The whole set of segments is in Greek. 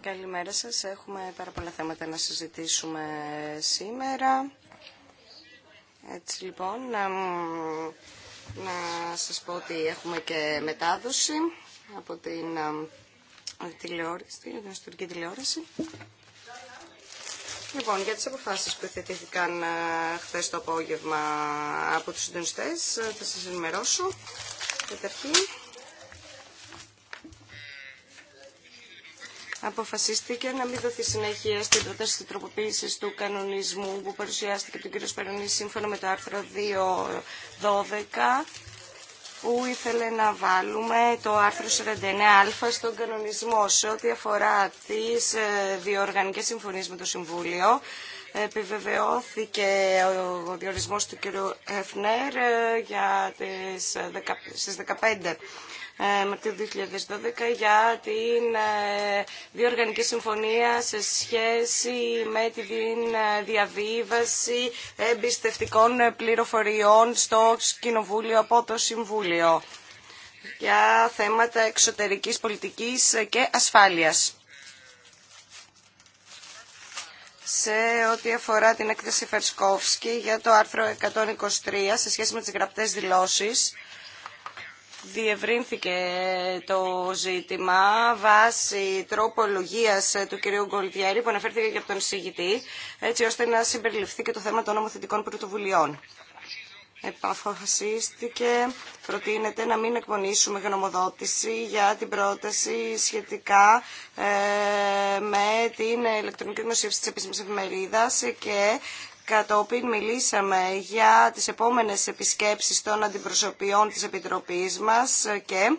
Καλημέρα σας. Έχουμε πάρα πολλά θέματα να συζητήσουμε σήμερα. Έτσι λοιπόν, να, να σας πω ότι έχουμε και μετάδοση από την τηλεόραση, την ιστορική τηλεόραση. Λοιπόν, για τις αποφάσεις που θετήθηκαν ε, χθες το απόγευμα από τους συντονιστές, ε, θα σας ενημερώσω. Καταρχήν, αποφασίστηκε να μην δοθεί συνέχεια στην πρόταση της τροποποίησης του κανονισμού που παρουσιάστηκε τον κύριο Σπερονή σύμφωνα με το άρθρο 2.12 που ήθελε να βάλουμε το άρθρο 49α στον κανονισμό σε ό,τι αφορά τις ε, διοργανικές συμφωνίες με το Συμβούλιο. Επιβεβαιώθηκε ο διορισμός του κ. Εφνέρ για τις, 15 ε, ε, Μαρτίου 2012 για την ε, διοργανική συμφωνία σε σχέση με τη ε, διαβίβαση εμπιστευτικών πληροφοριών στο Κοινοβούλιο από το Συμβούλιο για θέματα εξωτερικής πολιτικής και ασφάλειας. σε ό,τι αφορά την έκθεση Φερσκόφσκι για το άρθρο 123 σε σχέση με τις γραπτές δηλώσεις διευρύνθηκε το ζήτημα βάσει τροπολογίας του κυρίου Γκολτιέρη που αναφέρθηκε και από τον εισηγητή, έτσι ώστε να συμπεριληφθεί και το θέμα των νομοθετικών πρωτοβουλειών. Επαφασίστηκε, προτείνεται να μην εκπονήσουμε γνωμοδότηση για την πρόταση σχετικά ε, με την ηλεκτρονική δημοσίευση της επίσημης εφημερίδας και κατόπιν μιλήσαμε για τις επόμενες επισκέψεις των αντιπροσωπιών της Επιτροπής μας και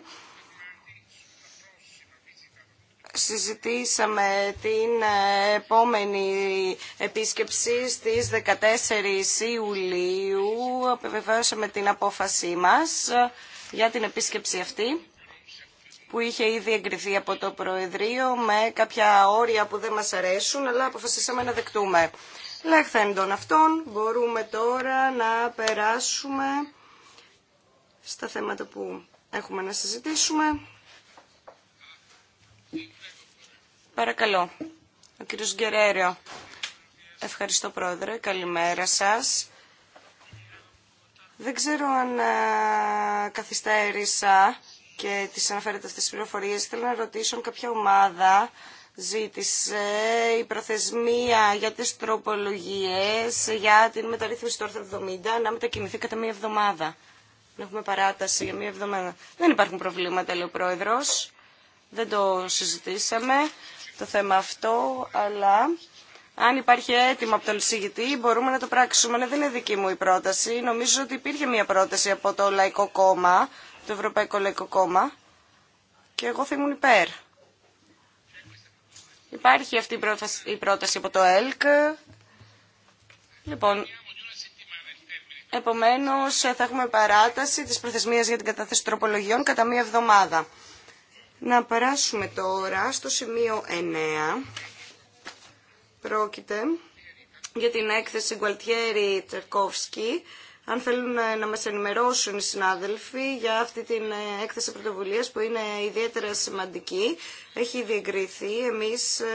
συζητήσαμε την επόμενη επίσκεψη στις 14 Ιουλίου. Απεβεβαιώσαμε την απόφασή μας για την επίσκεψη αυτή που είχε ήδη εγκριθεί από το Προεδρείο με κάποια όρια που δεν μας αρέσουν, αλλά αποφασίσαμε να δεκτούμε των αυτών. Μπορούμε τώρα να περάσουμε στα θέματα που έχουμε να συζητήσουμε. Παρακαλώ, ο κύριος Γκερέριο. Ευχαριστώ πρόεδρε, καλημέρα σας. Δεν ξέρω αν καθυστέρησα και τις αναφέρετε αυτές τις πληροφορίες. Θέλω να ρωτήσω κάποια ομάδα ζήτησε η προθεσμία για τις τροπολογίες για την μεταρρύθμιση του άρθρου 70 να μετακινηθεί κατά μία εβδομάδα. Να έχουμε παράταση για μία εβδομάδα. Δεν υπάρχουν προβλήματα, λέει ο Πρόεδρος. Δεν το συζητήσαμε το θέμα αυτό, αλλά... Αν υπάρχει αίτημα από τον εισηγητή, μπορούμε να το πράξουμε. Ναι, δεν είναι δική μου η πρόταση. Νομίζω ότι υπήρχε μια πρόταση από το Λαϊκό Κόμμα, το Ευρωπαϊκό Λαϊκό Κόμμα, και εγώ θα ήμουν υπέρ. Υπάρχει αυτή η πρόταση από το ΕΛΚ. Λοιπόν, επομένως θα έχουμε παράταση της προθεσμίας για την κατάθεση τροπολογιών κατά μία εβδομάδα. Να περάσουμε τώρα στο σημείο 9. Πρόκειται για την έκθεση Γκουαλτιέρη Τερκόφσκι αν θέλουν ε, να μας ενημερώσουν οι συνάδελφοι για αυτή την ε, έκθεση πρωτοβουλίας που είναι ιδιαίτερα σημαντική. Έχει ήδη Εμείς ε,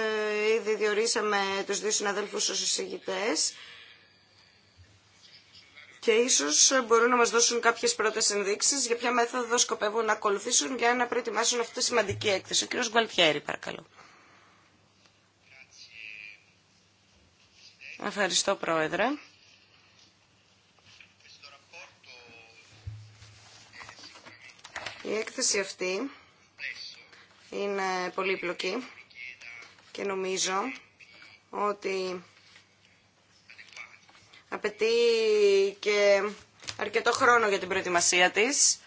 ήδη διορίσαμε τους δύο συναδέλφους ως εισηγητές και ίσως μπορούν να μας δώσουν κάποιες πρώτες ενδείξεις για ποια μέθοδο σκοπεύουν να ακολουθήσουν για να προετοιμάσουν αυτή τη σημαντική έκθεση. Ο κ. Γκουαλτιέρη, παρακαλώ. Ευχαριστώ, Πρόεδρε. Η έκθεση αυτή είναι πολύπλοκη και νομίζω ότι απαιτεί και αρκετό χρόνο για την προετοιμασία της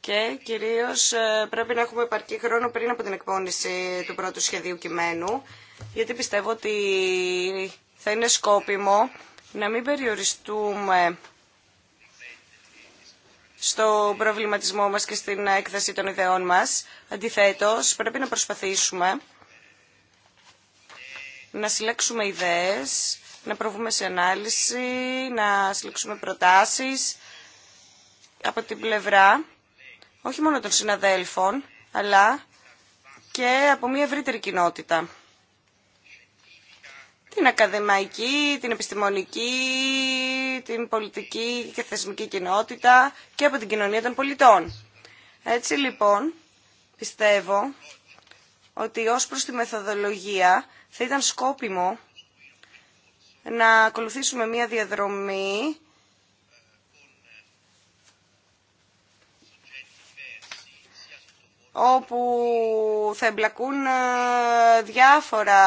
και κυρίως ε, πρέπει να έχουμε επαρκή χρόνο πριν από την εκπόνηση του πρώτου σχεδίου κειμένου γιατί πιστεύω ότι θα είναι σκόπιμο να μην περιοριστούμε στο προβληματισμό μας και στην έκθεση των ιδεών μας. Αντιθέτως, πρέπει να προσπαθήσουμε να συλλέξουμε ιδέες, να προβούμε σε ανάλυση, να συλλέξουμε προτάσεις από την πλευρά όχι μόνο των συναδέλφων, αλλά και από μια ευρύτερη κοινότητα την ακαδημαϊκή, την επιστημονική, την πολιτική και θεσμική κοινότητα και από την κοινωνία των πολιτών. Έτσι λοιπόν, πιστεύω ότι ως προς τη μεθοδολογία θα ήταν σκόπιμο να ακολουθήσουμε μια διαδρομή όπου θα εμπλακούν ε, διάφορα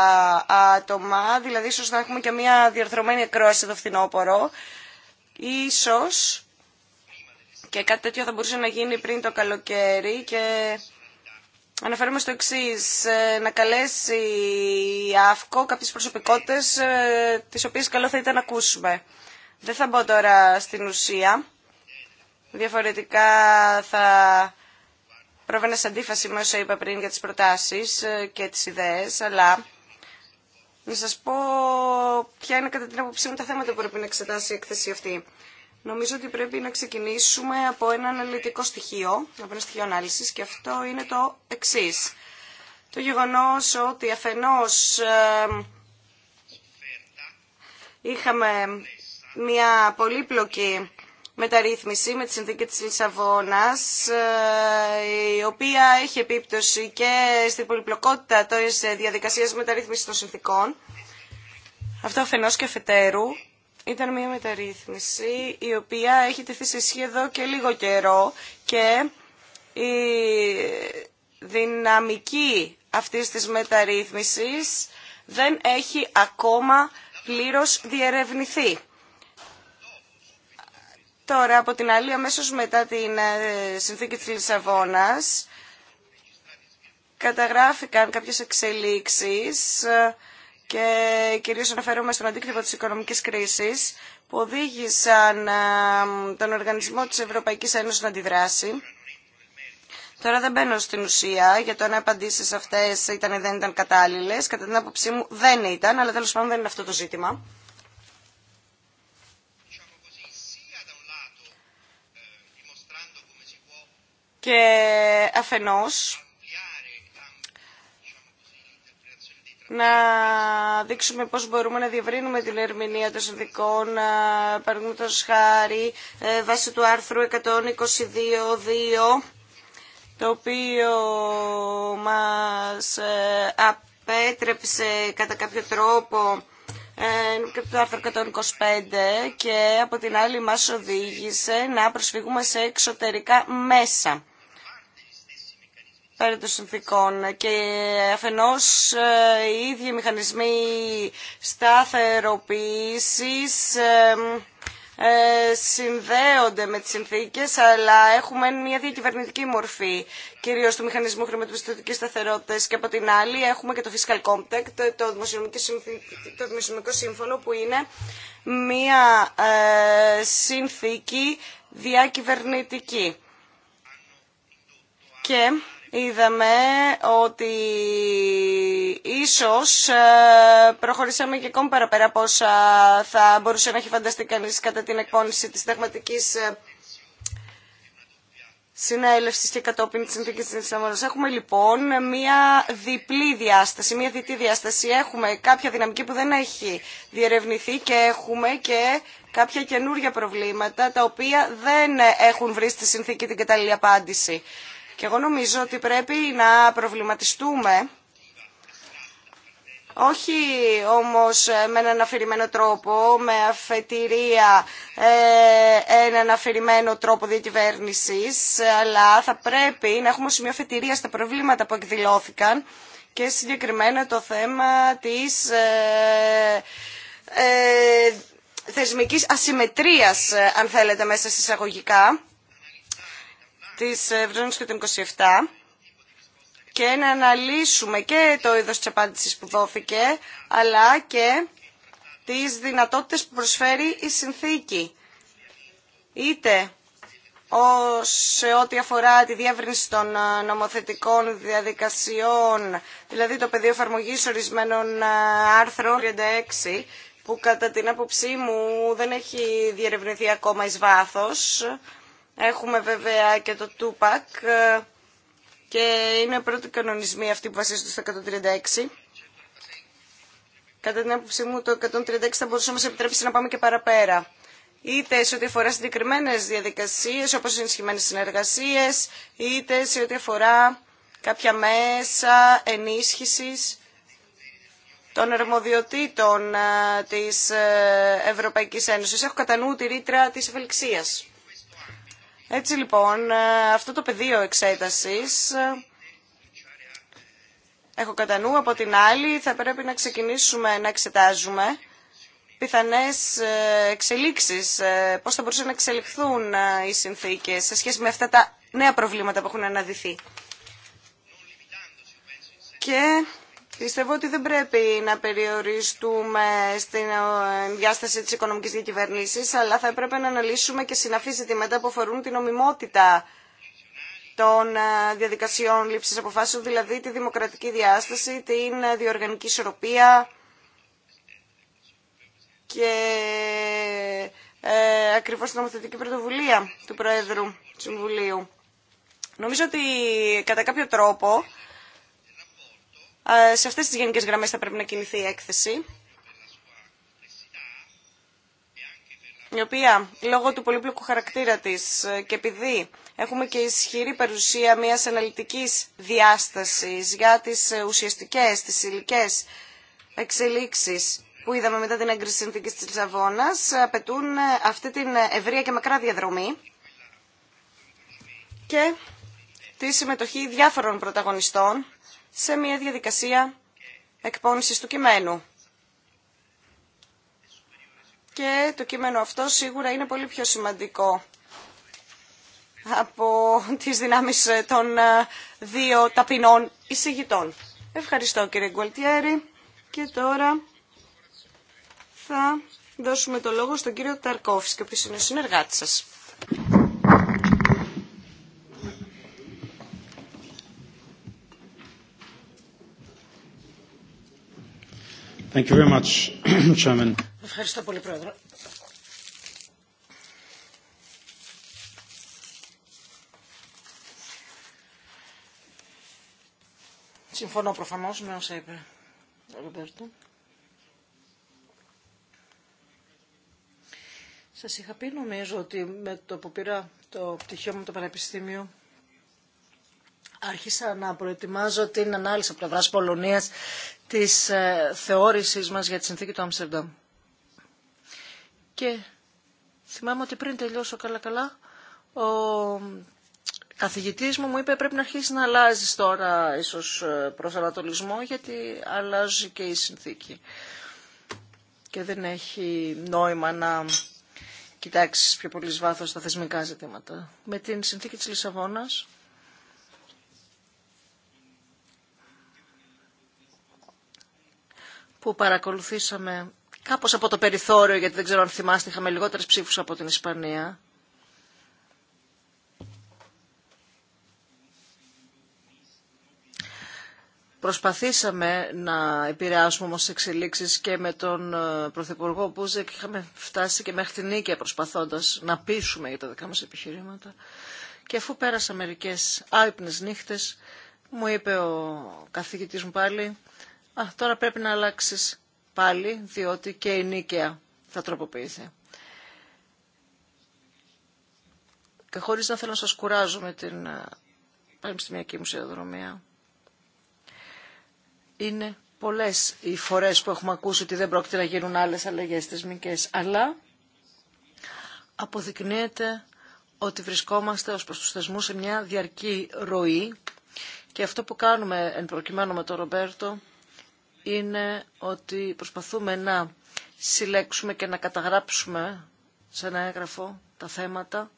άτομα, δηλαδή ίσως να έχουμε και μια διαρθρωμένη εκρόαση εδώ φθινόπωρο. Ίσως και κάτι τέτοιο θα μπορούσε να γίνει πριν το καλοκαίρι και αναφέρομαι στο εξή ε, να καλέσει η ΑΦΚΟ κάποιες προσωπικότητες ε, τις οποίες καλό θα ήταν να ακούσουμε. Δεν θα μπω τώρα στην ουσία, διαφορετικά θα προβαίνω αντίφαση με όσα είπα πριν για τις προτάσεις ε, και τις ιδέες, αλλά να σας πω ποια είναι κατά την άποψή μου τα θέματα που πρέπει να εξετάσει η έκθεση αυτή. Νομίζω ότι πρέπει να ξεκινήσουμε από ένα αναλυτικό στοιχείο, από ένα στοιχείο ανάλυσης και αυτό είναι το εξή. Το γεγονός ότι αφενός ε, είχαμε μια πολύπλοκη μεταρρύθμιση με τη συνθήκη της Λισαβόνας, ε, η οποία έχει επίπτωση και στην πολυπλοκότητα της διαδικασίας μεταρρύθμισης των συνθήκων. Αυτό αφενός και φετέρου ήταν μια μεταρρύθμιση η οποία έχει τεθεί σε ισχύ εδώ και λίγο καιρό και η δυναμική αυτής της μεταρρύθμισης δεν έχει ακόμα πλήρως διερευνηθεί. Τώρα, από την άλλη, αμέσω μετά την ε, συνθήκη της Λισαβόνας, καταγράφηκαν κάποιες εξελίξεις ε, και κυρίως αναφέρομαι στον αντίκτυπο της οικονομικής κρίσης που οδήγησαν ε, τον οργανισμό της Ευρωπαϊκής Ένωσης να αντιδράσει. Τώρα δεν μπαίνω στην ουσία για το αν απαντήσεις αυτές ήταν ή δεν ήταν κατάλληλες. Κατά την άποψή μου δεν ήταν, αλλά τέλος πάντων δεν είναι αυτό το ζήτημα. και αφενός να δείξουμε πώς μπορούμε να διευρύνουμε την ερμηνεία των συνδικών, παραδείγματος χάρη, ε, βάσει του άρθρου 122.2, το οποίο μας ε, απέτρεψε κατά κάποιο τρόπο ε, και το άρθρο 125 και από την άλλη μας οδήγησε να προσφύγουμε σε εξωτερικά μέσα πέρα των συνθήκων και αφενός ε, οι ίδιοι μηχανισμοί σταθεροποίησης ε, συνδέονται με τις συνθήκες αλλά έχουμε μια διακυβερνητική μορφή κυρίως του μηχανισμού χρηματοπιστωτικής σταθερότητας και από την άλλη έχουμε και το Fiscal Compact, το Δημοσιονομικό, Σύμφωνο που είναι μια ε, συνθήκη διακυβερνητική. Και είδαμε ότι ίσως ε, προχωρήσαμε και ακόμη παραπέρα από όσα θα μπορούσε να έχει φανταστεί κανείς κατά την εκπόνηση της συνταγματικής ε, συνέλευσης και κατόπιν της συνθήκης της Αμόρας. Έχουμε λοιπόν μία διπλή διάσταση, μία διτή διάσταση. Έχουμε κάποια δυναμική που δεν έχει διερευνηθεί και έχουμε και κάποια καινούργια προβλήματα τα οποία δεν έχουν βρει στη συνθήκη την κατάλληλη απάντηση. Και εγώ νομίζω ότι πρέπει να προβληματιστούμε όχι όμως με έναν αφηρημένο τρόπο, με αφετηρία ε, έναν αφηρημένο τρόπο διακυβέρνησης, αλλά θα πρέπει να έχουμε σημείο αφετηρία στα προβλήματα που εκδηλώθηκαν και συγκεκριμένα το θέμα της ε, ε θεσμικής ασυμμετρίας, αν θέλετε, μέσα στις εισαγωγικά της Ευρωζώνης και των 27 και να αναλύσουμε και το είδος της απάντησης που δόθηκε, αλλά και τις δυνατότητες που προσφέρει η συνθήκη. Είτε σε ό,τι αφορά τη διεύρυνση των ε, νομοθετικών διαδικασιών, δηλαδή το πεδίο εφαρμογή ορισμένων ε, άρθρων 36, που κατά την άποψή μου δεν έχει διερευνηθεί ακόμα εις βάθος, Έχουμε βέβαια και το Τούπακ ε, και είναι πρώτοι κανονισμοί αυτή που βασίζονται στο 136. Κατά την άποψή μου το 136 θα μπορούσε να μας επιτρέψει να πάμε και παραπέρα. Είτε σε ό,τι αφορά συγκεκριμένε διαδικασίες όπως ενισχυμένε συνεργασίες, είτε σε ό,τι αφορά κάποια μέσα ενίσχυσης των αρμοδιοτήτων ε, της ε, Ευρωπαϊκής Ένωσης. Έχω κατά νου τη ρήτρα της ευελιξίας. Έτσι λοιπόν, ε, αυτό το πεδίο εξέτασης ε, έχω κατά νου. Από την άλλη, θα πρέπει να ξεκινήσουμε να εξετάζουμε πιθανές ε, εξελίξεις, πώς θα μπορούσαν να εξελιχθούν οι συνθήκες σε σχέση με αυτά τα νέα προβλήματα που έχουν αναδυθεί. Και Πιστεύω ότι δεν πρέπει να περιοριστούμε στην ε, διάσταση της οικονομικής διακυβέρνησης, αλλά θα έπρεπε να αναλύσουμε και συναφή ζητήματα που αφορούν την ομιμότητα των ε, διαδικασιών λήψης αποφάσεων, δηλαδή τη δημοκρατική διάσταση, την ε, διοργανική ισορροπία και ε, ακριβώς την νομοθετική πρωτοβουλία του Προέδρου Συμβουλίου. Νομίζω ότι κατά κάποιο τρόπο ε, σε αυτές τις γενικές γραμμές θα πρέπει να κινηθεί η έκθεση, η οποία λόγω του πολύπλοκου χαρακτήρα της ε, και επειδή έχουμε και ισχυρή παρουσία μιας αναλυτικής διάστασης για τις ε, ουσιαστικές, τις υλικέ εξελίξεις που είδαμε μετά την έγκριση συνθήκη της Λισαβόνας, απαιτούν αυτή την ευρεία και μακρά διαδρομή και τη συμμετοχή διάφορων πρωταγωνιστών σε μια διαδικασία εκπόνησης του κειμένου. Και το κείμενο αυτό σίγουρα είναι πολύ πιο σημαντικό από τις δυνάμεις των ε, δύο ταπεινών εισηγητών. Ευχαριστώ κύριε Γκουαλτιέρη και τώρα θα δώσουμε το λόγο στον κύριο Ταρκόφης και ο οποίος είναι σας. Ευχαριστώ πολύ, Πρόεδρε. Συμφωνώ προφανώς με όσα είπε ο Ρομπέρτο. Σας είχα πει νομίζω ότι με το που πήρα το πτυχίο μου το Πανεπιστήμιο Άρχισα να προετοιμάζω την ανάλυση από πλευρά Πολωνία τη ε, θεώρησή μα για τη συνθήκη του Άμστερνταμ. Και θυμάμαι ότι πριν τελειώσω καλά-καλά, ο καθηγητή μου μου είπε πρέπει να αρχίσει να αλλάζει τώρα ίσως ε, προσανατολισμό γιατί αλλάζει και η συνθήκη. Και δεν έχει νόημα να κοιτάξει πιο πολύ βάθος τα θεσμικά ζητήματα. Με την συνθήκη τη Λισαβόνας που παρακολουθήσαμε κάπως από το περιθώριο, γιατί δεν ξέρω αν θυμάστε, είχαμε λιγότερες ψήφους από την Ισπανία. Προσπαθήσαμε να επηρεάσουμε όμως εξελίξεις και με τον ε, Πρωθυπουργό Μπούζεκ. Είχαμε φτάσει και μέχρι την Νίκαια προσπαθώντας να πείσουμε για τα δικά μας επιχειρήματα. Και αφού πέρασα μερικές άϊπνες νύχτες, μου είπε ο καθηγητής μου πάλι Α, τώρα πρέπει να αλλάξει πάλι, διότι και η νίκαια θα τροποποιηθεί. Και χωρίς να θέλω να σας κουράζω με την ε, πανεπιστημιακή μουσιοδρομία. Είναι πολλέ οι φορές που έχουμε ακούσει ότι δεν πρόκειται να γίνουν άλλες αλλαγέ θεσμικέ, αλλά αποδεικνύεται ότι βρισκόμαστε ως προς τους θεσμούς σε μια διαρκή ροή και αυτό που κάνουμε εν προκειμένου με τον Ρομπέρτο είναι ότι προσπαθούμε να συλλέξουμε και να καταγράψουμε σε ένα έγγραφο τα θέματα,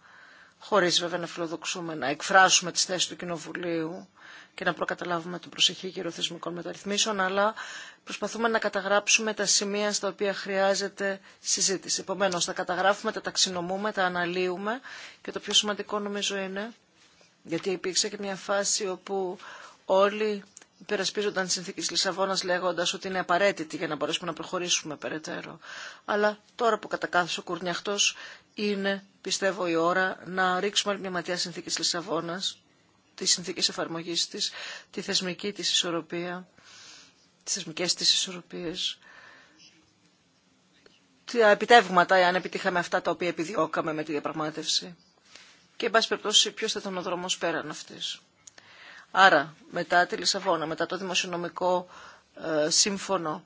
χωρίς βέβαια να φιλοδοξούμε να εκφράσουμε τις θέσεις του Κοινοβουλίου και να προκαταλάβουμε την προσοχή γύρω θεσμικών μεταρρυθμίσεων, αλλά προσπαθούμε να καταγράψουμε τα σημεία στα οποία χρειάζεται συζήτηση. Επομένως, τα καταγράφουμε, τα ταξινομούμε, τα αναλύουμε και το πιο σημαντικό νομίζω είναι, γιατί υπήρξε και μια φάση όπου όλοι υπερασπίζονταν τι συνθήκε Λισαβόνα λέγοντα ότι είναι απαραίτητη για να μπορέσουμε να προχωρήσουμε περαιτέρω. Αλλά τώρα που κατά ο κουρνιαχτό είναι, πιστεύω, η ώρα να ρίξουμε μια ματιά συνθήκε Λισαβόνα, τι συνθήκε εφαρμογή τη, τη θεσμική τη ισορροπία, τι θεσμικέ τη ισορροπίε, τα επιτεύγματα, αν επιτύχαμε αυτά τα οποία επιδιώκαμε με τη διαπραγμάτευση. Και, εν πάση περιπτώσει, ποιο θα ήταν ο δρόμο πέραν αυτή. Άρα, μετά τη Λισαβόνα, μετά το δημοσιονομικό ε, σύμφωνο,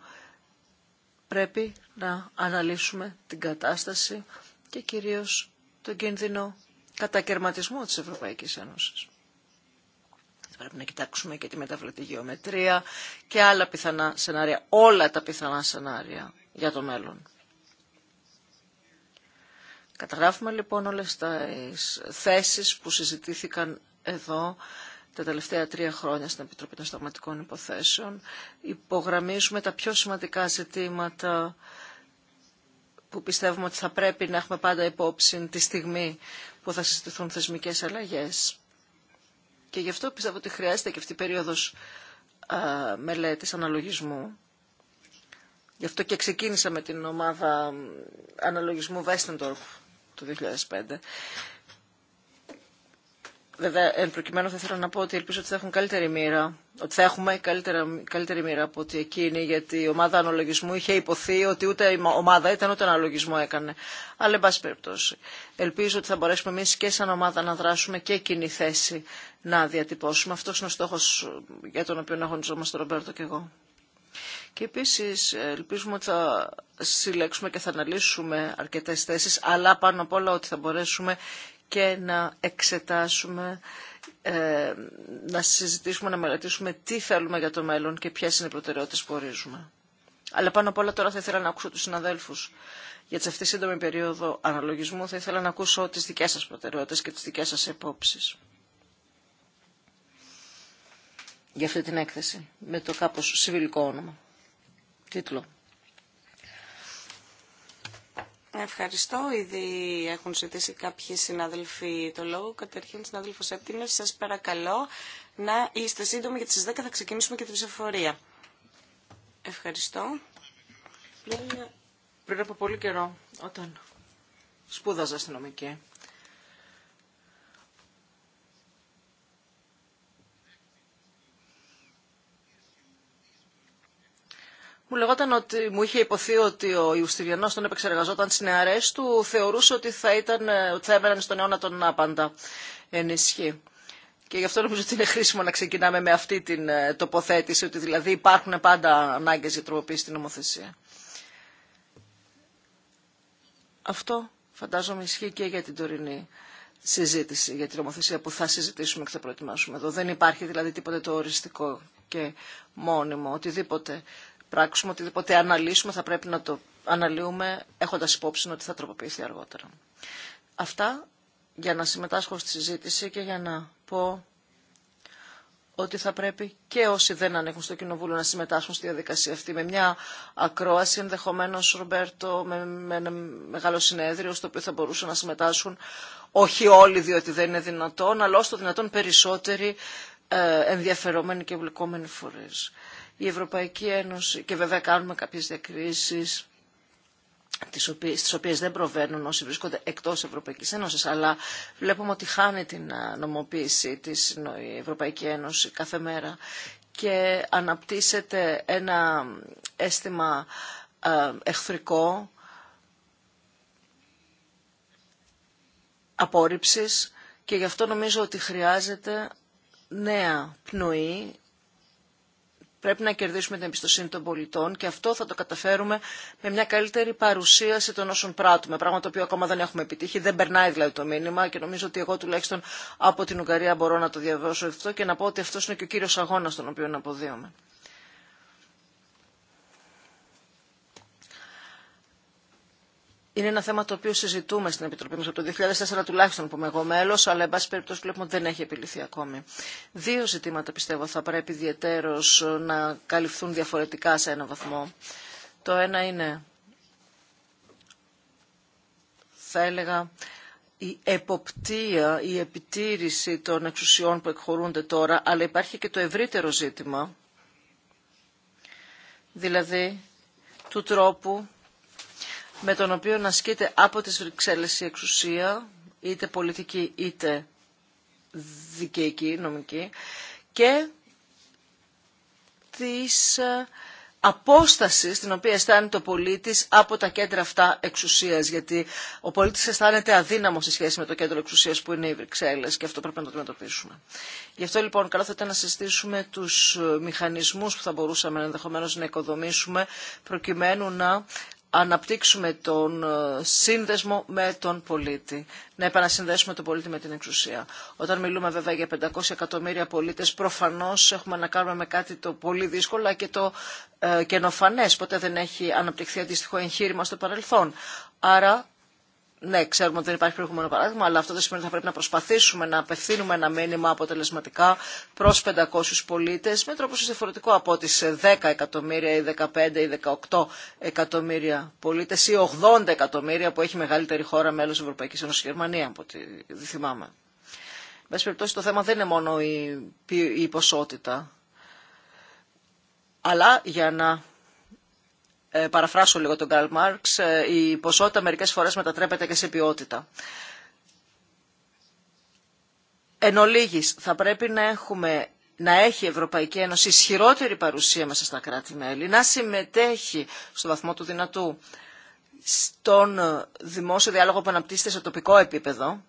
πρέπει να αναλύσουμε την κατάσταση και κυρίως τον κίνδυνο κατακαιρματισμού της Ευρωπαϊκής Ένωσης. Πρέπει να κοιτάξουμε και τη μεταβλητή γεωμετρία και άλλα πιθανά σενάρια, όλα τα πιθανά σενάρια για το μέλλον. Καταγράφουμε λοιπόν όλες τις θέσεις που συζητήθηκαν εδώ τα τελευταία τρία χρόνια στην Επιτροπή των Σταγματικών Υποθέσεων. Υπογραμμίζουμε τα πιο σημαντικά ζητήματα που πιστεύουμε ότι θα πρέπει να έχουμε πάντα υπόψη τη στιγμή που θα συζητηθούν θεσμικές αλλαγές. Και γι' αυτό πιστεύω ότι χρειάζεται και αυτή η περίοδος α, μελέτης αναλογισμού. Γι' αυτό και ξεκίνησα με την ομάδα αναλογισμού Westendorf του 2005. Βέβαια, εν προκειμένου θα ήθελα να πω ότι ελπίζω ότι θα έχουν καλύτερη μοίρα, ότι θα έχουμε καλύτερα, καλύτερη μοίρα από ότι εκείνη, γιατί η ομάδα αναλογισμού είχε υποθεί ότι ούτε η ομάδα ήταν ούτε αναλογισμό έκανε. Αλλά, εν πάση περιπτώσει, ελπίζω ότι θα μπορέσουμε εμεί και σαν ομάδα να δράσουμε και κοινή θέση να διατυπώσουμε. Αυτό είναι ο στόχο για τον οποίο αγωνιζόμαστε, Ρομπέρτο και εγώ. Και επίση ελπίζουμε ότι θα συλλέξουμε και θα αναλύσουμε αρκετέ θέσει, αλλά πάνω απ' όλα ότι θα μπορέσουμε και να εξετάσουμε, ε, να συζητήσουμε, να μελετήσουμε τι θέλουμε για το μέλλον και ποιες είναι οι προτεραιότητες που ορίζουμε. Αλλά πάνω απ' όλα τώρα θα ήθελα να ακούσω τους συναδέλφους. Για σε αυτή τη σύντομη περίοδο αναλογισμού θα ήθελα να ακούσω τις δικές σας προτεραιότητες και τις δικές σας επόψεις για αυτή την έκθεση με το κάπως συμβιλικό όνομα. Τίτλο. Ευχαριστώ. Ήδη έχουν ζητήσει κάποιοι συνάδελφοι το λόγο. Καταρχήν, συνάδελφος Επτήμερ, σας παρακαλώ να είστε σύντομοι γιατί στις 10 θα ξεκινήσουμε και την ψηφοφορία. Ευχαριστώ. Πριν από πολύ καιρό, όταν σπούδαζα αστυνομική, μου λεγόταν ότι μου είχε υποθεί ότι ο Ιουστιβιανός τον επεξεργαζόταν στι νεαρέ του, θεωρούσε ότι θα, ήταν, ε, ότι θα έμεναν στον αιώνα τον άπαντα ενισχύ. Και γι' αυτό νομίζω ότι είναι χρήσιμο να ξεκινάμε με αυτή την ε, τοποθέτηση, ότι δηλαδή υπάρχουν πάντα ανάγκε για τροποποίηση στην νομοθεσία. Αυτό φαντάζομαι ισχύει και για την τωρινή συζήτηση, για την νομοθεσία που θα συζητήσουμε και θα προετοιμάσουμε εδώ. Δεν υπάρχει δηλαδή τίποτε το οριστικό και μόνιμο. Οτιδήποτε πράξουμε, οτιδήποτε αναλύσουμε, θα πρέπει να το αναλύουμε έχοντα υπόψη ότι θα τροποποιηθεί αργότερα. Αυτά για να συμμετάσχω στη συζήτηση και για να πω ότι θα πρέπει και όσοι δεν ανέχουν στο Κοινοβούλιο να συμμετάσχουν στη διαδικασία αυτή με μια ακρόαση ενδεχομένω, Ρομπέρτο, με, με ένα μεγάλο συνέδριο στο οποίο θα μπορούσαν να συμμετάσχουν όχι όλοι διότι δεν είναι δυνατόν, αλλά όσο δυνατόν περισσότεροι ε, ενδιαφερόμενοι και εμπλεκόμενοι φορείς η Ευρωπαϊκή Ένωση και βέβαια κάνουμε κάποιες διακρίσεις τις οποίες, τις οποίες δεν προβαίνουν όσοι βρίσκονται εκτός Ευρωπαϊκής Ένωσης, αλλά βλέπουμε ότι χάνει την νομοποίηση της η Ευρωπαϊκή Ένωση κάθε μέρα και αναπτύσσεται ένα αίσθημα εχθρικό απόρριψης και γι' αυτό νομίζω ότι χρειάζεται νέα πνοή Πρέπει να κερδίσουμε την εμπιστοσύνη των πολιτών και αυτό θα το καταφέρουμε με μια καλύτερη παρουσίαση των όσων πράττουμε. Πράγμα το οποίο ακόμα δεν έχουμε επιτύχει. Δεν περνάει δηλαδή το μήνυμα και νομίζω ότι εγώ τουλάχιστον από την Ουγγαρία μπορώ να το διαβάσω αυτό και να πω ότι αυτό είναι και ο κύριο αγώνα τον οποίο αποδίωμε. είναι ένα θέμα το οποίο συζητούμε στην Επιτροπή μας από το 2004 τουλάχιστον που είμαι εγώ μέλος, αλλά εν πάση περιπτώσει βλέπουμε ότι δεν έχει επιληθεί ακόμη. Δύο ζητήματα πιστεύω θα πρέπει ιδιαιτέρως να καλυφθούν διαφορετικά σε ένα βαθμό. Το ένα είναι, θα έλεγα, η εποπτεία, η επιτήρηση των εξουσιών που εκχωρούνται τώρα, αλλά υπάρχει και το ευρύτερο ζήτημα, δηλαδή του τρόπου με τον οποίο να ασκείται από τις Βρυξέλλες η εξουσία, είτε πολιτική είτε δικαιική, νομική, και της ε, απόστασης την οποία αισθάνεται ο πολίτης από τα κέντρα αυτά εξουσίας. Γιατί ο πολίτης αισθάνεται αδύναμο σε σχέση με το κέντρο εξουσίας που είναι οι Βρυξέλλες και αυτό πρέπει να το αντιμετωπίσουμε. Γι' αυτό λοιπόν καλό θα ήταν να συστήσουμε τους μηχανισμούς που θα μπορούσαμε ενδεχομένως, να οικοδομήσουμε προκειμένου να αναπτύξουμε τον ε, σύνδεσμο με τον πολίτη. Να επανασυνδέσουμε τον πολίτη με την εξουσία. Όταν μιλούμε βέβαια για 500 εκατομμύρια πολίτες, προφανώς έχουμε να κάνουμε με κάτι το πολύ δύσκολο και το ε, καινοφανές. Ποτέ δεν έχει αναπτυχθεί αντίστοιχο εγχείρημα στο παρελθόν. Άρα ναι, ξέρουμε ότι δεν υπάρχει προηγούμενο παράδειγμα, αλλά αυτό δεν σημαίνει ότι θα πρέπει να προσπαθήσουμε να απευθύνουμε ένα μήνυμα αποτελεσματικά προ 500 πολίτε με τρόπο διαφορετικό από τι 10 εκατομμύρια ή 15 ή 18 εκατομμύρια πολίτε ή 80 εκατομμύρια που έχει μεγαλύτερη χώρα μέλο Ευρωπαϊκή Ένωση Γερμανία, από ό,τι θυμάμαι. Εν περιπτώσει, το θέμα δεν είναι μόνο η ποσότητα, γερμανια απο οτι θυμαμαι Με περιπτωσει το θεμα δεν ειναι μονο η ποσοτητα αλλα για να ε, παραφράσω λίγο τον Καρλ Μάρξ, ε, η ποσότητα μερικές φορές μετατρέπεται και σε ποιότητα. Εν ολίγης, θα πρέπει να έχουμε να έχει η Ευρωπαϊκή Ένωση ισχυρότερη παρουσία μέσα στα κράτη-μέλη, να συμμετέχει στο βαθμό του δυνατού στον δημόσιο διάλογο που αναπτύσσεται σε τοπικό επίπεδο.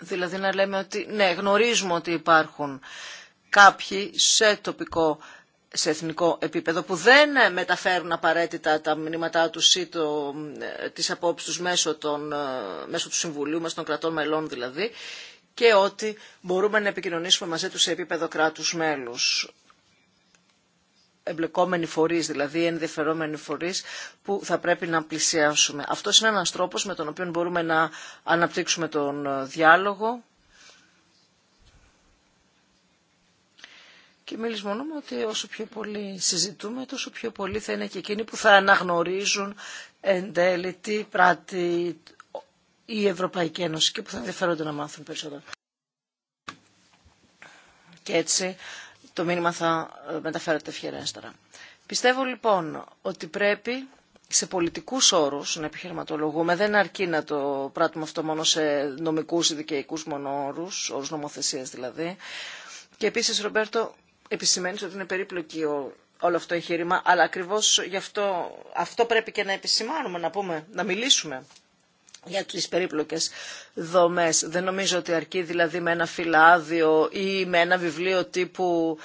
Δηλαδή να λέμε ότι ναι, γνωρίζουμε ότι υπάρχουν κάποιοι σε τοπικό σε εθνικό επίπεδο που δεν μεταφέρουν απαραίτητα τα μηνύματά του ή το, ε, τις απόψεις μέσω, ε, μέσω του Συμβουλίου, μέσω των κρατών μελών δηλαδή και ότι μπορούμε να επικοινωνήσουμε μαζί τους σε επίπεδο κράτους μέλους εμπλεκόμενοι φορείς, δηλαδή ενδιαφερόμενοι φορείς που θα πρέπει να πλησιάσουμε. Αυτό είναι ένας τρόπος με τον οποίο μπορούμε να αναπτύξουμε τον ε, διάλογο Και μου ότι όσο πιο πολύ συζητούμε, τόσο πιο πολύ θα είναι και εκείνοι που θα αναγνωρίζουν εν τέλει τι πράττει η Ευρωπαϊκή Ένωση και που θα ενδιαφέρονται να μάθουν περισσότερο. Και έτσι το μήνυμα θα ε, μεταφέρεται ευχερέστερα. Πιστεύω λοιπόν ότι πρέπει σε πολιτικούς όρους να επιχειρηματολογούμε. Δεν αρκεί να το πράττουμε αυτό μόνο σε νομικούς ή δικαιικούς μόνο όρους, όρους νομοθεσίας δηλαδή. Και επίσης, Ρομπέρτο, επισημαίνεις ότι είναι περίπλοκη όλο αυτό το εγχείρημα, αλλά ακριβώς γι' αυτό, αυτό πρέπει και να επισημάνουμε, να πούμε, να μιλήσουμε για τις περίπλοκες δομές. Δεν νομίζω ότι αρκεί δηλαδή με ένα φυλάδιο ή με ένα βιβλίο τύπου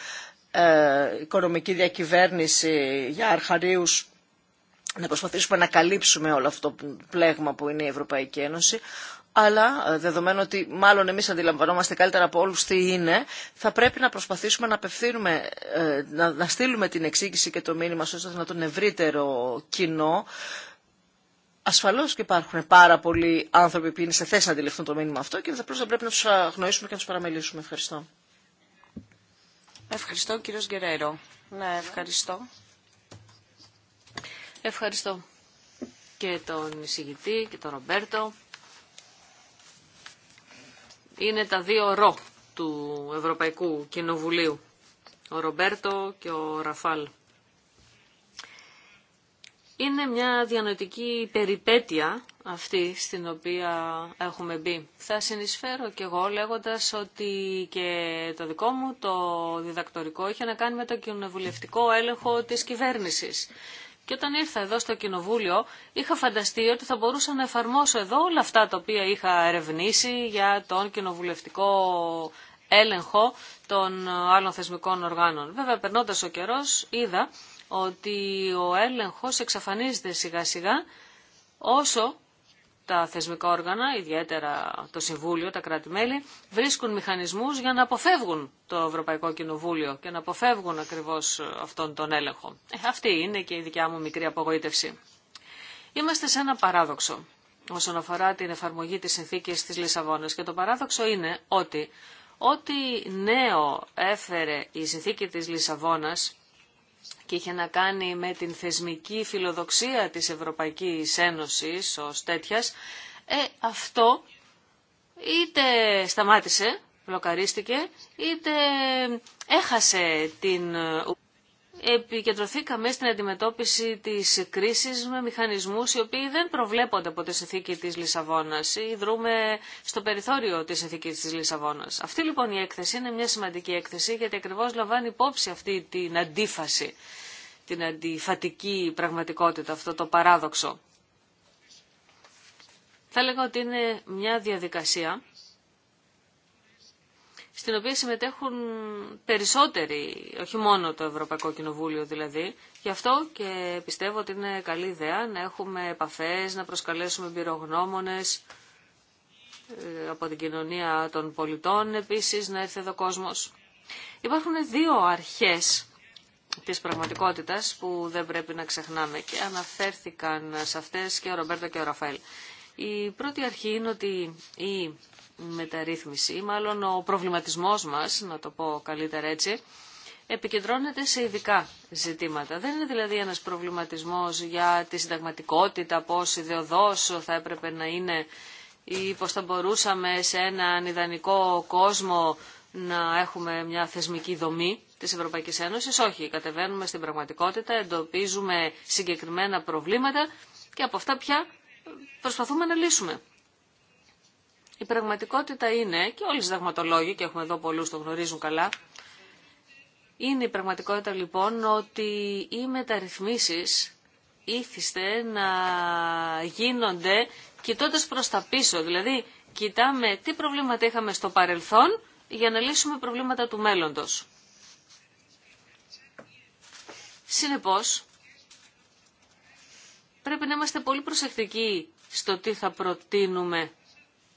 ε, οικονομική διακυβέρνηση για αρχαρίους να προσπαθήσουμε να καλύψουμε όλο αυτό το πλέγμα που είναι η Ευρωπαϊκή Ένωση αλλά ε, δεδομένου ότι μάλλον εμείς αντιλαμβανόμαστε καλύτερα από όλους τι είναι, θα πρέπει να προσπαθήσουμε να απευθύνουμε, ε, να, στείλουμε την εξήγηση και το μήνυμα στο δυνατόν ευρύτερο κοινό. Ασφαλώς και υπάρχουν πάρα πολλοί άνθρωποι που είναι σε θέση να αντιληφθούν το μήνυμα αυτό και απλώς θα πρέπει να τους αγνοήσουμε και να τους παραμελήσουμε. Ευχαριστώ. Ευχαριστώ κύριος Γκερέρο. Ναι, ευχαριστώ. Ευχαριστώ και τον εισηγητή και τον Ρομπέρτο είναι τα δύο ρο του Ευρωπαϊκού Κοινοβουλίου, ο Ρομπέρτο και ο Ραφάλ. Είναι μια διανοητική περιπέτεια αυτή στην οποία έχουμε μπει. Θα συνεισφέρω και εγώ λέγοντας ότι και το δικό μου το διδακτορικό είχε να κάνει με το κοινοβουλευτικό έλεγχο της κυβέρνησης. Και όταν ήρθα εδώ στο Κοινοβούλιο, είχα φανταστεί ότι θα μπορούσα να εφαρμόσω εδώ όλα αυτά τα οποία είχα ερευνήσει για τον κοινοβουλευτικό έλεγχο των άλλων θεσμικών οργάνων. Βέβαια, περνώντας ο καιρός, είδα ότι ο έλεγχος εξαφανίζεται σιγά-σιγά όσο τα θεσμικά όργανα, ιδιαίτερα το Συμβούλιο, τα κράτη-μέλη, βρίσκουν μηχανισμούς για να αποφεύγουν το Ευρωπαϊκό Κοινοβούλιο και να αποφεύγουν ακριβώς ε, αυτόν τον έλεγχο. Ε, αυτή είναι και η δικιά μου μικρή απογοήτευση. Είμαστε σε ένα παράδοξο όσον αφορά την εφαρμογή της συνθήκης της Λισαβόνας και το παράδοξο είναι ότι ό,τι νέο έφερε η συνθήκη της Λισαβόνας και είχε να κάνει με την θεσμική φιλοδοξία της Ευρωπαϊκής Ένωσης ως τέτοιας, ε, αυτό είτε σταμάτησε, βλοκαρίστηκε, είτε έχασε την επικεντρωθήκαμε στην αντιμετώπιση της κρίσης με μηχανισμούς οι οποίοι δεν προβλέπονται από τη συνθήκη της Λισαβόνας ή δρούμε στο περιθώριο της συνθήκης της Λισαβόνας. Αυτή λοιπόν η έκθεση είναι μια σημαντική έκθεση γιατί ακριβώς λαμβάνει υπόψη αυτή την αντίφαση, την αντιφατική πραγματικότητα, αυτό το παράδοξο. Θα λέγω ότι είναι μια διαδικασία στην οποία συμμετέχουν περισσότεροι, όχι μόνο το Ευρωπαϊκό Κοινοβούλιο δηλαδή. Γι' αυτό και πιστεύω ότι είναι καλή ιδέα να έχουμε επαφές, να προσκαλέσουμε εμπειρογνώμονες ε, από την κοινωνία των πολιτών επίσης, να έρθει εδώ κόσμος. Υπάρχουν δύο αρχές της πραγματικότητας που δεν πρέπει να ξεχνάμε και αναφέρθηκαν σε αυτές και ο Ρομπέρτο και ο Ραφαέλ. Η πρώτη αρχή είναι ότι η μεταρρύθμιση, μάλλον ο προβληματισμός μας, να το πω καλύτερα έτσι, επικεντρώνεται σε ειδικά ζητήματα. Δεν είναι δηλαδή ένας προβληματισμός για τη συνταγματικότητα, πώς ιδεοδός θα έπρεπε να είναι ή πώς θα μπορούσαμε σε έναν ιδανικό κόσμο να έχουμε μια θεσμική δομή της Ευρωπαϊκής Ένωσης. Όχι, κατεβαίνουμε στην πραγματικότητα, εντοπίζουμε συγκεκριμένα προβλήματα και από αυτά πια προσπαθούμε να λύσουμε. Η πραγματικότητα είναι, και όλοι οι συνταγματολόγοι, και έχουμε εδώ πολλούς το γνωρίζουν καλά, είναι η πραγματικότητα λοιπόν ότι οι μεταρρυθμίσεις ήθιστε να γίνονται κοιτώντας προς τα πίσω. Δηλαδή, κοιτάμε τι προβλήματα είχαμε στο παρελθόν για να λύσουμε προβλήματα του μέλλοντος. Συνεπώς, πρέπει να είμαστε πολύ προσεκτικοί στο τι θα προτείνουμε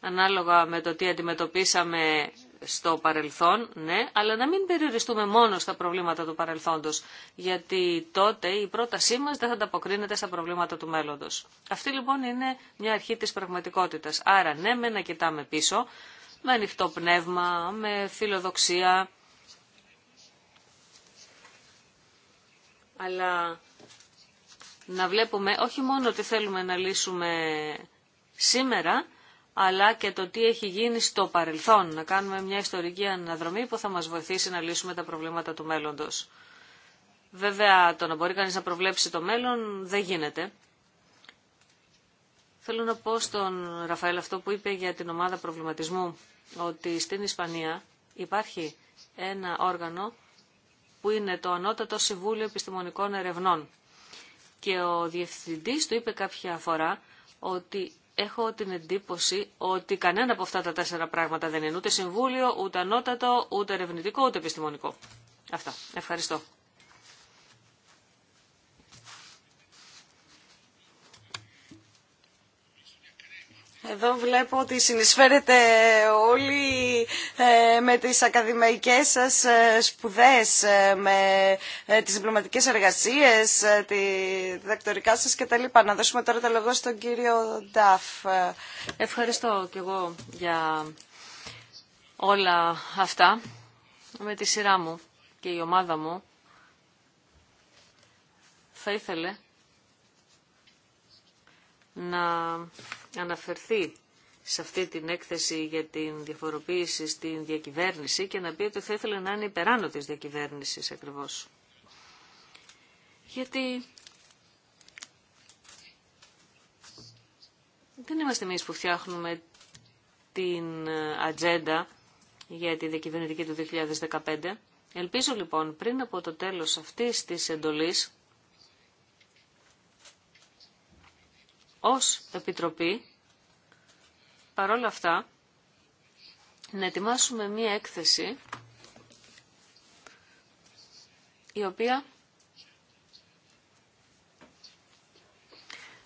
ανάλογα με το τι αντιμετωπίσαμε στο παρελθόν, ναι, αλλά να μην περιοριστούμε μόνο στα προβλήματα του παρελθόντος, γιατί τότε η πρότασή μας δεν θα ανταποκρίνεται στα προβλήματα του μέλλοντος. Αυτή λοιπόν είναι μια αρχή της πραγματικότητας. Άρα ναι, με να κοιτάμε πίσω, με ανοιχτό πνεύμα, με φιλοδοξία, αλλά να βλέπουμε όχι μόνο τι θέλουμε να λύσουμε σήμερα, αλλά και το τι έχει γίνει στο παρελθόν. Να κάνουμε μια ιστορική αναδρομή που θα μας βοηθήσει να λύσουμε τα προβλήματα του μέλλοντος. Βέβαια, το να μπορεί κανείς να προβλέψει το μέλλον δεν γίνεται. Θέλω να πω στον Ραφαέλ αυτό που είπε για την ομάδα προβληματισμού, ότι στην Ισπανία υπάρχει ένα όργανο που είναι το Ανώτατο Συμβούλιο Επιστημονικών Ερευνών. Και ο διευθυντής του είπε κάποια φορά ότι έχω την εντύπωση ότι κανένα από αυτά τα τέσσερα πράγματα δεν είναι ούτε συμβούλιο, ούτε ανώτατο, ούτε ερευνητικό, ούτε επιστημονικό. Αυτά. Ευχαριστώ. Εδώ βλέπω ότι συνεισφέρετε όλοι ε, με τις ακαδημαϊκές σας ε, σπουδές, ε, με τις διπλωματικές εργασίες, τη διδακτορικά σας κτλ. Να δώσουμε τώρα το λόγο στον κύριο Νταφ. Ευχαριστώ κι εγώ για όλα αυτά. Με τη σειρά μου και η ομάδα μου θα ήθελε να αναφερθεί σε αυτή την έκθεση για την διαφοροποίηση στην διακυβέρνηση και να πει ότι θα ήθελε να είναι υπεράνω της διακυβέρνησης ακριβώς. Γιατί δεν είμαστε εμεί που φτιάχνουμε την ατζέντα για τη διακυβερνητική του 2015. Ελπίζω λοιπόν πριν από το τέλος αυτής της εντολής ως Επιτροπή, παρόλα αυτά, να ετοιμάσουμε μία έκθεση η οποία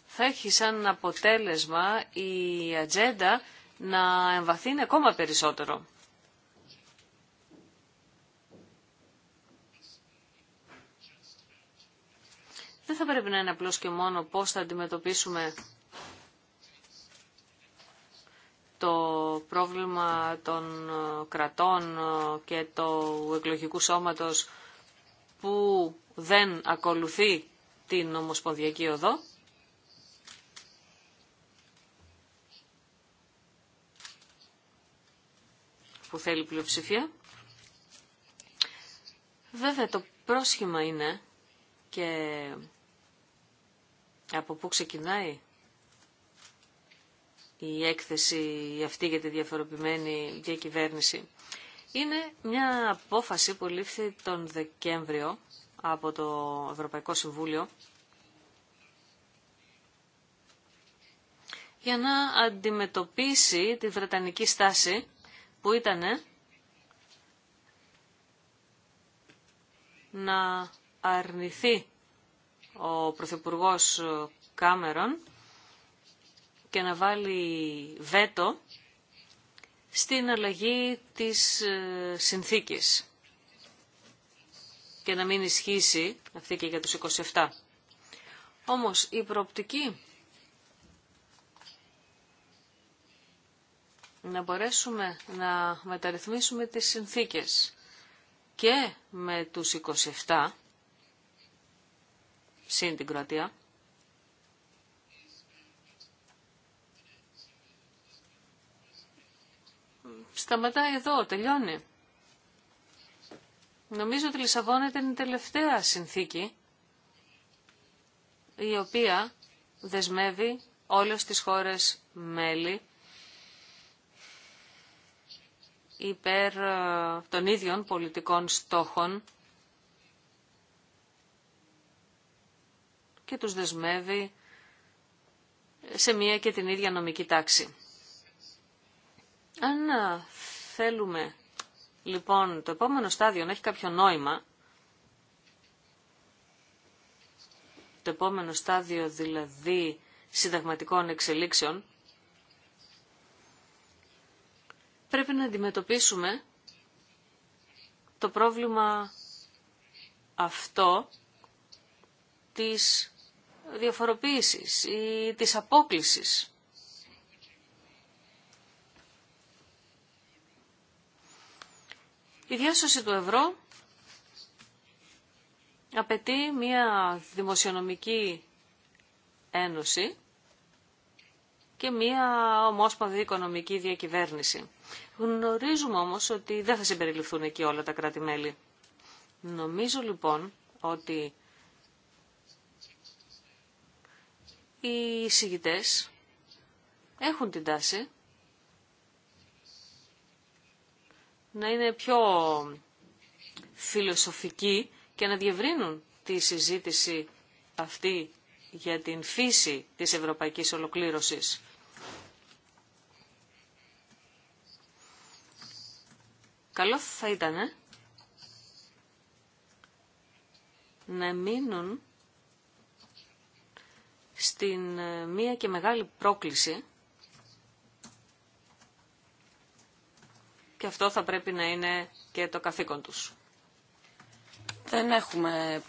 θα έχει σαν αποτέλεσμα η ατζέντα να εμβαθύνει ακόμα περισσότερο. δεν θα πρέπει να είναι απλώς και μόνο πώς θα αντιμετωπίσουμε το πρόβλημα των ε, κρατών ε, και του εκλογικού σώματος που δεν ακολουθεί την ομοσπονδιακή οδό. που θέλει πλειοψηφία. Βέβαια το πρόσχημα είναι και από πού ξεκινάει η έκθεση αυτή για τη διαφοροποιημένη διακυβέρνηση. Είναι μια απόφαση που λήφθη τον Δεκέμβριο από το Ευρωπαϊκό Συμβούλιο για να αντιμετωπίσει τη Βρετανική στάση που ήταν να αρνηθεί ο Πρωθυπουργό ε, Κάμερον και να βάλει βέτο στην αλλαγή της ε, συνθήκης και να μην ισχύσει αυτή και για τους 27. Όμως η προοπτική να μπορέσουμε να μεταρρυθμίσουμε τις συνθήκες και με τους 27 συν την Κροατία. Σταματάει εδώ, τελειώνει. Νομίζω ότι η Λισαβόνα ήταν η τελευταία συνθήκη η οποία δεσμεύει όλες τις χώρες μέλη υπέρ ε, των ίδιων πολιτικών στόχων και τους δεσμεύει σε μία και την ίδια νομική τάξη. Αν θέλουμε λοιπόν το επόμενο στάδιο να έχει κάποιο νόημα, το επόμενο στάδιο δηλαδή συνταγματικών εξελίξεων, πρέπει να αντιμετωπίσουμε το πρόβλημα αυτό της διαφοροποίησης ή της απόκλησης. Η διάσωση του ευρώ απαιτεί μία δημοσιονομική ένωση και μία ομόσπαδη οικονομική διακυβέρνηση. Γνωρίζουμε όμως ότι δεν θα συμπεριληφθούν εκεί όλα τα κράτη-μέλη. Νομίζω λοιπόν ότι οι εισηγητές έχουν την τάση να είναι πιο φιλοσοφικοί και να διευρύνουν τη συζήτηση αυτή για την φύση της ευρωπαϊκής ολοκλήρωσης. Καλό θα ήταν να μείνουν στην ε, μία και μεγάλη πρόκληση και αυτό θα πρέπει να είναι και το καθήκον τους. Δεν έχουμε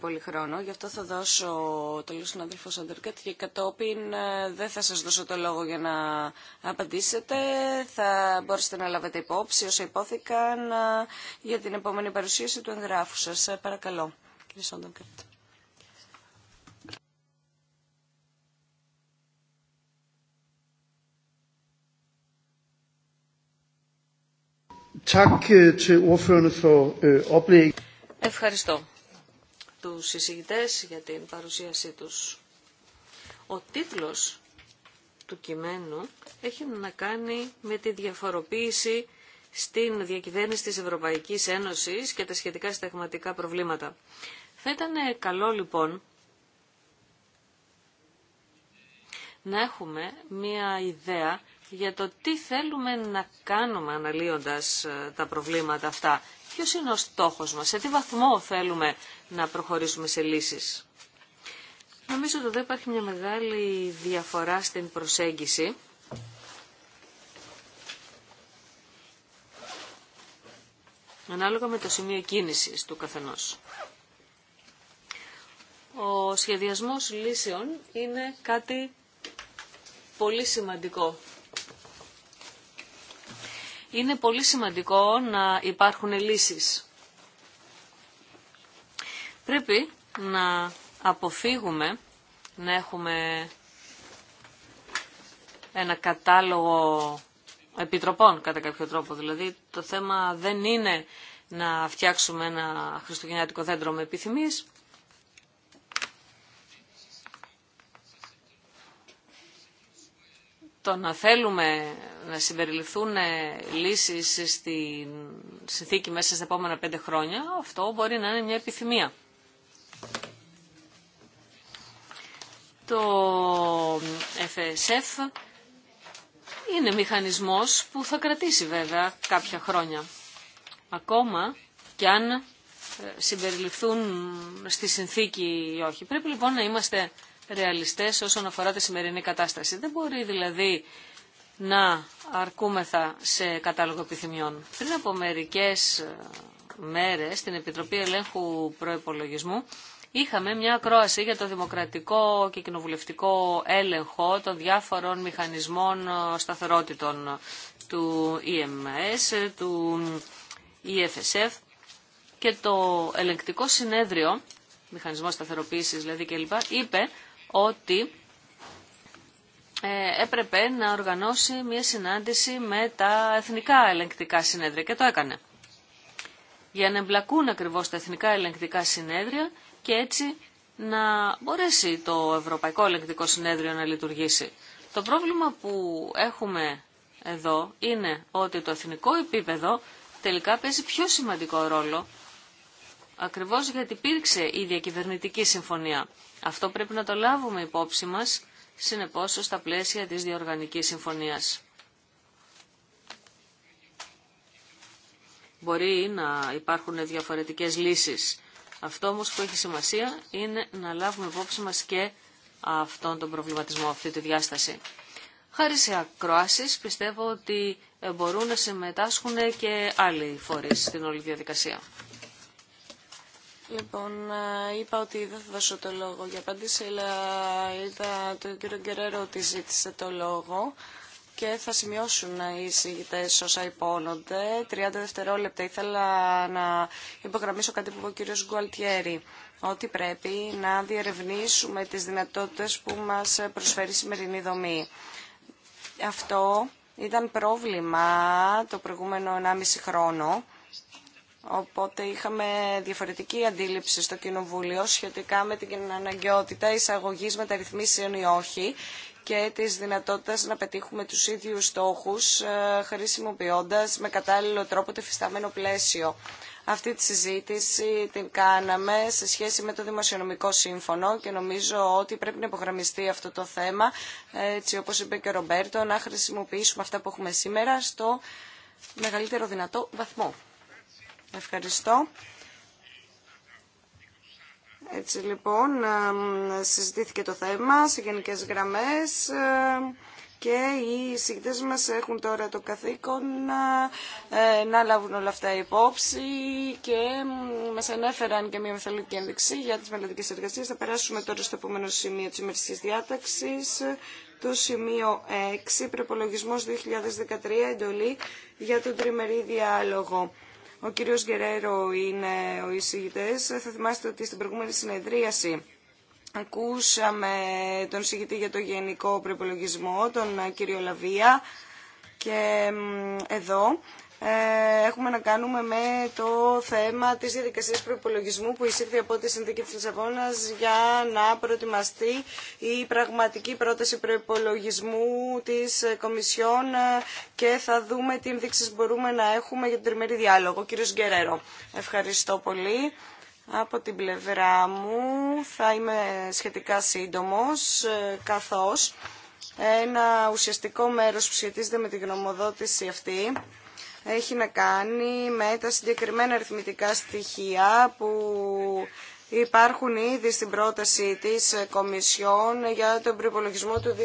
πολύ χρόνο, γι' αυτό θα δώσω το λόγο στον αδελφό Σαντερκέτ και κατόπιν ε, δεν θα σας δώσω το λόγο για να απαντήσετε. Θα μπορέσετε να λάβετε υπόψη όσα υπόθηκαν ε, για την επόμενη παρουσίαση του εγγράφου σας. Παρακαλώ, κύριε Σαντερκέτ. Øh, øh, Ευχαριστώ τους συζητητές για την παρουσίασή τους. Ο τίτλος του κειμένου έχει να κάνει με τη διαφοροποίηση στην διακυβέρνηση της Ευρωπαϊκής Ένωσης και τα σχετικά συνταγματικά προβλήματα. Θα ήταν καλό λοιπόν να έχουμε μία ιδέα για το τι θέλουμε να κάνουμε αναλύοντας ε, τα προβλήματα αυτά. Ποιος είναι ο στόχος μας, σε τι βαθμό θέλουμε να προχωρήσουμε σε λύσεις. Νομίζω ότι εδώ υπάρχει μια μεγάλη διαφορά στην προσέγγιση. Ανάλογα με το σημείο κίνησης του καθενός. Ο σχεδιασμός λύσεων είναι κάτι πολύ σημαντικό είναι πολύ σημαντικό να υπάρχουν λύσεις. Πρέπει να αποφύγουμε να έχουμε ένα κατάλογο επιτροπών κατά κάποιο τρόπο. Δηλαδή το θέμα δεν είναι να φτιάξουμε ένα χριστουγεννιάτικο δέντρο με επιθυμίες, το να θέλουμε να συμπεριληφθούν ε, λύσεις στη συνθήκη μέσα στα επόμενα πέντε χρόνια, αυτό μπορεί να είναι μια επιθυμία. Το FSF είναι μηχανισμός που θα κρατήσει βέβαια κάποια χρόνια. Ακόμα και αν ε, συμπεριληφθούν στη συνθήκη ή όχι. Πρέπει λοιπόν να είμαστε ρεαλιστές όσον αφορά τη σημερινή κατάσταση. Δεν μπορεί δηλαδή να αρκούμεθα σε κατάλογο επιθυμιών. Πριν από μερικές ε, μέρες στην Επιτροπή Ελέγχου Προϋπολογισμού είχαμε μια ακρόαση για το δημοκρατικό και κοινοβουλευτικό έλεγχο των διάφορων μηχανισμών ε, σταθερότητων του EMS, ε, του EFSF και το ελεγκτικό συνέδριο, μηχανισμό σταθεροποίησης δηλαδή κλπ, είπε ότι ε, έπρεπε να οργανώσει μια συνάντηση με τα εθνικά ελεγκτικά συνέδρια και το έκανε. Για να εμπλακούν ακριβώς τα εθνικά ελεγκτικά συνέδρια και έτσι να μπορέσει το Ευρωπαϊκό Ελεγκτικό Συνέδριο να λειτουργήσει. Το πρόβλημα που έχουμε εδώ είναι ότι το εθνικό επίπεδο τελικά παίζει πιο σημαντικό ρόλο Ακριβώς γιατί υπήρξε η διακυβερνητική συμφωνία. Αυτό πρέπει να το λάβουμε υπόψη μας, συνεπώς, στα πλαίσια της διοργανικής συμφωνίας. Μπορεί να υπάρχουν διαφορετικές λύσεις. Αυτό όμως που έχει σημασία είναι να λάβουμε υπόψη μας και αυτόν τον προβληματισμό, αυτή τη διάσταση. Χάρη σε ακροάσεις πιστεύω ότι μπορούν να συμμετάσχουν και άλλοι φορείς στην όλη διαδικασία. Λοιπόν, ε, είπα ότι δεν θα δώσω το λόγο για απάντηση, αλλά είδα τον κύριο Γκερέρο ότι ζήτησε το λόγο και θα σημειώσουν οι συγητές όσα υπόνονται. 30 δευτερόλεπτα ήθελα να υπογραμμίσω κάτι που είπε ο κύριος Γκουαλτιέρη ότι πρέπει να διερευνήσουμε τις δυνατότητες που μας προσφέρει η σημερινή δομή. Αυτό ήταν πρόβλημα το προηγούμενο 1,5 χρόνο Οπότε είχαμε διαφορετική αντίληψη στο Κοινοβούλιο σχετικά με την αναγκαιότητα εισαγωγή μεταρρυθμίσεων ή όχι και τη δυνατότητα να πετύχουμε του ίδιου στόχου ε, χρησιμοποιώντα με κατάλληλο τρόπο το εφιστάμενο πλαίσιο. Αυτή τη συζήτηση την κάναμε σε σχέση με το Δημοσιονομικό Σύμφωνο και νομίζω ότι πρέπει να υπογραμμιστεί αυτό το θέμα, έτσι όπως είπε και ο Ρομπέρτο, να χρησιμοποιήσουμε αυτά που έχουμε σήμερα στο μεγαλύτερο δυνατό βαθμό. Ευχαριστώ. Έτσι λοιπόν συζητήθηκε το θέμα σε γενικές γραμμές και οι συγκριτές μας έχουν τώρα το καθήκον ε, να λάβουν όλα αυτά υπόψη και μας ανέφεραν και μια μεθαλλική ένδειξη για τις μελλοντικές εργασίες. Θα περάσουμε τώρα στο επόμενο σημείο της ημερική διάταξης, το σημείο 6, προπολογισμός 2013, εντολή για τον τριμερή διάλογο. Ο κύριος Γκερέρο είναι ο εισηγητές. Θα θυμάστε ότι στην προηγούμενη συνεδρίαση ακούσαμε τον εισηγητή για το γενικό προπολογισμό, τον κύριο Λαβία, και εδώ ε, έχουμε να κάνουμε με το θέμα της διαδικασίας προπολογισμού που ισχύει από τη Συνδίκη της Λισαβόνας για να προετοιμαστεί η πραγματική πρόταση προπολογισμού της Κομισιόν και θα δούμε τι ενδείξεις μπορούμε να έχουμε για την τριμερή διάλογο. Κύριος Γκερέρο, ευχαριστώ πολύ. Από την πλευρά μου θα είμαι σχετικά σύντομος, ε, καθώς ένα ουσιαστικό μέρος που σχετίζεται με τη γνωμοδότηση αυτή έχει να κάνει με τα συγκεκριμένα αριθμητικά στοιχεία που υπάρχουν ήδη στην πρόταση της Κομισιόν για τον προπολογισμό του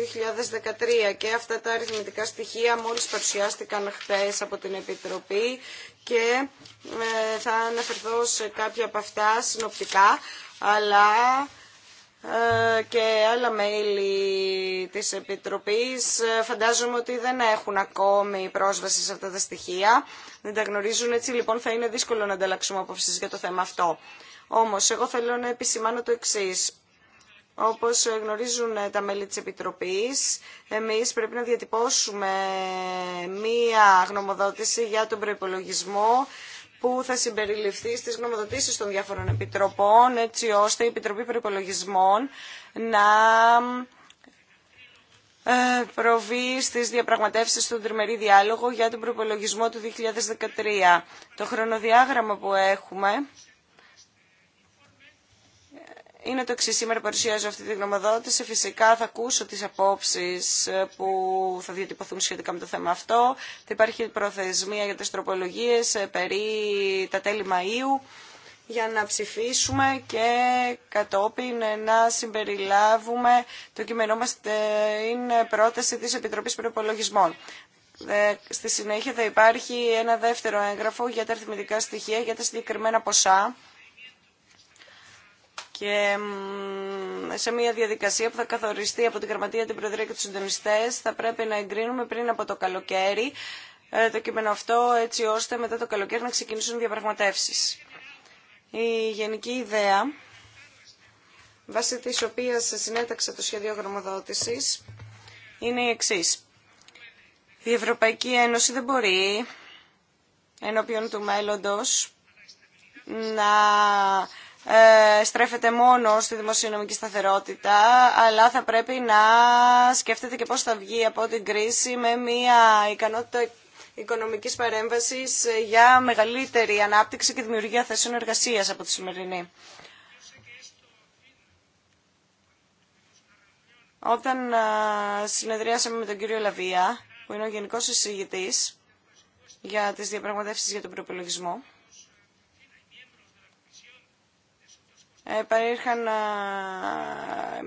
2013 και αυτά τα αριθμητικά στοιχεία μόλις παρουσιάστηκαν χθες από την Επιτροπή και ε, θα αναφερθώ σε κάποια από αυτά συνοπτικά αλλά ε, και άλλα μέλη της Επιτροπής ε, φαντάζομαι ότι δεν έχουν ακόμη πρόσβαση σε αυτά τα στοιχεία, δεν τα γνωρίζουν, έτσι λοιπόν θα είναι δύσκολο να ανταλλάξουμε απόψεις για το θέμα αυτό. Όμως, εγώ θέλω να επισημάνω το εξής. Όπως γνωρίζουν ε, τα μέλη της Επιτροπής, εμείς πρέπει να διατυπώσουμε μία γνωμοδότηση για τον προϋπολογισμό που θα συμπεριληφθεί στις γνωμοδοτήσεις των διάφορων επιτροπών, έτσι ώστε η Επιτροπή Προϋπολογισμών να ε, προβεί στις διαπραγματεύσεις στον τριμερή διάλογο για τον προπολογισμό του 2013. Το χρονοδιάγραμμα που έχουμε είναι το εξή. Σήμερα παρουσιάζω αυτή τη γνωμοδότηση. Φυσικά θα ακούσω τι απόψει ε, που θα διατυπωθούν σχετικά με το θέμα αυτό. Θα υπάρχει προθεσμία για τι τροπολογίε ε, περί τα τέλη Μαΐου για να ψηφίσουμε και κατόπιν ε, να συμπεριλάβουμε το κείμενό μας στην πρόταση της Επιτροπής Προπολογισμών. Στη συνέχεια θα υπάρχει ένα δεύτερο έγγραφο για τα αριθμητικά στοιχεία, για τα συγκεκριμένα ποσά και σε μια διαδικασία που θα καθοριστεί από την Γραμματεία, την Προεδρία και τους συντονιστές θα πρέπει να εγκρίνουμε πριν από το καλοκαίρι ε, το κείμενο αυτό έτσι ώστε μετά το καλοκαίρι να ξεκινήσουν οι διαπραγματεύσεις. Η γενική ιδέα βάσει της οποίας συνέταξα το σχέδιο γραμμοδότησης είναι η εξής. Η Ευρωπαϊκή Ένωση δεν μπορεί ενώπιον του μέλλοντος να ε, στρέφεται μόνο στη δημοσιονομική σταθερότητα, αλλά θα πρέπει να σκέφτεται και πώς θα βγει από την κρίση με μια ικανότητα οικονομικής παρέμβασης για μεγαλύτερη ανάπτυξη και δημιουργία θέσεων εργασίας από τη σημερινή. Όταν ε, συνεδριάσαμε με τον κύριο Λαβία, που είναι ο Γενικός Εισηγητής για τις διαπραγματεύσεις για τον προπολογισμό, Ε, παρήρχαν,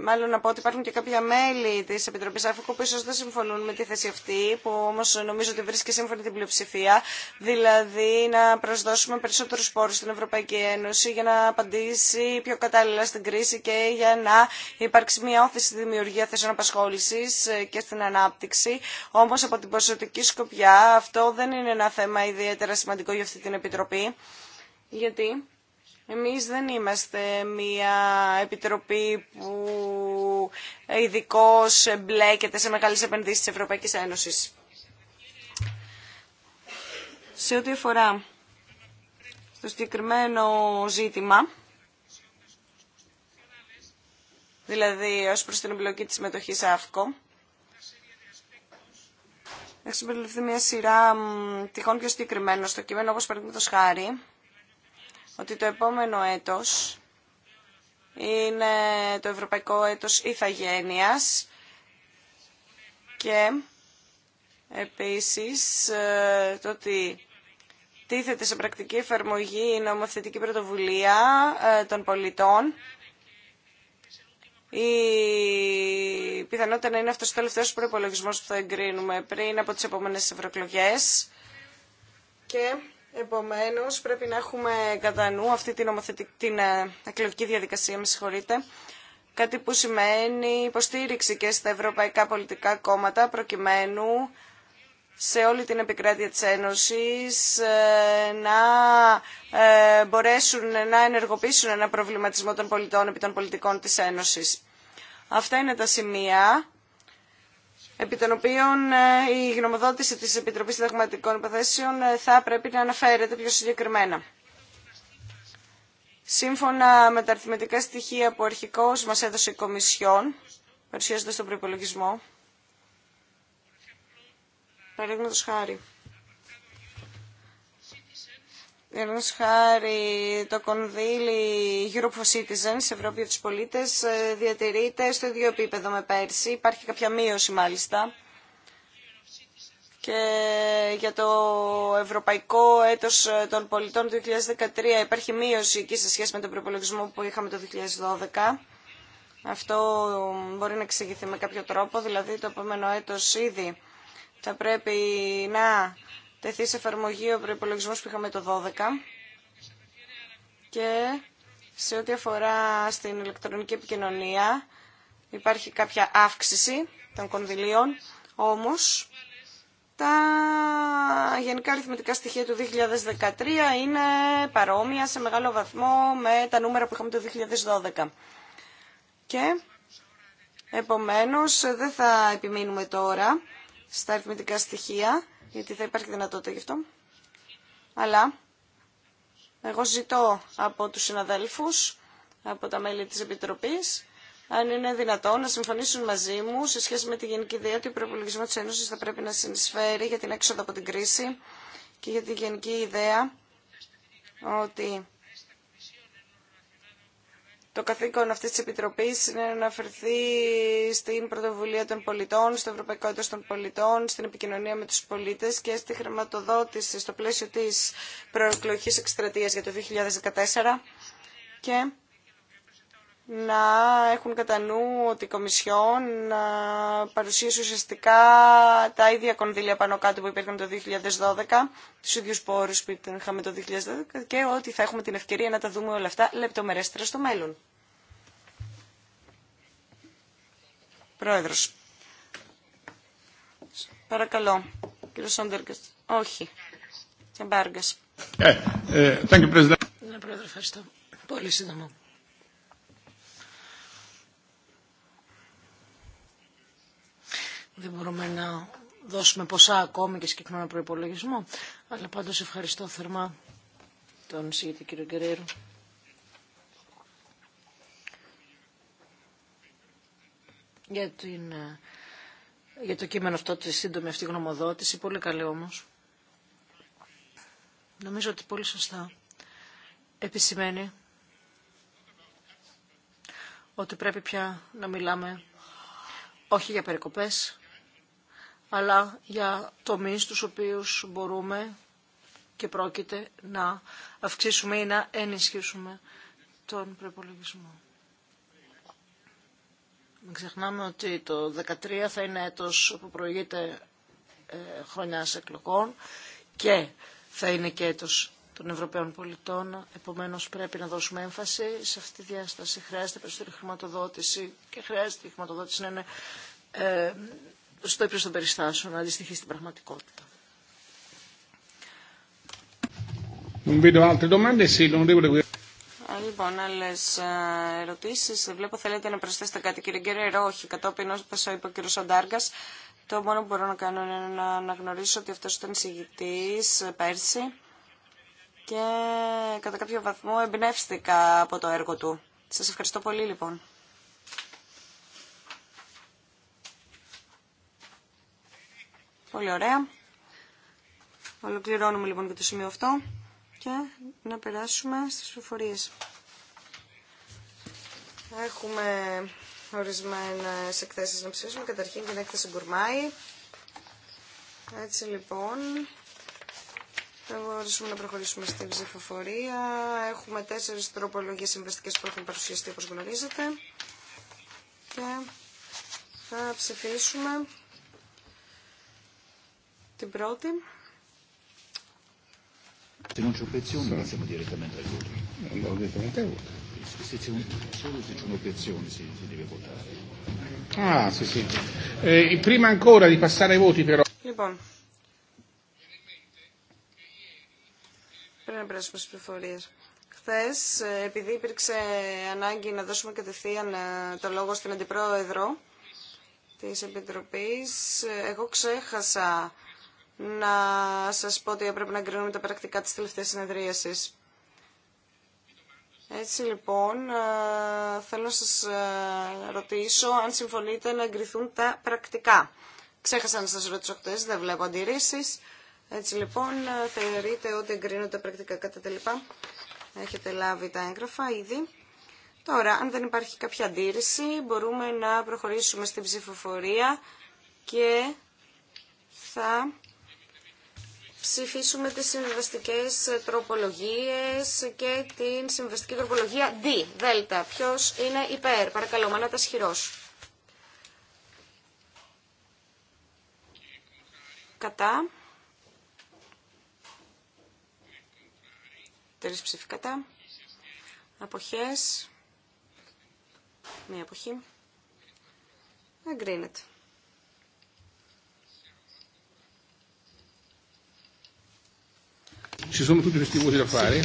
μάλλον να πω ότι υπάρχουν και κάποια μέλη τη Επιτροπή Αφρικού που ίσω δεν συμφωνούν με τη θέση αυτή, που όμω νομίζω ότι βρίσκει σύμφωνη την πλειοψηφία, δηλαδή να προσδώσουμε περισσότερου πόρου στην Ευρωπαϊκή Ένωση για να απαντήσει πιο κατάλληλα στην κρίση και για να υπάρξει μια όθηση στη δημιουργία θέσεων απασχόληση ε, και στην ανάπτυξη. Όμω από την ποσοτική σκοπιά αυτό δεν είναι ένα θέμα ιδιαίτερα σημαντικό για αυτή την Επιτροπή. Γιατί εμείς δεν είμαστε μια επιτροπή που ειδικώ εμπλέκεται σε μεγάλες επενδύσεις της Ευρωπαϊκής Ένωσης. Σε ό,τι αφορά στο συγκεκριμένο ζήτημα, δηλαδή ως προς την εμπλοκή της συμμετοχής ΑΦΚΟ, έχει συμπεριληφθεί μια σειρά τυχόν πιο συγκεκριμένο στο κείμενο, όπως παραδείγματος χάρη, ότι το επόμενο έτος είναι το Ευρωπαϊκό Έτος Ιθαγένειας και επίσης ε, το ότι τίθεται σε πρακτική εφαρμογή η νομοθετική πρωτοβουλία ε, των πολιτών η πιθανότητα να είναι αυτός ο τελευταίος προϋπολογισμός που θα εγκρίνουμε πριν από τις επόμενες ευρωεκλογές και Επομένως, πρέπει να έχουμε κατά νου αυτή την, την ε, εκλογική διαδικασία, με συγχωρείτε, κάτι που σημαίνει υποστήριξη και στα ευρωπαϊκά πολιτικά κόμματα, προκειμένου σε όλη την επικράτεια της Ένωσης ε, να ε, μπορέσουν να ενεργοποιήσουν ένα προβληματισμό των πολιτών επί των πολιτικών της Ένωσης. Αυτά είναι τα σημεία επί των οποίων ε, η γνωμοδότηση της Επιτροπής Συνταγματικών Υποθέσεων ε, θα πρέπει να αναφέρεται πιο συγκεκριμένα. Σύμφωνα με τα αριθμητικά στοιχεία που αρχικώς μας έδωσε η Κομισιόν, παρουσιάζοντας τον προπολογισμό, παραδείγματος χάρη, ενώ χάρη το κονδύλι Europe for Citizens, Ευρώπη για τους πολίτες, ε, διατηρείται στο ίδιο επίπεδο με πέρσι. Υπάρχει κάποια μείωση μάλιστα. Και για το Ευρωπαϊκό Έτος ε, των Πολιτών του 2013 υπάρχει μείωση εκεί σε σχέση με τον προπολογισμό που είχαμε το 2012. Αυτό μπορεί να εξηγηθεί με κάποιο τρόπο, δηλαδή το επόμενο έτος ήδη θα πρέπει να τεθεί σε εφαρμογή ο προπολογισμό που είχαμε το 12 και σε ό,τι αφορά στην ηλεκτρονική επικοινωνία υπάρχει κάποια αύξηση των κονδυλίων, όμως τα γενικά αριθμητικά στοιχεία του 2013 είναι παρόμοια σε μεγάλο βαθμό με τα νούμερα που είχαμε το 2012. Και επομένως δεν θα επιμείνουμε τώρα στα αριθμητικά στοιχεία γιατί θα υπάρχει δυνατότητα γι' αυτό. Αλλά εγώ ζητώ από τους συναδέλφους, από τα μέλη της Επιτροπής, αν είναι δυνατόν να συμφωνήσουν μαζί μου σε σχέση με τη γενική ιδέα ότι ο προπολογισμό της Ένωσης θα πρέπει να συνεισφέρει για την έξοδο από την κρίση και για τη γενική ιδέα ότι το καθήκον αυτή τη Επιτροπή είναι να αναφερθεί στην πρωτοβουλία των πολιτών, στο Ευρωπαϊκό Έτο των Πολιτών, στην επικοινωνία με του πολίτε και στη χρηματοδότηση στο πλαίσιο τη προεκλογική εκστρατεία για το 2014 και να έχουν κατά νου ότι η Κομισιόν να παρουσίασε ουσιαστικά τα ίδια κονδύλια πάνω κάτω που υπήρχαν το 2012, του ίδιους πόρους που είχαμε το 2012 και ότι θα έχουμε την ευκαιρία να τα δούμε όλα αυτά λεπτομερέστερα στο μέλλον. Πρόεδρος. Παρακαλώ. Κύριο Σόντεργκας. Όχι. Κύριε Ε, ε, ναι, Πρόεδρε, ευχαριστώ. Πολύ σύντομα. Δεν μπορούμε να δώσουμε ποσά ακόμη και συγκεκριμένο προπολογισμό. Αλλά πάντως ευχαριστώ θερμά τον συγκεκριμένο κύριο Γκερέρου. Για, την, ε, για το κείμενο αυτό τη σύντομη αυτή γνωμοδότηση, πολύ καλή όμως. Νομίζω ότι πολύ σωστά επισημαίνει ότι πρέπει πια να μιλάμε όχι για περικοπές, αλλά για τομείς τους οποίους μπορούμε και πρόκειται να αυξήσουμε ή να ενισχύσουμε τον προπολογισμό. Μην ξεχνάμε ότι το 2013 θα είναι έτος που προηγείται ε, χρονιά εκλογών και θα είναι και έτος των Ευρωπαίων πολιτών. Επομένως πρέπει να δώσουμε έμφαση σε αυτή τη διάσταση. Χρειάζεται περισσότερη χρηματοδότηση και χρειάζεται η χρηματοδότηση να είναι ε, στο ύψος των περιστάσεων, να αντιστοιχεί στην πραγματικότητα. λοιπόν, άλλε ερωτήσει. Βλέπω θέλετε να προσθέσετε κάτι, κύριε Γκέρερο. Όχι, κατόπιν όσο είπε ο κύριο Αντάργα. το μόνο που μπορώ να κάνω είναι να αναγνωρίσω ότι αυτό ήταν συγητή ε, πέρσι και κατά κάποιο βαθμό εμπνεύστηκα από το έργο του. Σα ευχαριστώ πολύ λοιπόν. Πολύ ωραία. Ολοκληρώνουμε λοιπόν και το σημείο αυτό και να περάσουμε στις προφορίες. Έχουμε ορισμένες εκθέσεις να ψηφίσουμε. Καταρχήν την έκθεση γκουρμάει. Έτσι λοιπόν, θα μπορούσαμε να προχωρήσουμε στην ψηφοφορία. Έχουμε τέσσερις τροπολογίες συμβαστικές που έχουν παρουσιαστεί όπως γνωρίζετε. Και θα ψηφίσουμε την πρώτη. Λοιπόν, πρέπει να περάσουμε στις πληροφορίες. Χθες, ε, επειδή υπήρξε ανάγκη να δώσουμε κατευθείαν ε, το λόγο στην Αντιπρόεδρο τη Επιτροπή, ε, εγώ ξέχασα να σας πω ότι έπρεπε να εγκρίνουμε τα πρακτικά της τελευταίας συνεδρίασης. Έτσι λοιπόν, ε, θέλω να σας ε, ρωτήσω αν συμφωνείτε να εγκριθούν τα πρακτικά. Ξέχασα να σας ρωτήσω χτες, δεν βλέπω αντιρρήσεις. Έτσι λοιπόν, ε, θεωρείτε ότι εγκρίνονται τα πρακτικά κατά τα λοιπά. Έχετε λάβει τα έγγραφα ήδη. Τώρα, αν δεν υπάρχει κάποια αντίρρηση, μπορούμε να προχωρήσουμε στην ψηφοφορία και θα ψηφίσουμε τις συμβαστικές ε, τροπολογίες και την συμβαστική τροπολογία D, δέλτα. Ποιος είναι υπέρ, παρακαλώ, τα. Κατά. Τρεις ψήφοι κατά. Αποχές. Μία αποχή. Εγκρίνεται. Ci sono tutti questi voti da fare.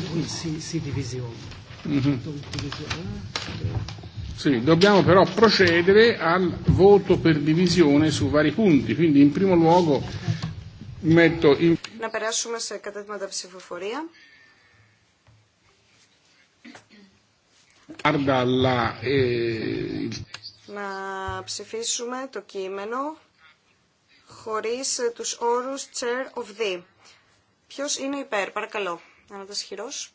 Sì, dobbiamo però procedere al voto per divisione su vari punti, quindi in primo luogo metto in... Να περάσουμε σε τα ψηφοφορία. Να ψηφίσουμε το κείμενο χωρίς τους όρους chair of the. Ποιος είναι υπέρ, παρακαλώ. Άνατας χειρός.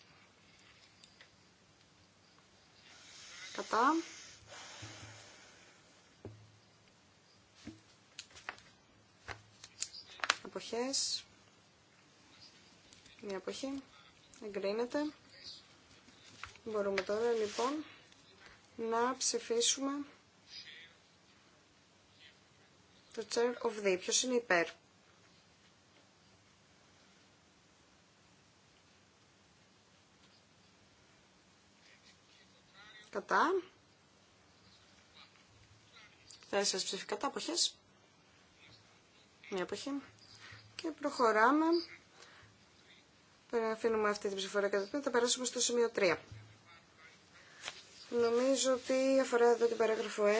Κατά. Αποχές. Μια αποχή. Εγκρίνεται. Μπορούμε τώρα λοιπόν να ψηφίσουμε το chair of the. Ποιος είναι υπέρ. Κατά. Τέσσερις ψηφικά κατά αποχές. Μία αποχή. Και προχωράμε. Αφήνουμε αυτή την ψηφορία κατά θα περάσουμε στο σημείο 3. Νομίζω ότι αφορά εδώ την παράγραφο 1,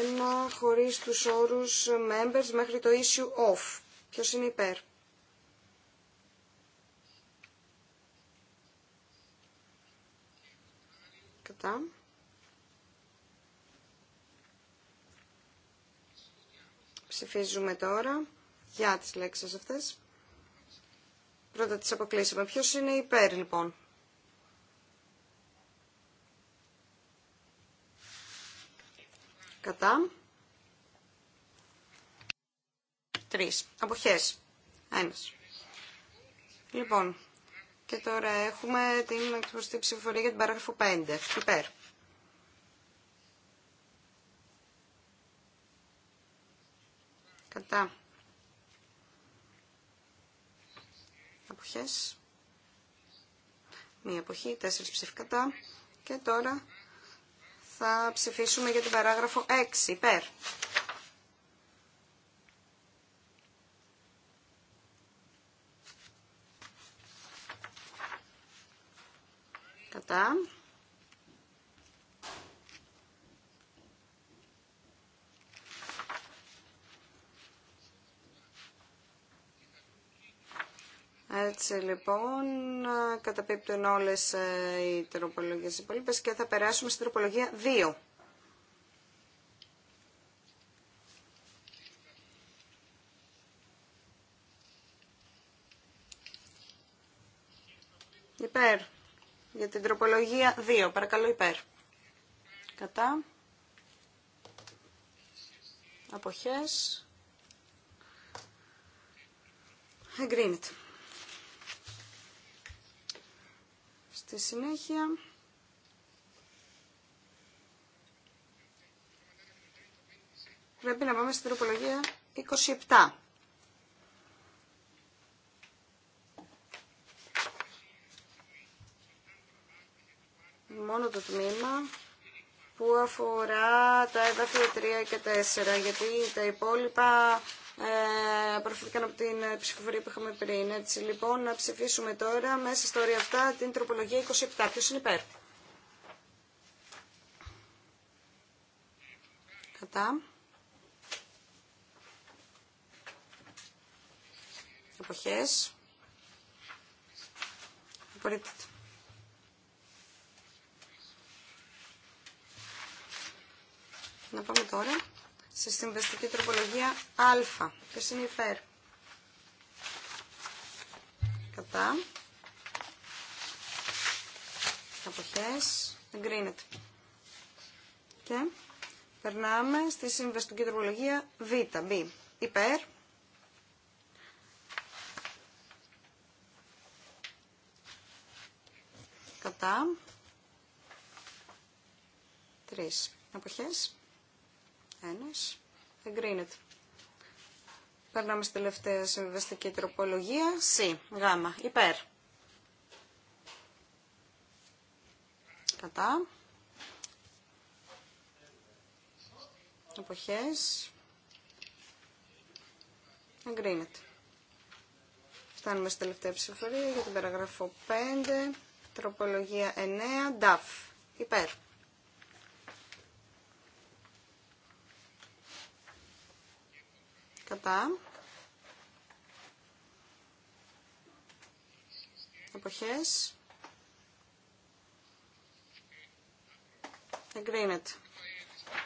χωρίς τους όρους members μέχρι το issue of. Ποιος είναι υπέρ. Κατά. Ψηφίζουμε τώρα για τις λέξεις αυτές. Πρώτα τις αποκλείσαμε. Ποιος είναι υπέρ λοιπόν. Κατά. Τρεις. Αποχές. Ένας. Λοιπόν, και τώρα έχουμε την εκπροστή ψηφοφορία για την παράγραφο 5. Υπέρ. Κατά. Αποχές. Μία αποχή, τέσσερις ψήφοι κατά. Και τώρα θα ψηφίσουμε για την παράγραφο 6, υπέρ. Κατά. Έτσι λοιπόν καταπίπτουν όλες ε, οι τροπολογίε υπόλοιπε και θα περάσουμε στην τροπολογία 2. Υπέρ. Για την τροπολογία 2. Παρακαλώ υπέρ. Κατά. Αποχές. Εγκρίνεται. Στη συνέχεια... Πρέπει να πάμε στην τροπολογία 27. Μόνο το τμήμα που αφορά τα εδάφια 3 και 4, γιατί τα υπόλοιπα ε, προφέρθηκαν από την ε, ψηφοφορία που είχαμε πριν. Έτσι λοιπόν να ψηφίσουμε τώρα μέσα στα όρια αυτά την τροπολογία 27. Ποιος είναι υπέρ. Κατά. Εποχές. Απορρίπτεται. Να πάμε τώρα σε συμβαστική τροπολογία α. Ποιος είναι υπέρ. Κατά. Αποχές. Εγκρίνεται. Και περνάμε στη συμβαστική τροπολογία β. Β. Υπέρ. Κατά. Τρεις. Αποχές. Ένα. εγκρίνεται. Περνάμε στη τελευταία συμβιβαστική τροπολογία, Σι, γάμα, υπέρ. Κατά. Εποχές. Εγκρίνεται. Φτάνουμε στη τελευταία ψηφορία για την παραγραφό 5, τροπολογία 9, DAF, υπέρ. Κατά. Εποχές. Εγκρίνεται.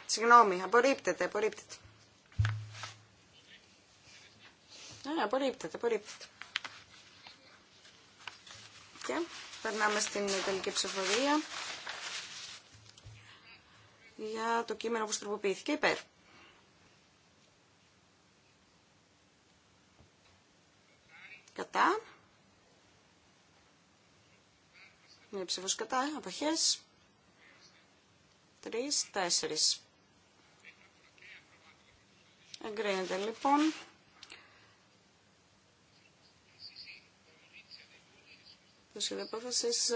Συγγνώμη, απορρίπτεται, απορρίπτεται. Ναι, απορρίπτεται, απορρίπτεται. Και περνάμε στην τελική ψηφοφορία για το κείμενο που στροποποιήθηκε υπέρ. Κατά. Μία ψήφος κατά. Αποχές. Τρεις, τέσσερις. Εγκρίνεται λοιπόν. Το σχέδιο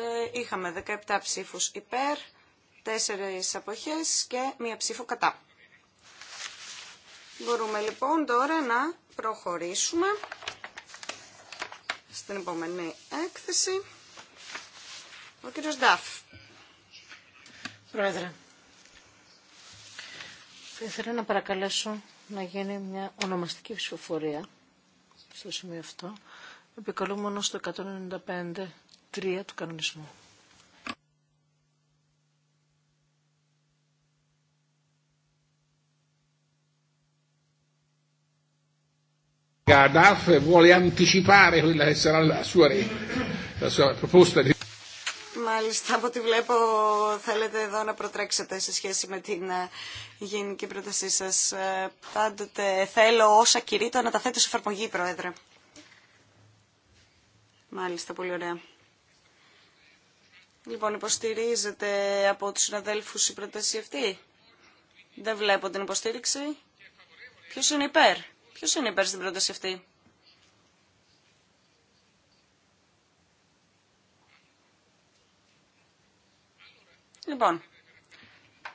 ε, είχαμε 17 ψήφους υπέρ, 4 αποχές και μία ψήφο κατά. Μπορούμε λοιπόν τώρα να προχωρήσουμε στην επόμενη έκθεση. Ο κύριος Νταφ. Πρόεδρε, θα ήθελα να παρακαλέσω να γίνει μια ονομαστική ψηφοφορία στο σημείο αυτό. Επικαλούμενο στο 195.3 του κανονισμού. Gaddaf vuole anticipare quella che sarà la sua, la sua proposta di... Μάλιστα, από ό,τι βλέπω θέλετε εδώ να προτρέξετε σε σχέση με την ε, γενική πρότασή σα. Ε, πάντοτε θέλω όσα κηρύττω να τα θέτω σε εφαρμογή, Πρόεδρε. Μάλιστα, πολύ ωραία. Λοιπόν, υποστηρίζετε από τους συναδέλφου η πρόταση αυτή. Δεν βλέπω την υποστήριξη. Ποιος είναι υπέρ. Ποιο είναι υπέρ στην πρόταση αυτή. Λοιπόν,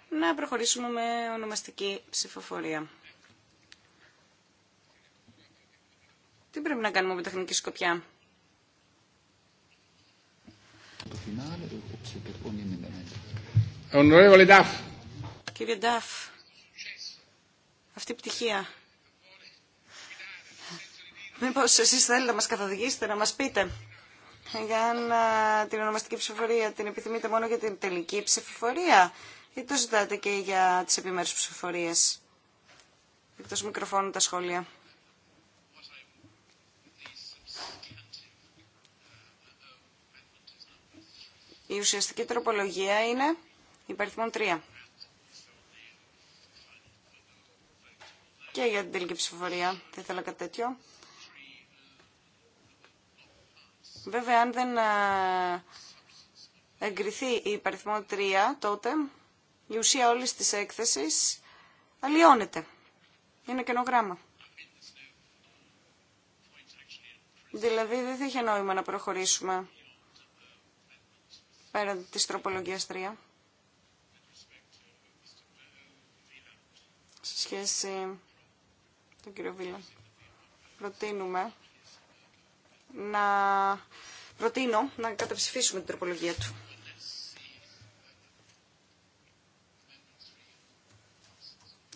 να προχωρήσουμε με ονομαστική ψηφοφορία. Τι πρέπει να κάνουμε με τεχνική σκοπιά. Κύριε Νταφ, αυτή η πτυχία Μήπως εσείς θέλετε να μας καθοδηγήσετε, να μας πείτε για να την ονομαστική ψηφοφορία την επιθυμείτε μόνο για την τελική ψηφοφορία ή το ζητάτε και για τις επιμέρους ψηφοφορίες. Εκτός μικροφώνου τα σχόλια. Η ουσιαστική τροπολογία είναι υπαριθμόν 3. Και για την τελική ψηφοφορία. Θα ήθελα κάτι τέτοιο. Βέβαια, αν δεν ε, εγκριθεί η υπαριθμό 3, τότε η ουσία όλης της έκθεσης αλλοιώνεται. Είναι καινογράμμα. Δηλαδή, δεν θα είχε νόημα να προχωρήσουμε πέραν της τροπολογίας 3. Σε σχέση τον κύριο Βίλα. Προτείνουμε να προτείνω να καταψηφίσουμε την τροπολογία του.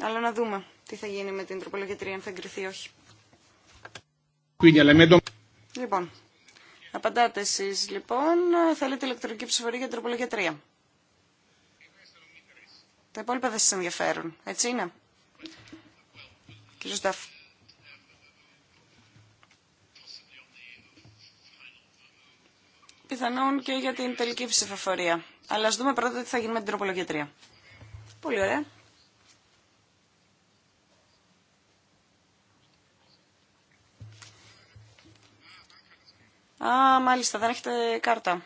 Αλλά να δούμε τι θα γίνει με την τροπολογία 3, αν θα εγκριθεί ή όχι. Λοιπόν, απαντάτε εσείς λοιπόν, θέλετε ηλεκτρονική ψηφορία για την τροπολογία 3. Τα υπόλοιπα δεν σας ενδιαφέρουν, έτσι είναι. Κύριε Σταφ. πιθανόν και για την τελική ψηφοφορία. Αλλά ας δούμε πρώτα τι θα γίνει με την τροπολογιατρία. Πολύ ωραία. Α, μάλιστα, δεν έχετε κάρτα.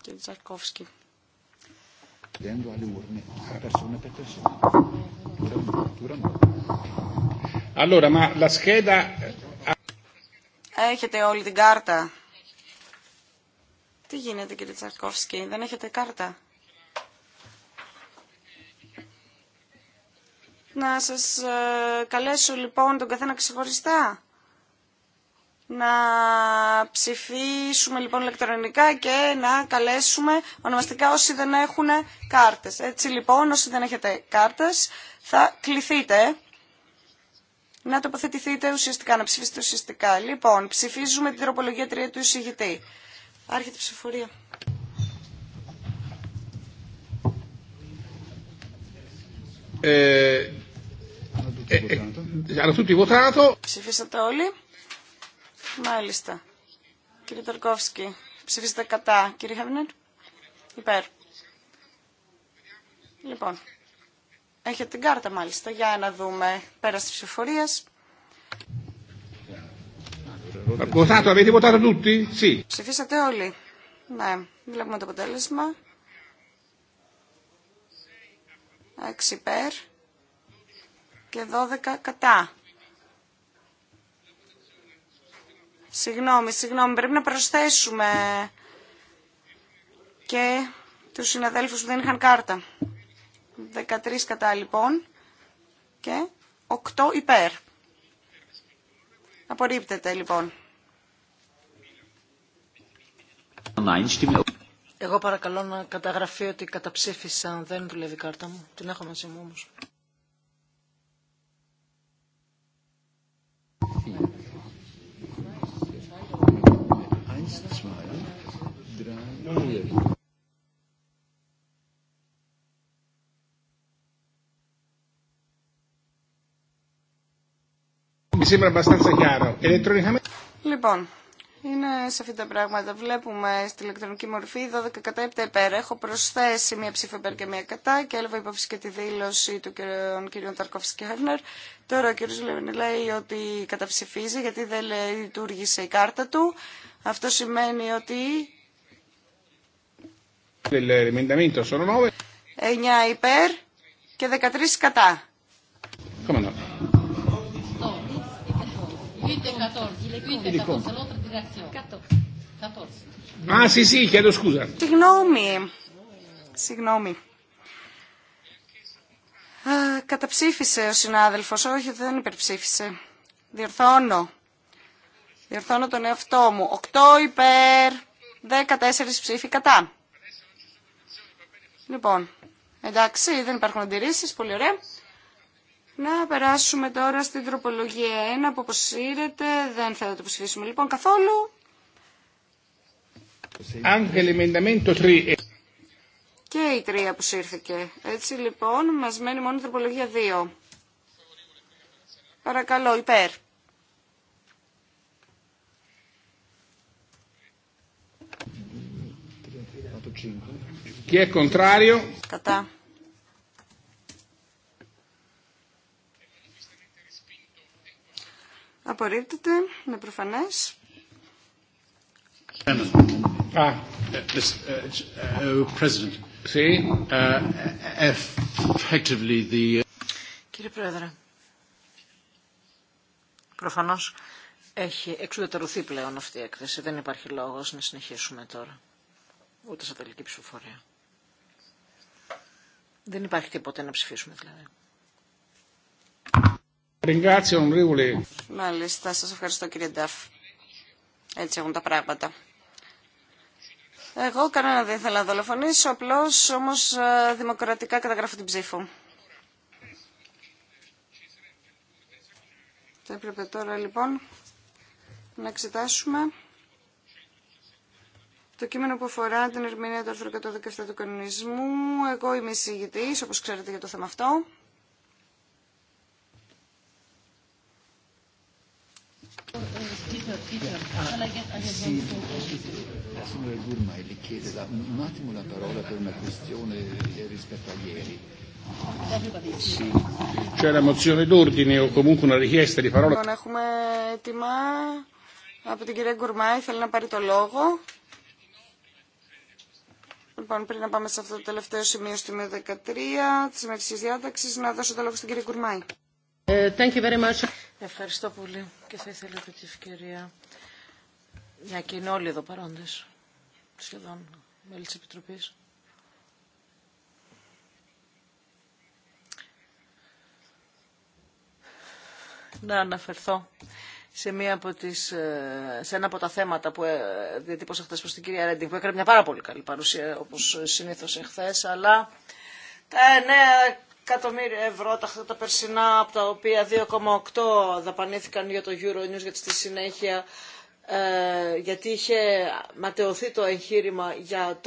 Και Τζαρκόφσκι. Ναι, ε, έχετε όλη την κάρτα. Τι γίνεται κύριε Τσαρκόφσκι, δεν έχετε κάρτα. Να σας ε, καλέσω λοιπόν τον καθένα ξεχωριστά. Να ψηφίσουμε λοιπόν ηλεκτρονικά και να καλέσουμε ονομαστικά όσοι δεν έχουν κάρτες. Έτσι λοιπόν όσοι δεν έχετε κάρτες θα κληθείτε να τοποθετηθείτε ουσιαστικά, να ψηφίσετε ουσιαστικά. Λοιπόν, ψηφίζουμε την τροπολογία 3 του εισηγητή. Άρχεται η ψηφορία. Ε, ε, ε Ψηφίσατε όλοι. Μάλιστα. Κύριε Ταρκόφσκι, ψηφίσατε κατά. Κύριε Χαβινέρ, υπέρ. Λοιπόν, έχετε την κάρτα μάλιστα. Για να δούμε πέρα τη ψηφοφορία. Ψηφίσατε όλοι. Ναι, βλέπουμε το αποτέλεσμα. 6 υπέρ και 12 κατά. Συγγνώμη, συγγνώμη, πρέπει να προσθέσουμε και τους συναδέλφους που δεν είχαν κάρτα. 13 κατά λοιπόν και 8 υπέρ. Απορρίπτεται λοιπόν. Εγώ παρακαλώ να καταγραφεί ότι καταψήφισα, δεν δουλεύει η κάρτα μου. Την έχω μαζί μου όμως. Λοιπόν, είναι σε σαφή τα πράγματα. Βλέπουμε στην ηλεκτρονική μορφή 12 κατά 7 υπέρ. Έχω προσθέσει μία ψήφο υπέρ και μία κατά και έλαβα υπόψη και τη δήλωση του κ. Ταρκόφης και Χέρνερ. Τώρα ο κ. Λεβενή λέει ότι καταψηφίζει γιατί δεν λειτουργήσε η κάρτα του. Αυτό σημαίνει ότι. 9 υπέρ και 13 κατά. Συγγνώμη. Συγγνώμη. καταψήφισε ο συνάδελφος, όχι δεν υπερψήφισε. Διορθώνω. Διορθώνω τον εαυτό μου. 8 υπέρ, 14 ψήφοι κατά. Λοιπόν, εντάξει, δεν υπάρχουν αντιρρήσεις, πολύ ωραία. Να περάσουμε τώρα στην τροπολογία 1 που αποσύρεται. Δεν θα το ψηφίσουμε λοιπόν καθόλου. Και η 3 αποσύρθηκε. Έτσι λοιπόν μας μένει μόνο η τροπολογία 2. Παρακαλώ υπέρ. Chi è Κατά. Απορρίπτεται, είναι προφανές. Ε, ε, ε, Κύριε Πρόεδρε, προφανώς έχει εξουδετερωθεί πλέον αυτή η έκθεση. Δεν υπάρχει λόγος να συνεχίσουμε τώρα, ούτε σε τελική ψηφοφορία. Δεν υπάρχει τίποτε να ψηφίσουμε δηλαδή. Μάλιστα, σας ευχαριστώ κύριε Νταφ. Έτσι έχουν τα πράγματα. Εγώ κανένα δεν ήθελα να δολοφονήσω, απλώς όμως ε, δημοκρατικά καταγράφω την ψήφο. Θα έπρεπε τώρα λοιπόν να εξετάσουμε το κείμενο που αφορά την ερμηνεία του άρθρου 117 του κανονισμού. Εγώ είμαι εισηγητής, όπως ξέρετε για το θέμα αυτό. sono La Burma e le chiede da un attimo la parola per una questione rispetto a ieri. C'è la mozione d'ordine o comunque una richiesta di parola. Non abbiamo etima από την κυρία Γκουρμάη, θέλει να πάρει το λόγο. Λοιπόν, πριν να πάμε σε αυτό το τελευταίο σημείο, στη 13 της ημερησία διάταξη, να δώσω το λόγο στην κυρία Γκουρμάη. Ε, Ευχαριστώ πολύ και θα ήθελα αυτή την ευκαιρία, μια και είναι όλοι εδώ παρόντες, σχεδόν μέλη τη Επιτροπή. να αναφερθώ σε, μία από τις, ε, σε ένα από τα θέματα που ε, διατύπωσα χθε προ την κυρία Ρέντινγκ, που έκανε μια πάρα πολύ καλή παρουσία όπως συνήθως εχθές, αλλά τα νέα εκατομμύρια ευρώ τα, τα περσινά, από τα οποία 2,8 δαπανήθηκαν για το Euronews, γιατί στη συνέχεια ε, γιατί είχε ματαιωθεί το εγχείρημα για,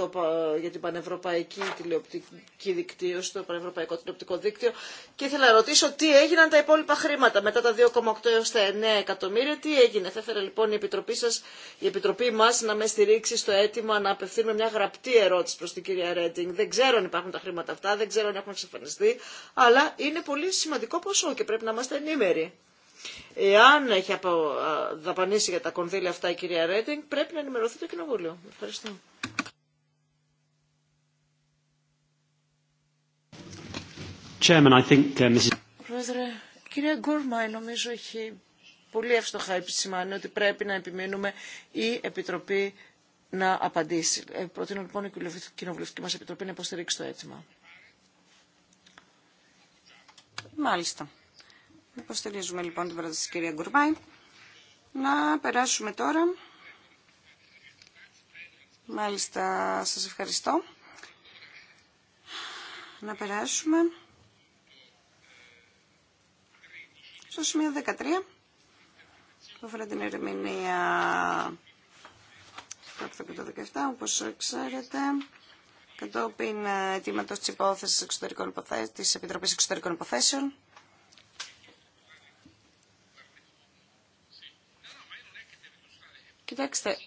την πανευρωπαϊκή τηλεοπτική δικτύωση, το πανευρωπαϊκό τηλεοπτικό δίκτυο και ήθελα να ρωτήσω τι έγιναν τα υπόλοιπα χρήματα μετά τα 2,8 έως τα 9 εκατομμύρια, τι έγινε. Θα ήθελα λοιπόν η Επιτροπή, σας, η Επιτροπή μας να με στηρίξει στο αίτημα να απευθύνουμε μια γραπτή ερώτηση προς την κυρία Ρέντινγκ. Δεν ξέρω αν υπάρχουν τα χρήματα αυτά, δεν ξέρω αν έχουν εξαφανιστεί, αλλά είναι πολύ σημαντικό ποσό και πρέπει να είμαστε ενήμεροι. Εάν έχει απο... δαπανίσει για τα κονδύλια αυτά η κυρία Ρέντινγκ, πρέπει να ενημερωθεί το Κοινοβούλιο. Ευχαριστώ. Chairman, I think, uh, Πρόεδρε, η κυρία Γκούρμαϊ νομίζω έχει πολύ εύστοχα επισημάνει ότι πρέπει να επιμείνουμε η Επιτροπή να απαντήσει. Ε, προτείνω λοιπόν η Κοινοβουλευτική μας Επιτροπή να υποστηρίξει το αίτημα. Μάλιστα. Υποστηρίζουμε λοιπόν την πρόταση της κυρία Γκουρμάη. Να περάσουμε τώρα. Μάλιστα, σας ευχαριστώ. Να περάσουμε στο σημείο 13 που αφορά την ερμηνεία του 17, όπως ξέρετε κατόπιν ετοίματος της υπόθεσης εξωτερικών της Επιτροπής Εξωτερικών Υποθέσεων Κοιτάξτε,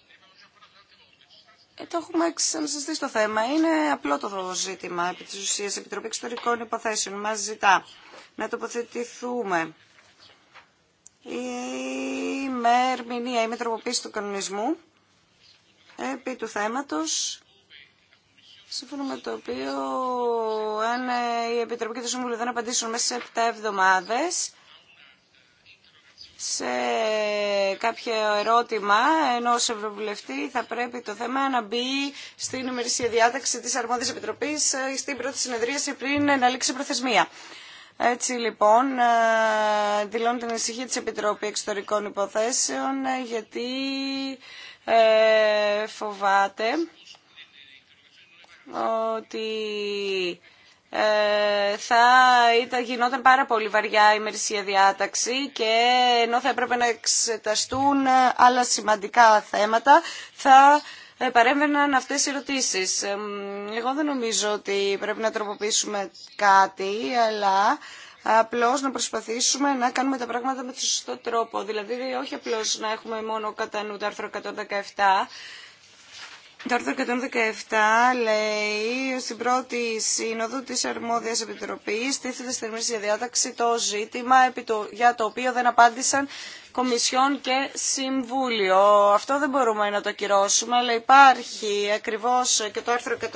ε, το έχουμε ξανασυζητήσει το θέμα. Είναι απλό το ζήτημα. Επί της ουσίας, η Επιτροπή Εξωτερικών Υποθέσεων μας ζητά να τοποθετηθούμε ή μερμηνία, ή με του κανονισμού επί του θέματος σύμφωνα με το οποίο αν ε, η Επιτροπή και το Συμβούλιο δεν απαντήσουν μέσα σε 7 εβδομάδες σε κάποιο ερώτημα ενό Ευρωβουλευτή θα πρέπει το θέμα να μπει στην ημερήσια διάταξη της Αρμόδιας Επιτροπής ε, στην πρώτη συνεδρίαση πριν να λήξει προθεσμία. Έτσι λοιπόν ε, δηλώνω την ησυχία της Επιτροπή Εξωτερικών Υποθέσεων ε, γιατί ε, φοβάται ότι ε, θα ήταν, γινόταν πάρα πολύ βαριά η μερισία διάταξη και ενώ θα έπρεπε να εξεταστούν άλλα σημαντικά θέματα, θα ε, παρέμβαιναν αυτές οι ερωτήσεις. Ε, εγώ δεν νομίζω ότι πρέπει να τροποποιήσουμε κάτι, αλλά απλώς να προσπαθήσουμε να κάνουμε τα πράγματα με το σωστό τρόπο. Δηλαδή, όχι απλώς να έχουμε μόνο κατά νου το άρθρο 117, το άρθρο 117 λέει στην πρώτη σύνοδο της Αρμόδιας Επιτροπής τίθεται στη για διάταξη το ζήτημα για το οποίο δεν απάντησαν Κομισιόν και Συμβούλιο. Αυτό δεν μπορούμε να το κυρώσουμε, αλλά υπάρχει ακριβώς και το άρθρο 193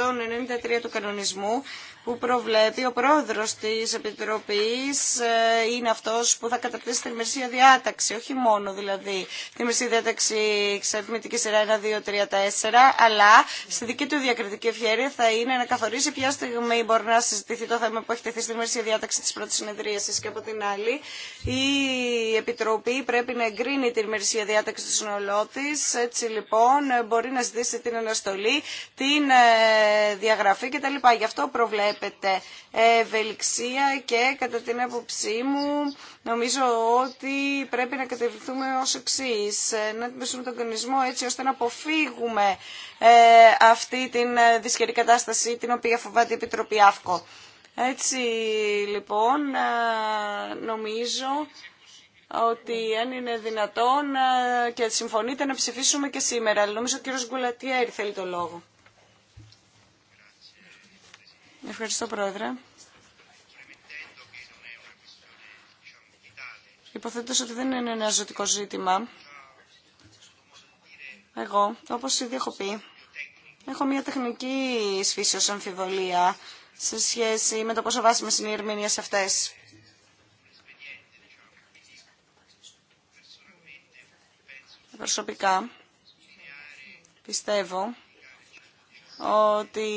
του κανονισμού που προβλέπει ο πρόεδρος της Επιτροπής ε, είναι αυτός που θα καταρτήσει τη μεσία διάταξη, όχι μόνο δηλαδή τη μεσία διάταξη εξαρτημητική σειρά 1, 2, 3, 4, αλλά στη δική του διακριτική ευχαίρεια θα είναι να καθορίσει ποια στιγμή μπορεί να συζητηθεί το θέμα που έχει τεθεί στη μεσία διάταξη της πρώτης συνεδρίασης και από την άλλη η Επιτροπή πρέπει να εγκρίνει την μεσία διάταξη του συνολό τη. έτσι λοιπόν μπορεί να ζητήσει την αναστολή, την ε, διαγραφή κτλ. Γι' αυτό προβλέπει βλέπετε ευελιξία και κατά την άποψή μου νομίζω ότι πρέπει να κατευθυνθούμε ως εξή, να αντιμετωπίσουμε τον κανονισμό έτσι ώστε να αποφύγουμε ε, αυτή την ε, δυσκερή κατάσταση την οποία φοβάται η Επιτροπή ΑΦΚΟ. Έτσι λοιπόν ε, νομίζω ότι αν είναι δυνατόν και συμφωνείτε να ψηφίσουμε και σήμερα. Αλλά νομίζω ο κύριος Γκουλατιέρη θέλει το λόγο. Ευχαριστώ, Πρόεδρε. Υποθέτω ότι δεν είναι ένα ζωτικό ζήτημα. Εγώ, όπως ήδη έχω πει, έχω μια τεχνική ως αμφιβολία σε σχέση με το πόσο βάσιμες είναι οι ερμηνείες αυτές. Προσωπικά, πιστεύω ότι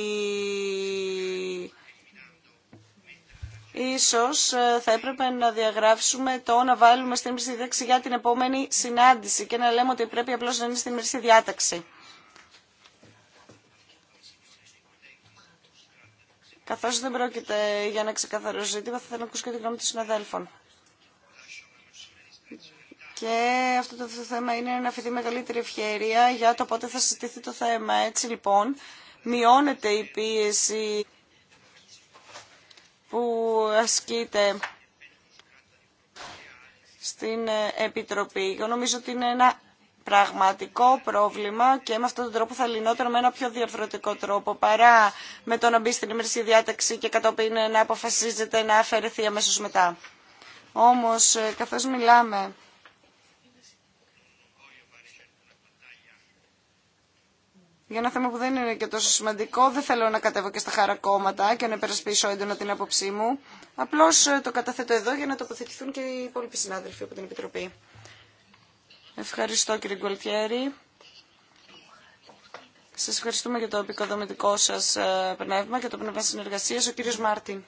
ίσως ε, θα έπρεπε να διαγράψουμε το να βάλουμε στην μισή για την επόμενη συνάντηση και να λέμε ότι πρέπει απλώς να είναι στην μισή διάταξη. Καθώς δεν πρόκειται για ένα ξεκαθαρό ζήτημα, θα θέλω να ακούσω και τη γνώμη των συναδέλφων. Και αυτό το θέμα είναι να αφηθεί μεγαλύτερη ευκαιρία για το πότε θα συζητηθεί το θέμα. Έτσι λοιπόν, μειώνεται η πίεση που ασκείται στην Επιτροπή. Εγώ νομίζω ότι είναι ένα πραγματικό πρόβλημα και με αυτόν τον τρόπο θα λυνόταν με ένα πιο διαφορετικό τρόπο παρά με το να μπει στην ημερική διάταξη και κατόπιν να αποφασίζεται να αφαιρεθεί αμέσως μετά. Όμως, ε, καθώς μιλάμε για ένα θέμα που δεν είναι και τόσο σημαντικό. Δεν θέλω να κατέβω και στα χαρακόμματα και να υπερασπίσω έντονα την άποψή μου. Απλώ ε, το καταθέτω εδώ για να τοποθετηθούν και οι υπόλοιποι συνάδελφοι από την Επιτροπή. Ευχαριστώ κύριε Γκολτιέρη. Σας ευχαριστούμε για το επικοδομητικό σας ε, πνεύμα και το πνεύμα συνεργασίας. Ο κύριος Μάρτιν.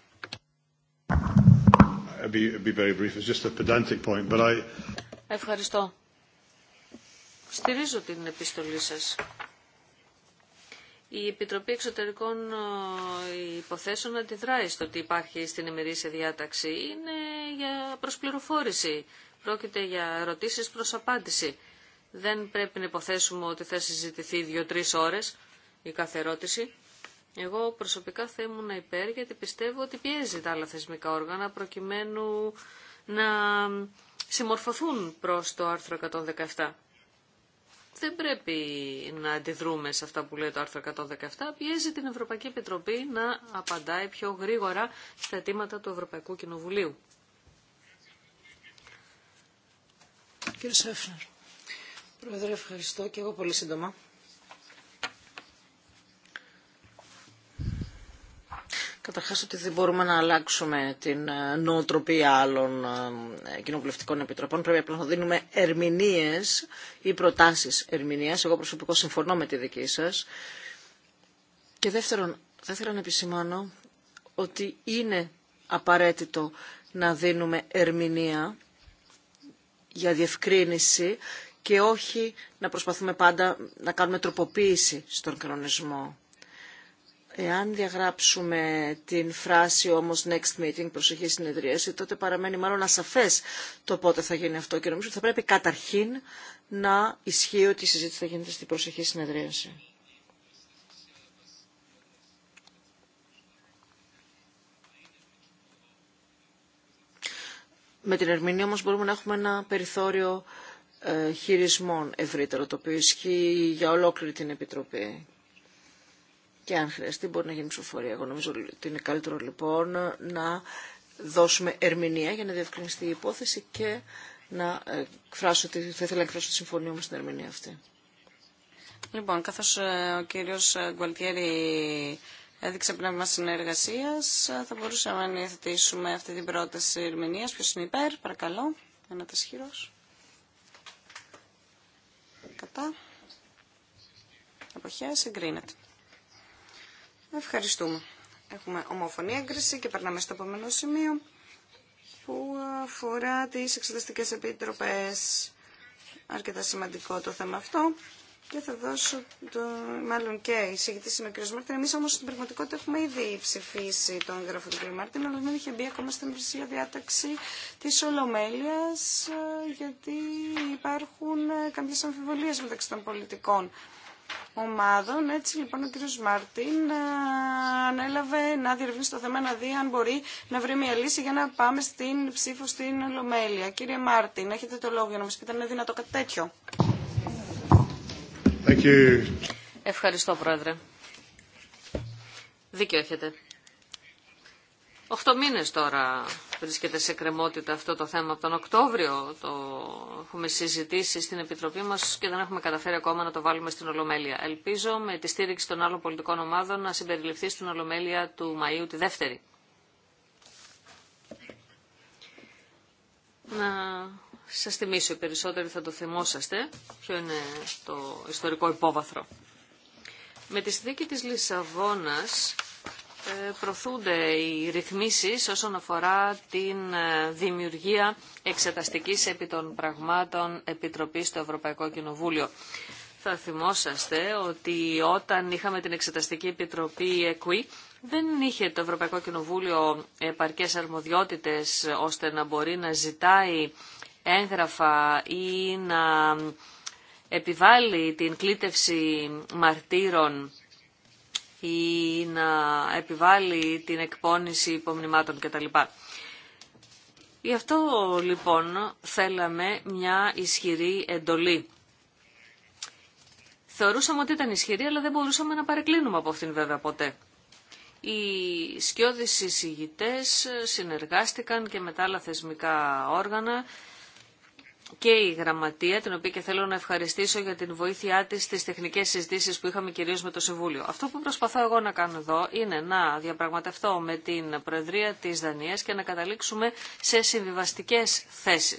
Ευχαριστώ. Στηρίζω την επιστολή σας η Επιτροπή Εξωτερικών ε, Υποθέσεων αντιδράει στο ότι υπάρχει στην ημερήσια διάταξη. Είναι για προσπληροφόρηση. Πρόκειται για ερωτήσεις προς απάντηση. Δεν πρέπει να υποθέσουμε ότι θα συζητηθεί δύο-τρεις ώρες η κάθε ερώτηση. Εγώ προσωπικά θα ήμουν υπέρ γιατί πιστεύω ότι πιέζει τα άλλα θεσμικά όργανα προκειμένου να συμμορφωθούν προς το άρθρο 117 δεν πρέπει να αντιδρούμε σε αυτά που λέει το άρθρο 117. Πιέζει την Ευρωπαϊκή Επιτροπή να απαντάει πιο γρήγορα στα αιτήματα του Ευρωπαϊκού Κοινοβουλίου. Κύριε Σέφνερ, Πρόεδρε, ευχαριστώ και εγώ πολύ σύντομα. Καταρχάς ότι δεν μπορούμε να αλλάξουμε την ε, νοοτροπία άλλων ε, κοινοβουλευτικών επιτροπών. Πρέπει απλά να δίνουμε ερμηνείες ή προτάσεις ερμηνείας. Εγώ προσωπικό συμφωνώ με τη δική σας. Και δεύτερον, θα ήθελα να επισημάνω ότι είναι απαραίτητο να δίνουμε ερμηνεία για διευκρίνηση και όχι να προσπαθούμε πάντα να κάνουμε τροποποίηση στον κανονισμό. Εάν διαγράψουμε την φράση όμως next meeting, προσεχή συνεδρίαση, τότε παραμένει μάλλον ασαφές το πότε θα γίνει αυτό και νομίζω ότι θα πρέπει καταρχήν να ισχύει ότι η συζήτηση θα γίνεται στην προσεχή συνεδρίαση. Με την ερμηνεία όμως μπορούμε να έχουμε ένα περιθώριο ε, χειρισμών ευρύτερο, το οποίο ισχύει για ολόκληρη την Επιτροπή και αν χρειαστεί μπορεί να γίνει ψηφοφορία. Εγώ νομίζω ότι είναι καλύτερο λοιπόν να δώσουμε ερμηνεία για να διευκρινιστεί η υπόθεση και να ε, εκφράσω, θα ήθελα να εκφράσω τη συμφωνία μου στην ερμηνεία αυτή. Λοιπόν, καθώς ε, ο κύριος ε, Γκουαλτιέρη έδειξε πνεύμα συνεργασίας, θα μπορούσαμε να υιοθετήσουμε αυτή την πρόταση ερμηνείας. Ποιος είναι υπέρ, παρακαλώ, ένα τεσχύρος. Κατά. Αποχές, εγκρίνεται. Ευχαριστούμε. Έχουμε ομοφωνή έγκριση και περνάμε στο επόμενο σημείο που αφορά τις εξεταστικές επιτροπές. Αρκετά σημαντικό το θέμα αυτό και θα δώσω το, μάλλον και η συγκεκριτή είναι ο κ. Μάρτιν. Εμεί όμω στην πραγματικότητα έχουμε ήδη ψηφίσει τον έγγραφο του κ. Μάρτιν, αλλά δεν είχε μπει ακόμα στην υπηρεσία διάταξη τη Ολομέλεια, ε, γιατί υπάρχουν ε, κάποιε αμφιβολίε μεταξύ των πολιτικών ομάδων. Έτσι λοιπόν ο κύριος Μάρτιν ε, ανέλαβε να διερευνήσει το θέμα, να δει αν μπορεί να βρει μια λύση για να πάμε στην ψήφο στην Λομέλεια. Κύριε Μάρτιν, έχετε το λόγο για να μας πείτε αν είναι δυνατό κάτι τέτοιο. Ευχαριστώ Πρόεδρε. Δίκιο έχετε. Οχτώ μήνες τώρα βρίσκεται σε κρεμότητα αυτό το θέμα από τον Οκτώβριο. Το έχουμε συζητήσει στην Επιτροπή μας και δεν έχουμε καταφέρει ακόμα να το βάλουμε στην Ολομέλεια. Ελπίζω με τη στήριξη των άλλων πολιτικών ομάδων να συμπεριληφθεί στην Ολομέλεια του Μαΐου τη δεύτερη. Να σα θυμίσω, οι περισσότεροι θα το θυμόσαστε, ποιο είναι το ιστορικό υπόβαθρο. Με τη συνθήκη της Λισαβόνας ε, προθούνται οι ρυθμίσεις όσον αφορά την ε, δημιουργία εξεταστικής επί των πραγμάτων επιτροπής στο Ευρωπαϊκό Κοινοβούλιο. Θα θυμόσαστε ότι όταν είχαμε την Εξεταστική Επιτροπή εκούι, δεν είχε το Ευρωπαϊκό Κοινοβούλιο επαρκές αρμοδιότητες ώστε να μπορεί να ζητάει έγγραφα ή να επιβάλλει την κλήτευση μαρτύρων ή να επιβάλλει την εκπόνηση υπομνημάτων κτλ. Γι' αυτό λοιπόν θέλαμε μια ισχυρή εντολή. Θεωρούσαμε ότι ήταν ισχυρή, αλλά δεν μπορούσαμε να παρεκκλίνουμε από αυτήν βέβαια ποτέ. Οι σκιώδεις συζητητές συνεργάστηκαν και με τα άλλα θεσμικά όργανα και η Γραμματεία, την οποία και θέλω να ευχαριστήσω για την βοήθειά τη στις τεχνικές συζητήσεις που είχαμε κυρίω με το Συμβούλιο. Αυτό που προσπαθώ εγώ να κάνω εδώ είναι να διαπραγματευτώ με την Προεδρία τη Δανία και να καταλήξουμε σε συμβιβαστικέ θέσει.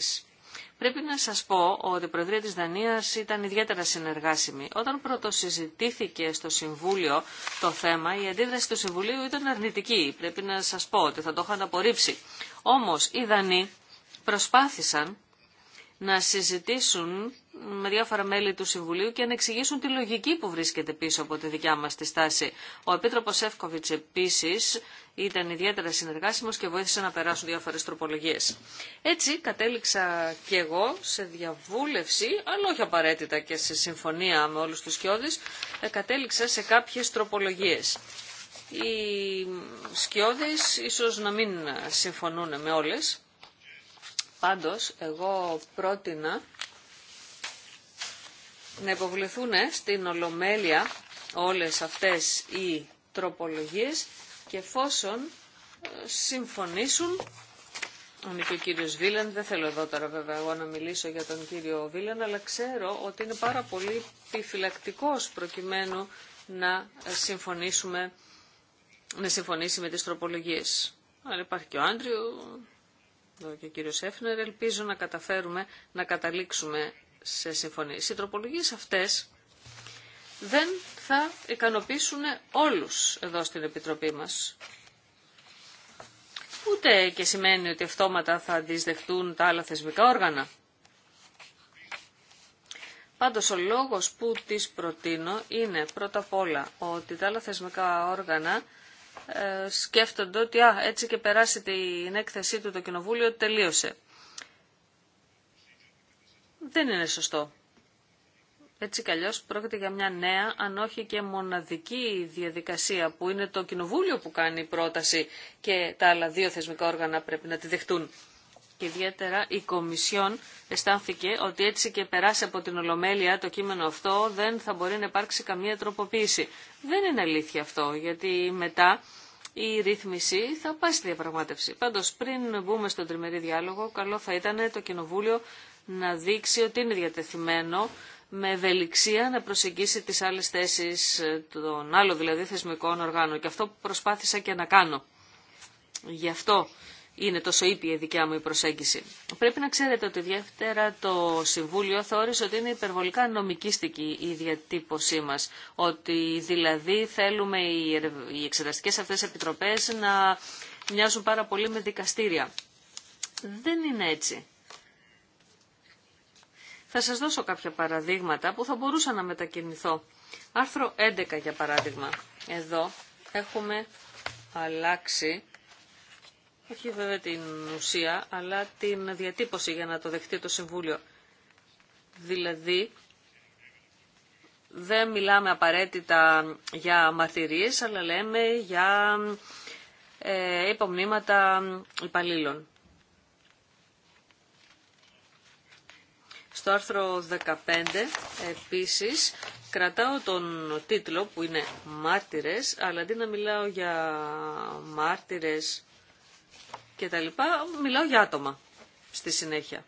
Πρέπει να σας πω ότι η Προεδρία της Δανίας ήταν ιδιαίτερα συνεργάσιμη. Όταν πρώτο συζητήθηκε στο Συμβούλιο το θέμα, η αντίδραση του Συμβουλίου ήταν αρνητική. Πρέπει να σας πω ότι θα το είχαν απορρίψει. Όμως οι Δανείοι προσπάθησαν να συζητήσουν με διάφορα μέλη του Συμβουλίου και να εξηγήσουν τη λογική που βρίσκεται πίσω από τη δικιά μας τη στάση. Ο Επίτροπος Εύκοβιτς επίσης ήταν ιδιαίτερα συνεργάσιμος και βοήθησε να περάσουν διάφορες τροπολογίες. Έτσι κατέληξα και εγώ σε διαβούλευση, αλλά όχι απαραίτητα και σε συμφωνία με όλους τους σκιώδεις, ε, κατέληξα σε κάποιες τροπολογίες. Οι σκιώδεις ίσως να μην συμφωνούν με όλες, Πάντως, εγώ πρότεινα να υποβληθούν ε, στην Ολομέλεια όλες αυτές οι τροπολογίες και εφόσον ε, συμφωνήσουν είπε ο κύριο Βίλαν, δεν θέλω εδώ τώρα βέβαια εγώ να μιλήσω για τον κύριο Βίλαν, αλλά ξέρω ότι είναι πάρα πολύ επιφυλακτικό προκειμένου να ε, συμφωνήσουμε να συμφωνήσει με τις τροπολογίες. Αλλά υπάρχει και ο Άντριου, εδώ και ο ελπίζω να καταφέρουμε να καταλήξουμε σε συμφωνία. Οι τροπολογίε αυτές δεν θα ικανοποιήσουν όλους εδώ στην Επιτροπή μας. Ούτε και σημαίνει ότι αυτόματα θα αντισδεχτούν τα άλλα θεσμικά όργανα. Πάντως ο λόγος που τις προτείνω είναι πρώτα απ' όλα ότι τα άλλα θεσμικά όργανα ε, σκέφτονται ότι α, έτσι και περάσει την έκθεσή του το κοινοβούλιο, τελείωσε. Δεν είναι σωστό. Έτσι κι αλλιώς πρόκειται για μια νέα, αν όχι και μοναδική διαδικασία που είναι το κοινοβούλιο που κάνει πρόταση και τα άλλα δύο θεσμικά όργανα πρέπει να τη δεχτούν και ιδιαίτερα η Κομισιόν αισθάνθηκε ότι έτσι και περάσει από την Ολομέλεια το κείμενο αυτό δεν θα μπορεί να υπάρξει καμία τροποποίηση. Δεν είναι αλήθεια αυτό, γιατί μετά η ρύθμιση θα πάει στη διαπραγμάτευση. Πάντως πριν μπούμε στον τριμερή διάλογο, καλό θα ήταν το Κοινοβούλιο να δείξει ότι είναι διατεθειμένο με ευελιξία να προσεγγίσει τις άλλες θέσεις των άλλων δηλαδή θεσμικών οργάνων. Και αυτό προσπάθησα και να κάνω. Γι' αυτό είναι τόσο ήπια η δικιά μου η προσέγγιση. Πρέπει να ξέρετε ότι ιδιαίτερα το Συμβούλιο θεώρησε ότι είναι υπερβολικά νομικίστικη η διατύπωσή μα. Ότι δηλαδή θέλουμε οι εξεταστικές αυτέ επιτροπέ να μοιάζουν πάρα πολύ με δικαστήρια. Δεν είναι έτσι. Θα σας δώσω κάποια παραδείγματα που θα μπορούσα να μετακινηθώ. Άρθρο 11 για παράδειγμα. Εδώ έχουμε αλλάξει όχι βέβαια την ουσία, αλλά την διατύπωση για να το δεχτεί το Συμβούλιο. Δηλαδή, δεν μιλάμε απαραίτητα για μαρτυρίες, αλλά λέμε για ε, υπομνήματα υπαλλήλων. Στο άρθρο 15 επίσης κρατάω τον τίτλο που είναι «Μάρτυρες», αλλά αντί να μιλάω για μάρτυρες και τα λοιπά, μιλάω για άτομα στη συνέχεια.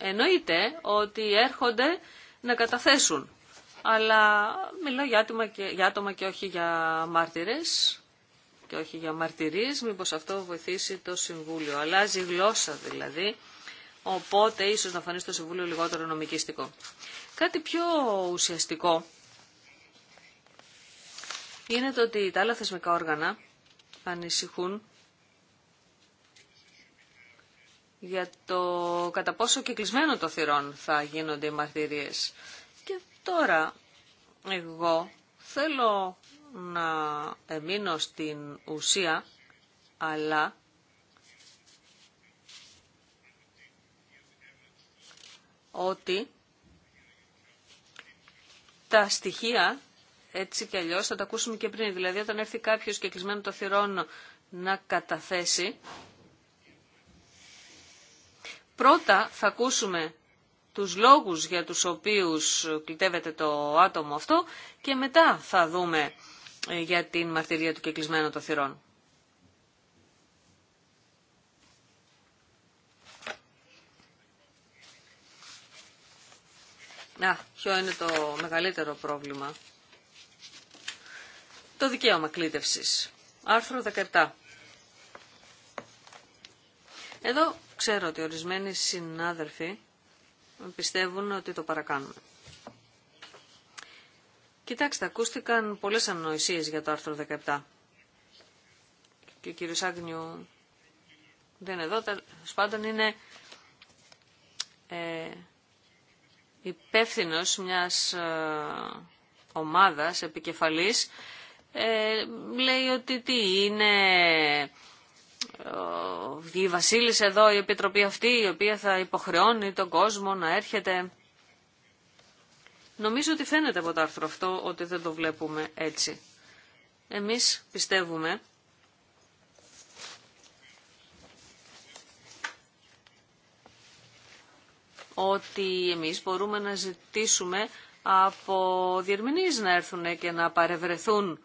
Εννοείται ότι έρχονται να καταθέσουν, αλλά μιλάω για άτομα και, για άτομα και όχι για μάρτυρες και όχι για μαρτυρίες, μήπως αυτό βοηθήσει το Συμβούλιο. Αλλάζει γλώσσα δηλαδή, οπότε ίσως να φανεί στο Συμβούλιο λιγότερο νομικιστικό. Κάτι πιο ουσιαστικό είναι το ότι τα άλλα θεσμικά όργανα ανησυχούν για το κατά πόσο κυκλισμένο το θυρών θα γίνονται οι μαρτυρίες. Και τώρα εγώ θέλω να εμείνω στην ουσία, αλλά ότι τα στοιχεία έτσι κι αλλιώς θα τα ακούσουμε και πριν. Δηλαδή όταν έρθει κάποιος και κλεισμένο το θυρών να καταθέσει, πρώτα θα ακούσουμε τους λόγους για τους οποίους κλητεύεται το άτομο αυτό και μετά θα δούμε ε, για την μαρτυρία του και το θυρών. Να, ποιο είναι το μεγαλύτερο πρόβλημα το δικαίωμα κλήτευσης. Άρθρο 17. Εδώ ξέρω ότι ορισμένοι συνάδελφοι πιστεύουν ότι το παρακάνουν. Κοιτάξτε, ακούστηκαν πολλές ανοησίες για το άρθρο 17. Και ο κύριος Άγνιου δεν είναι εδώ, τέλος είναι ε, υπεύθυνος μιας ε, ομάδας επικεφαλής ε, λέει ότι τι είναι η βασίλισσα εδώ, η επιτροπή αυτή, η οποία θα υποχρεώνει τον κόσμο να έρχεται. Νομίζω ότι φαίνεται από το άρθρο αυτό ότι δεν το βλέπουμε έτσι. Εμείς πιστεύουμε ότι εμείς μπορούμε να ζητήσουμε από διερμηνείς να έρθουν και να παρευρεθούν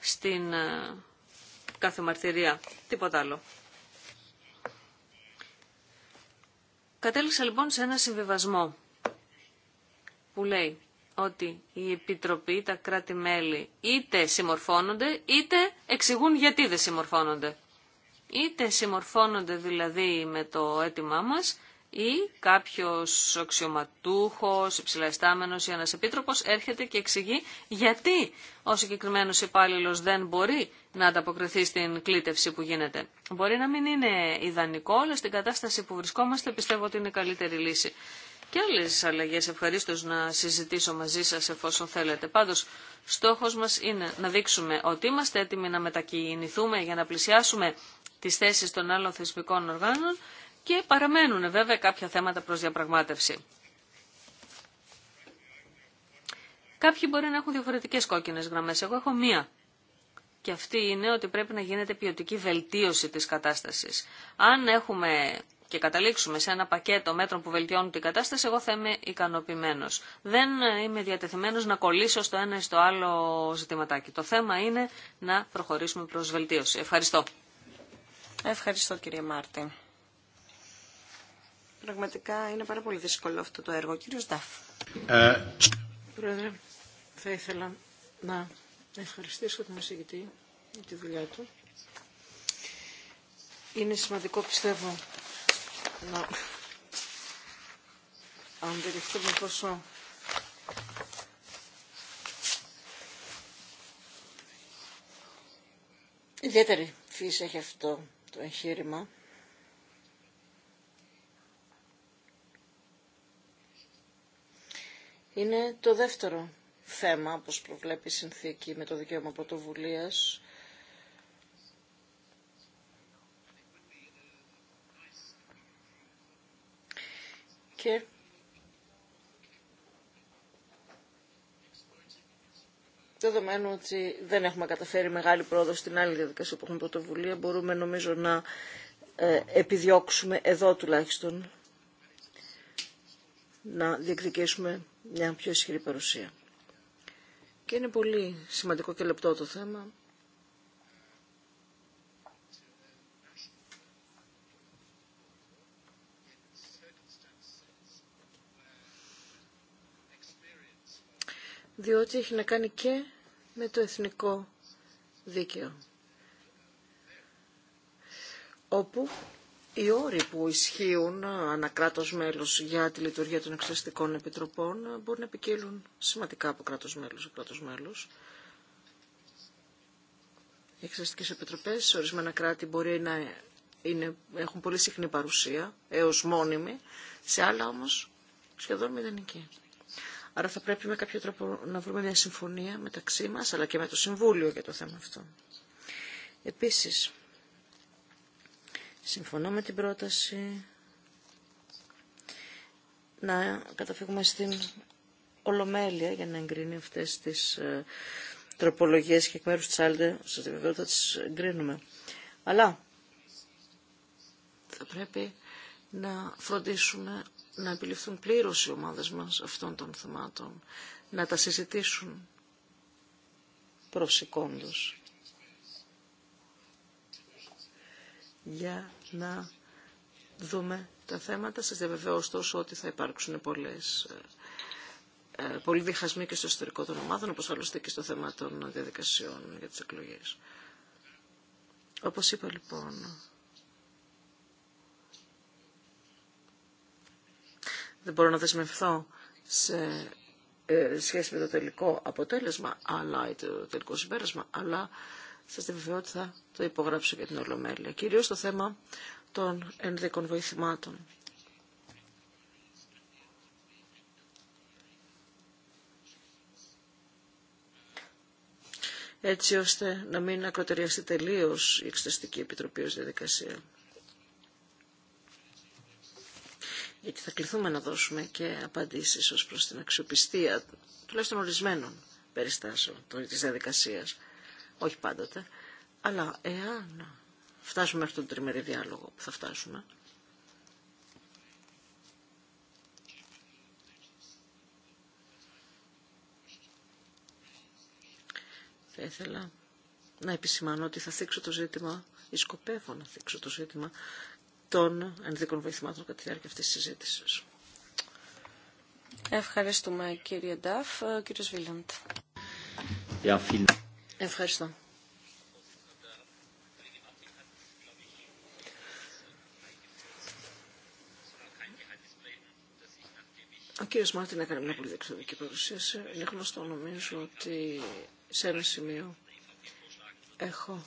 στην ε, κάθε μαρτυρία. Τίποτα άλλο. Κατέληξα λοιπόν σε ένα συμβιβασμό που λέει ότι η Επιτροπή, τα κράτη-μέλη είτε συμμορφώνονται είτε εξηγούν γιατί δεν συμμορφώνονται. Είτε συμμορφώνονται δηλαδή με το αίτημά μας ή κάποιος αξιωματούχο, υψηλαιστάμενος ή ένα επίτροπο έρχεται και εξηγεί γιατί ο συγκεκριμένο υπάλληλο δεν μπορεί να ανταποκριθεί στην κλήτευση που γίνεται. Μπορεί να μην είναι ιδανικό, αλλά στην κατάσταση που βρισκόμαστε πιστεύω ότι είναι η καλύτερη λύση. Και άλλε αλλαγέ. Ευχαριστώ να συζητήσω μαζί σα εφόσον θέλετε. Πάντως, στόχος μας είναι να δείξουμε ότι είμαστε έτοιμοι να μετακινηθούμε για να πλησιάσουμε τι θέσει των άλλων θεσμικών οργάνων και παραμένουν βέβαια κάποια θέματα προς διαπραγμάτευση. Κάποιοι μπορεί να έχουν διαφορετικές κόκκινες γραμμές. Εγώ έχω μία. Και αυτή είναι ότι πρέπει να γίνεται ποιοτική βελτίωση της κατάστασης. Αν έχουμε και καταλήξουμε σε ένα πακέτο μέτρων που βελτιώνουν την κατάσταση, εγώ θα είμαι ικανοποιημένο. Δεν είμαι διατεθειμένο να κολλήσω στο ένα ή στο άλλο ζητηματάκι. Το θέμα είναι να προχωρήσουμε προ βελτίωση. Ευχαριστώ. Ευχαριστώ κύριε Μάρτιν. Πραγματικά είναι πάρα πολύ δύσκολο αυτό το έργο. Κύριο Ντάφ. Ε... Πρόεδρε, θα ήθελα να ευχαριστήσω τον εισηγητή για τη δουλειά του. Είναι σημαντικό, πιστεύω, να αντιληφθούμε πόσο ιδιαίτερη φύση έχει αυτό το εγχείρημα είναι το δεύτερο θέμα, όπως προβλέπει η συνθήκη με το δικαίωμα πρωτοβουλία. Και δεδομένου ότι δεν έχουμε καταφέρει μεγάλη πρόοδο στην άλλη διαδικασία που έχουμε πρωτοβουλία, μπορούμε νομίζω να ε, επιδιώξουμε εδώ τουλάχιστον να διεκδικήσουμε μια πιο ισχυρή παρουσία. Και είναι πολύ σημαντικό και λεπτό το θέμα. διότι έχει να κάνει και με το εθνικό δίκαιο, όπου οι όροι που ισχύουν ε, ανακράτος μέλο για τη λειτουργία των εξεταστικών επιτροπών ε, μπορούν να επικύλουν σημαντικά από κράτος μέλος σε κράτος μέλο. Οι εξεταστικές επιτροπές σε ορισμένα κράτη μπορεί να έχουν πολύ συχνή παρουσία, έως μόνιμη, σε άλλα όμως σχεδόν μηδενική. Άρα θα πρέπει με κάποιο τρόπο να βρούμε μια συμφωνία μεταξύ μας, αλλά και με το Συμβούλιο για το θέμα αυτό. Επίσης, Συμφωνώ με την πρόταση να καταφύγουμε στην Ολομέλεια για να εγκρίνει αυτές τις ε, τροπολογίες και εκ μέρους της Άλντε, τη θα τις εγκρίνουμε. Αλλά θα πρέπει να φροντίσουμε να επιληφθούν πλήρως οι ομάδες μας αυτών των θεμάτων, να τα συζητήσουν προσηκόντως για να δούμε τα θέματα. Σας διαβεβαιώ ωστόσο ότι θα υπάρξουν πολλές, ε, ε, πολλοί διχασμοί και στο εσωτερικό των ομάδων, όπως άλλωστε και στο θέμα των διαδικασιών για τις εκλογές. Όπως είπα λοιπόν, δεν μπορώ να δεσμευθώ σε ε, σχέση με το τελικό αποτέλεσμα, αλλά το τελικό συμπέρασμα, αλλά σας διαβεβαιώ ότι θα το υπογράψω για την Ολομέλεια. Κυρίω το θέμα των ενδεκών βοηθημάτων. έτσι ώστε να μην ακροτεριαστεί τελείως η Εξεταστική Επιτροπή ως διαδικασία. Γιατί θα κληθούμε να δώσουμε και απαντήσεις ως προς την αξιοπιστία τουλάχιστον ορισμένων περιστάσεων της διαδικασίας όχι πάντοτε, αλλά εάν φτάσουμε μέχρι τον τριμερή διάλογο που θα φτάσουμε, θα ήθελα να επισημάνω ότι θα θίξω το ζήτημα, ή σκοπεύω να θίξω το ζήτημα των ενδίκων βοηθημάτων κατά τη διάρκεια αυτής της συζήτησης. Ευχαριστούμε κύριε Νταφ. κύριος Βίλαντ. Ευχαριστώ. Ο κύριος Μάρτιν έκανε μια πολύ δεξιδική παρουσίαση. Είναι γνωστό νομίζω ότι σε ένα σημείο έχω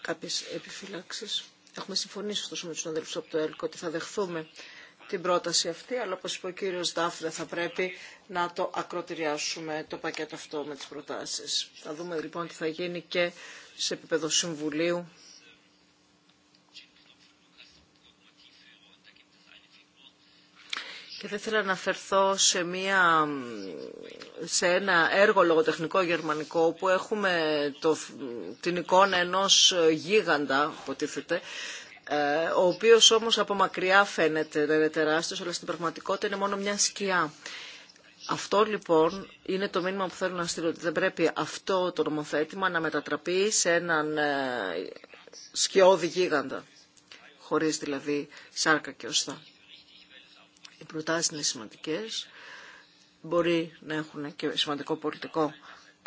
κάποιες επιφυλάξεις. Έχουμε συμφωνήσει ωστόσο με τους συναδέλφους από το ΕΛΚ ότι θα δεχθούμε την πρόταση αυτή, αλλά όπως είπε ο κύριος δεν θα πρέπει να το ακροτηριάσουμε το πακέτο αυτό με τις προτάσεις. Θα δούμε λοιπόν τι θα γίνει και σε επίπεδο Συμβουλίου. Και θα ήθελα να αναφερθώ σε, μια, σε ένα έργο λογοτεχνικό γερμανικό που έχουμε το, την εικόνα ενός γίγαντα, υποτίθεται, ο οποίος όμως από μακριά φαίνεται να τεράστιος, αλλά στην πραγματικότητα είναι μόνο μια σκιά. Αυτό λοιπόν είναι το μήνυμα που θέλω να στείλω, ότι δεν πρέπει αυτό το νομοθέτημα να μετατραπεί σε έναν ε, σκιώδη γίγαντα, χωρίς δηλαδή σάρκα και οστά. Οι προτάσεις είναι σημαντικές, μπορεί να έχουν και σημαντικό πολιτικό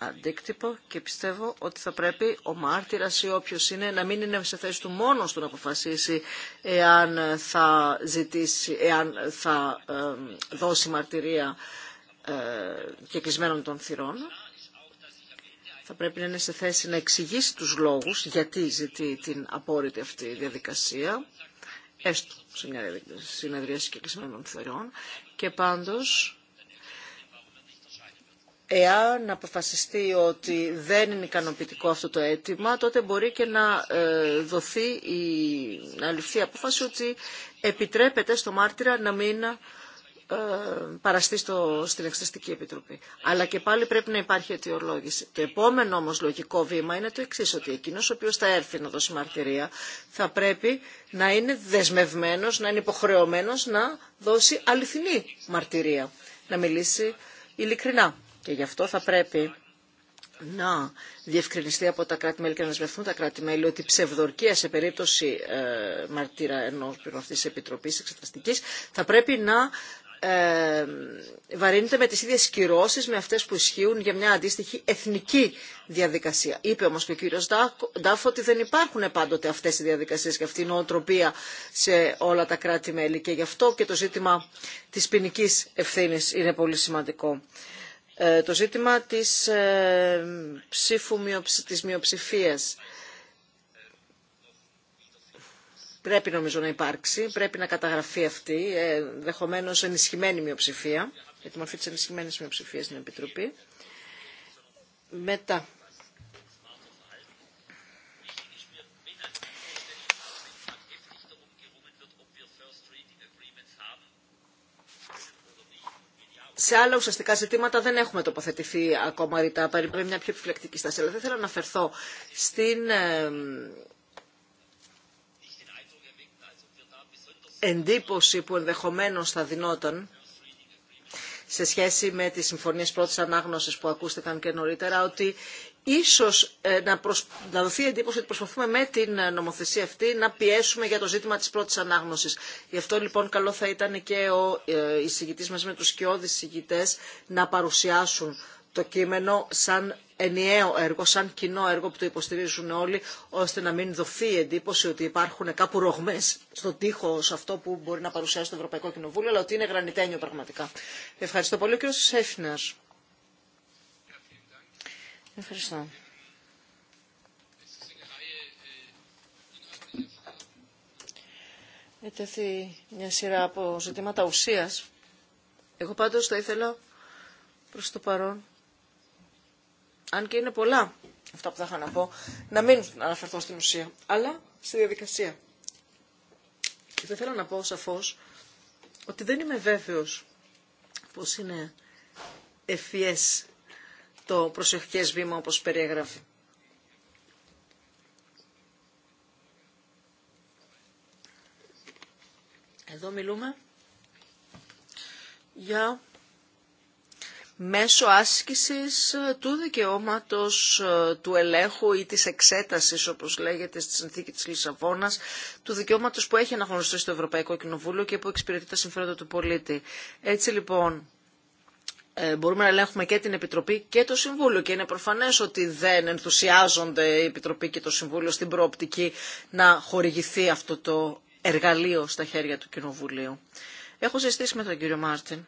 αντίκτυπο και πιστεύω ότι θα πρέπει ο μάρτυρας ή όποιος είναι να μην είναι σε θέση του μόνος του να αποφασίσει εάν θα, ζητήσει, εάν θα δώσει μαρτυρία ε, και των θυρών. Θα πρέπει να είναι σε θέση να εξηγήσει τους λόγους γιατί ζητεί την απόρριτη αυτή διαδικασία, έστω σε μια συνεδρίαση και κλεισμένων Και πάντως Εάν αποφασιστεί ότι δεν είναι ικανοποιητικό αυτό το αίτημα, τότε μπορεί και να ε, δοθεί η, να ληφθεί η απόφαση ότι επιτρέπεται στο μάρτυρα να μην ε, παραστεί στο, στην Εξεταστική Επιτροπή. Αλλά και πάλι πρέπει να υπάρχει αιτιολόγηση. Το επόμενο όμως λογικό βήμα είναι το εξής, ότι εκείνος ο οποίος θα έρθει να δώσει μαρτυρία θα πρέπει να είναι δεσμευμένος, να είναι υποχρεωμένος να δώσει αληθινή μαρτυρία, να μιλήσει ειλικρινά. Και γι' αυτό θα πρέπει να διευκρινιστεί από τα κράτη-μέλη και να δεσμευτούν τα κράτη-μέλη ότι η ψευδορκία σε περίπτωση ε, μαρτύρα ενό πληρωματή τη Επιτροπή Εξεταστική θα πρέπει να ε, βαρύνεται με τι ίδιε κυρώσει με αυτέ που ισχύουν για μια αντίστοιχη εθνική διαδικασία. Είπε όμω και ο κύριο Ντάφ ότι δεν υπάρχουν πάντοτε αυτέ οι διαδικασίε και αυτή η νοοτροπία σε όλα τα κράτη-μέλη και γι' αυτό και το ζήτημα τη ποινική ευθύνη είναι πολύ σημαντικό. Ε, το ζήτημα της, ε, ψήφου, της μειοψηφίας πρέπει νομίζω να υπάρξει, πρέπει να καταγραφεί αυτή, ε, δεχομένως ενισχυμένη μειοψηφία, για τη μορφή της ενισχυμένης μειοψηφίας στην Επιτροπή. Μετά, Σε άλλα ουσιαστικά ζητήματα δεν έχουμε τοποθετηθεί ακόμα ρητά. Περιμένουμε μια πιο επιφυλακτική στάση. Αλλά δεν θέλω να αναφερθώ στην εντύπωση που ενδεχομένως θα δινόταν σε σχέση με τις συμφωνίες πρώτης ανάγνωσης που ακούστηκαν και νωρίτερα ότι ίσως ε, να, δοθεί εντύπωση ότι προσπαθούμε με την ε, νομοθεσία αυτή να πιέσουμε για το ζήτημα της πρώτης ανάγνωσης. Γι' αυτό λοιπόν καλό θα ήταν και ο ε, εισηγητής μας με τους σκιώδεις εισηγητές να παρουσιάσουν το κείμενο σαν ενιαίο έργο, σαν κοινό έργο που το υποστηρίζουν όλοι, ώστε να μην δοθεί η εντύπωση ότι υπάρχουν κάπου ρογμέ στον τοίχο σε αυτό που μπορεί να παρουσιάσει το Ευρωπαϊκό Κοινοβούλιο, αλλά ότι είναι γρανιτένιο πραγματικά. Ευχαριστώ πολύ, κύριο Σέφνερ. Ευχαριστώ. Έτσι μια σειρά από ζητήματα ουσίας. Εγώ πάντως θα ήθελα προς το παρόν αν και είναι πολλά αυτά που θα είχα να πω, να μην αναφερθώ στην ουσία, αλλά στη διαδικασία. Και θα ήθελα να πω σαφώς ότι δεν είμαι βέβαιος πως είναι ευφιές το προσευχές βήμα όπως περιεγράφει. Εδώ μιλούμε για μέσω άσκησης ε, του δικαιώματος ε, του ελέγχου ή της εξέτασης, όπως λέγεται στη συνθήκη της Λισαβόνας, του δικαιώματος που έχει αναγνωριστεί στο Ευρωπαϊκό Κοινοβούλιο και που εξυπηρετεί τα συμφέροντα του πολίτη. Έτσι λοιπόν, ε, μπορούμε να ελέγχουμε και την Επιτροπή και το Συμβούλιο. Και είναι προφανές ότι δεν ενθουσιάζονται η Επιτροπή και το Συμβούλιο στην προοπτική να χορηγηθεί αυτό το εργαλείο στα χέρια του Κοινοβουλίου. Έχω συζητήσει με τον κύριο Μάρτιν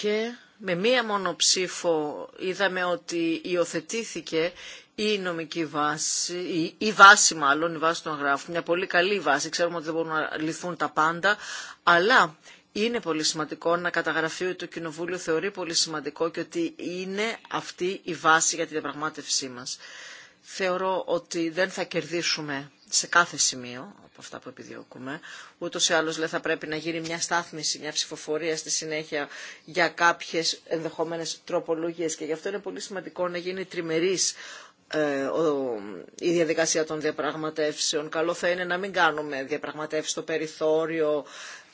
και με μία μόνο ψήφο είδαμε ότι υιοθετήθηκε η νομική βάση, η, βάση μάλλον, η βάση των γράφων, μια πολύ καλή βάση, ξέρουμε ότι δεν μπορούν να λυθούν τα πάντα, αλλά είναι πολύ σημαντικό να καταγραφεί ότι το Κοινοβούλιο θεωρεί πολύ σημαντικό και ότι είναι αυτή η βάση για τη διαπραγμάτευσή μας. Θεωρώ ότι δεν θα κερδίσουμε σε κάθε σημείο από αυτά που επιδιώκουμε. Ούτως ή άλλως λέει, θα πρέπει να γίνει μια στάθμιση, μια ψηφοφορία στη συνέχεια για κάποιες ενδεχόμενες τροπολογίες και γι' αυτό είναι πολύ σημαντικό να γίνει τριμερής ε, η διαδικασία των διαπραγματεύσεων. Καλό θα είναι να μην κάνουμε διαπραγματεύσεις στο περιθώριο,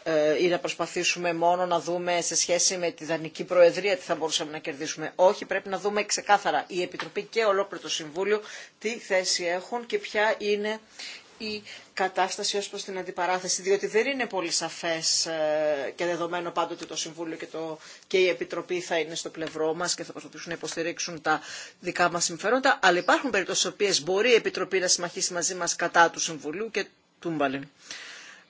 ε, ή να προσπαθήσουμε μόνο να δούμε σε σχέση με τη δανική προεδρία τι θα μπορούσαμε να κερδίσουμε. Όχι, πρέπει να δούμε ξεκάθαρα η Επιτροπή και ολόκληρο το Συμβούλιο τι θέση έχουν και ποια είναι η κατάσταση ως προς την αντιπαράθεση, διότι δεν είναι πολύ σαφές ε, και δεδομένο πάντοτε το Συμβούλιο και, το, και η Επιτροπή θα είναι στο πλευρό μας και θα προσπαθήσουν να υποστηρίξουν τα δικά μας συμφέροντα, αλλά υπάρχουν περιπτώσεις οποίες μπορεί η Επιτροπή να συμμαχίσει μαζί μας κατά του Συμβουλίου και του Μπαλίνου.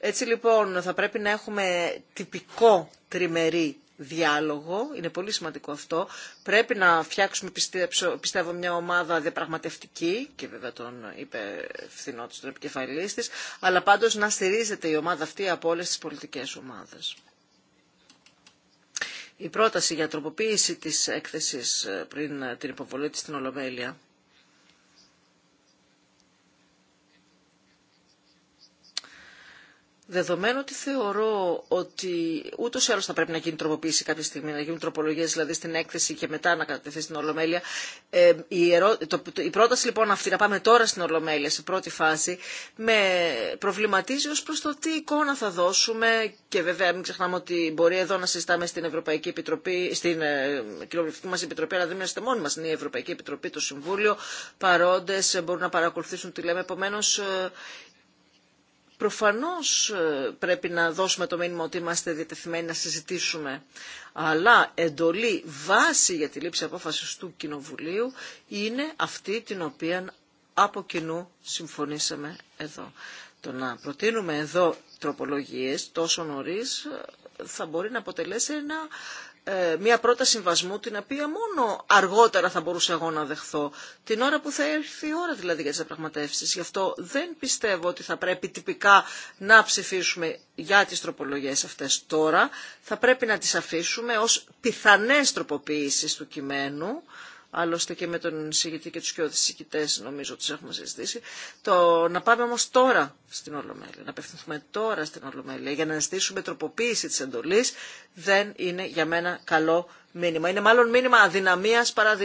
Έτσι λοιπόν θα πρέπει να έχουμε τυπικό τριμερή διάλογο, είναι πολύ σημαντικό αυτό. Πρέπει να φτιάξουμε, πιστεύω, μια ομάδα διαπραγματευτική και βέβαια τον είπε φθηνό του τον επικεφαλής της, αλλά πάντως να στηρίζεται η ομάδα αυτή από όλες τις πολιτικές ομάδες. Η πρόταση για τροποποίηση της έκθεσης ε, πριν την υποβολή της στην Ολομέλεια Δεδομένου ότι θεωρώ ότι ούτω ή άλλω θα πρέπει να γίνει τροποποίηση κάποια στιγμή, να γίνουν τροπολογίε δηλαδή στην έκθεση και μετά να κατατεθεί στην Ολομέλεια. Ε, η, η πρόταση λοιπόν αυτή να πάμε τώρα στην Ολομέλεια, σε πρώτη φάση, με προβληματίζει ω προ το τι εικόνα θα δώσουμε και βέβαια μην ξεχνάμε ότι μπορεί εδώ να συζητάμε στην Ευρωπαϊκή Επιτροπή, στην ε, κοινοβουλευτική μα Επιτροπή, αλλά δεν είμαστε μόνοι μα. Είναι η Ευρωπαϊκή Επιτροπή, το Συμβούλιο, παρόντε, μπορούν να παρακολουθήσουν τι λέμε. Επομένω, ε, Προφανώς ε, πρέπει να δώσουμε το μήνυμα ότι είμαστε διατεθειμένοι να συζητήσουμε, αλλά εντολή βάση για τη λήψη απόφασης του Κοινοβουλίου είναι αυτή την οποία από κοινού συμφωνήσαμε εδώ. Το να προτείνουμε εδώ τροπολογίες τόσο νωρίς ε, θα μπορεί να αποτελέσει ένα ε, μια πρώτα συμβασμού την οποία μόνο αργότερα θα μπορούσα εγώ να δεχθώ. Την ώρα που θα έρθει η ώρα δηλαδή για τις διαπραγματεύσεις. Γι' αυτό δεν πιστεύω ότι θα πρέπει τυπικά να ψηφίσουμε για τις τροπολογίες αυτές τώρα. Θα πρέπει να τις αφήσουμε ως πιθανές τροποποιήσεις του κειμένου Άλλωστε και με τον εισηγητή και τους πιο συγητές νομίζω τους έχουμε συζητήσει. Το να πάμε όμως τώρα στην Ολομέλεια, να απευθυνθούμε τώρα στην Ολομέλεια για να ζητήσουμε τροποποίηση της εντολής δεν είναι για μένα καλό μήνυμα. Είναι μάλλον μήνυμα αδυναμίας παρά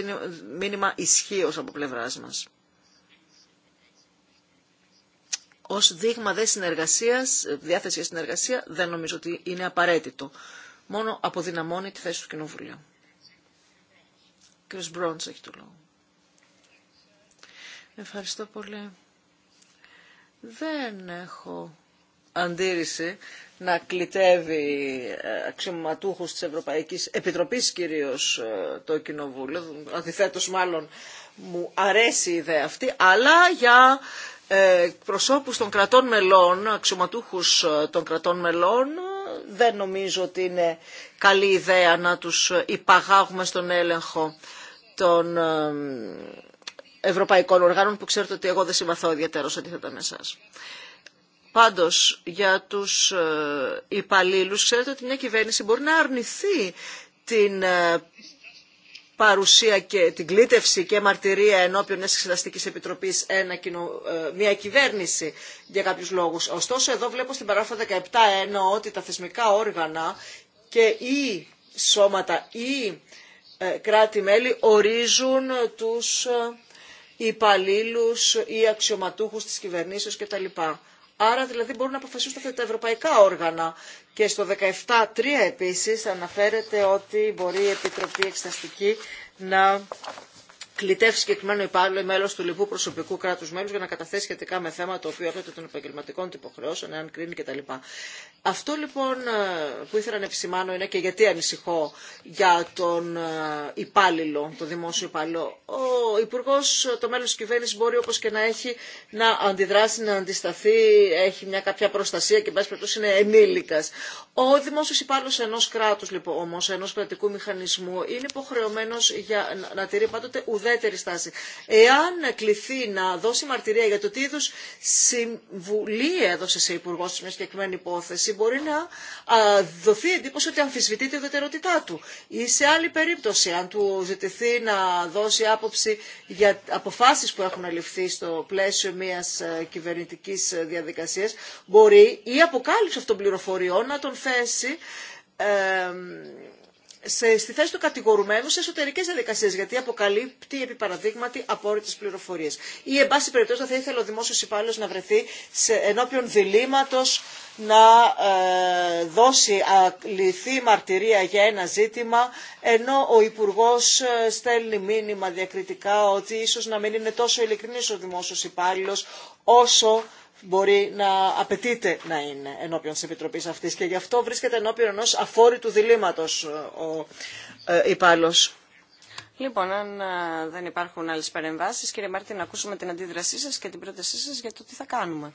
μήνυμα ισχύω από πλευρά μας. Ω δείγμα δε συνεργασία, διάθεση για συνεργασία δεν νομίζω ότι είναι απαραίτητο. Μόνο αποδυναμώνει τη θέση του Κοινοβουλίου κύριος Μπρόντς έχει το λόγο. Ευχαριστώ πολύ. Δεν έχω αντίρρηση να κλητεύει ε, αξιωματούχους της Ευρωπαϊκής Επιτροπής κυρίως ε, το Κοινοβούλιο. Αντιθέτως μάλλον μου αρέσει η ιδέα αυτή, αλλά για ε, προσώπους των κρατών μελών, αξιωματούχους των κρατών μελών, δεν νομίζω ότι είναι καλή ιδέα να τους υπαγάγουμε στον έλεγχο των ευρωπαϊκών οργάνων που ξέρετε ότι εγώ δεν συμπαθώ ιδιαίτερα αντίθετα με εσάς. Πάντως για τους ε, υπαλλήλου, ξέρετε ότι μια κυβέρνηση μπορεί να αρνηθεί την ε, παρουσία και την κλήτευση και μαρτυρία ενώπιον μια εξεταστική επιτροπής ε, μια κυβέρνηση για κάποιου λόγου. Ωστόσο εδώ βλέπω στην παράγραφο 17 ενώ ότι τα θεσμικά όργανα και ή σώματα ή ε, κράτη-μέλη ορίζουν τους ε, υπαλλήλου ή αξιωματούχους της κυβερνήσεως κτλ. Άρα δηλαδή μπορούν να αποφασίσουν αυτά τα ευρωπαϊκά όργανα. Και στο 17.3 επίσης αναφέρεται ότι μπορεί η Επιτροπή Εξεταστική να κλητεύσει συγκεκριμένο υπάλληλο ή μέλο του λοιπού προσωπικού κράτου μέλου για να καταθέσει σχετικά με θέμα το οποίο έρχεται των επαγγελματικών του υποχρεώσεων, εάν κρίνει κτλ. Αυτό λοιπόν ε, που ήθελα να επισημάνω είναι και γιατί ανησυχώ για τον ε, υπάλληλο, τον δημόσιο υπάλληλο. Ο υπουργό, το μέλο τη κυβέρνηση μπορεί όπω και να έχει να αντιδράσει, να αντισταθεί, έχει μια κάποια προστασία και εν περιπτώσει είναι ενήλικα. Ο δημόσιο υπάλληλο ενό κράτου λοιπόν όμω, ενό κρατικού μηχανισμού είναι υποχρεωμένο να τηρεί πάντοτε ουδέτερη στάση. Εάν κληθεί να δώσει μαρτυρία για το τι είδου συμβουλή έδωσε σε υπουργό σε μια συγκεκριμένη υπόθεση, μπορεί να δοθεί εντύπωση ότι αμφισβητεί τη ουδετερότητά του. Ή σε άλλη περίπτωση, αν του ζητηθεί να δώσει άποψη για αποφάσει που έχουν ληφθεί στο πλαίσιο μια ε, κυβερνητική ε, διαδικασία, μπορεί η αποκάλυψη αυτών των πληροφοριών να τον θέσει ε, σε, στη θέση του κατηγορουμένου σε εσωτερικέ διαδικασίε, γιατί αποκαλύπτει επί παραδείγματι απόρριτε πληροφορίε. Ή, εν πάση περιπτώσει, θα ήθελε ο δημόσιο υπάλληλο να βρεθεί σε, ενώπιον διλήμματο να ε, δώσει αληθή μαρτυρία για ένα ζήτημα, ενώ ο Υπουργό ε, στέλνει μήνυμα διακριτικά ότι ίσω να μην είναι τόσο ειλικρινή ο δημόσιο υπάλληλο όσο μπορεί να απαιτείται να είναι ενώπιον τη επιτροπή αυτή. και γι' αυτό βρίσκεται ενώπιον ενό αφόρητου διλήμματο ε, ο ε, υπάλληλο. Λοιπόν, αν ε, δεν υπάρχουν άλλες παρεμβάσει, κύριε Μάρτιν, να ακούσουμε την αντίδρασή σα και την πρότασή σα για το τι θα κάνουμε.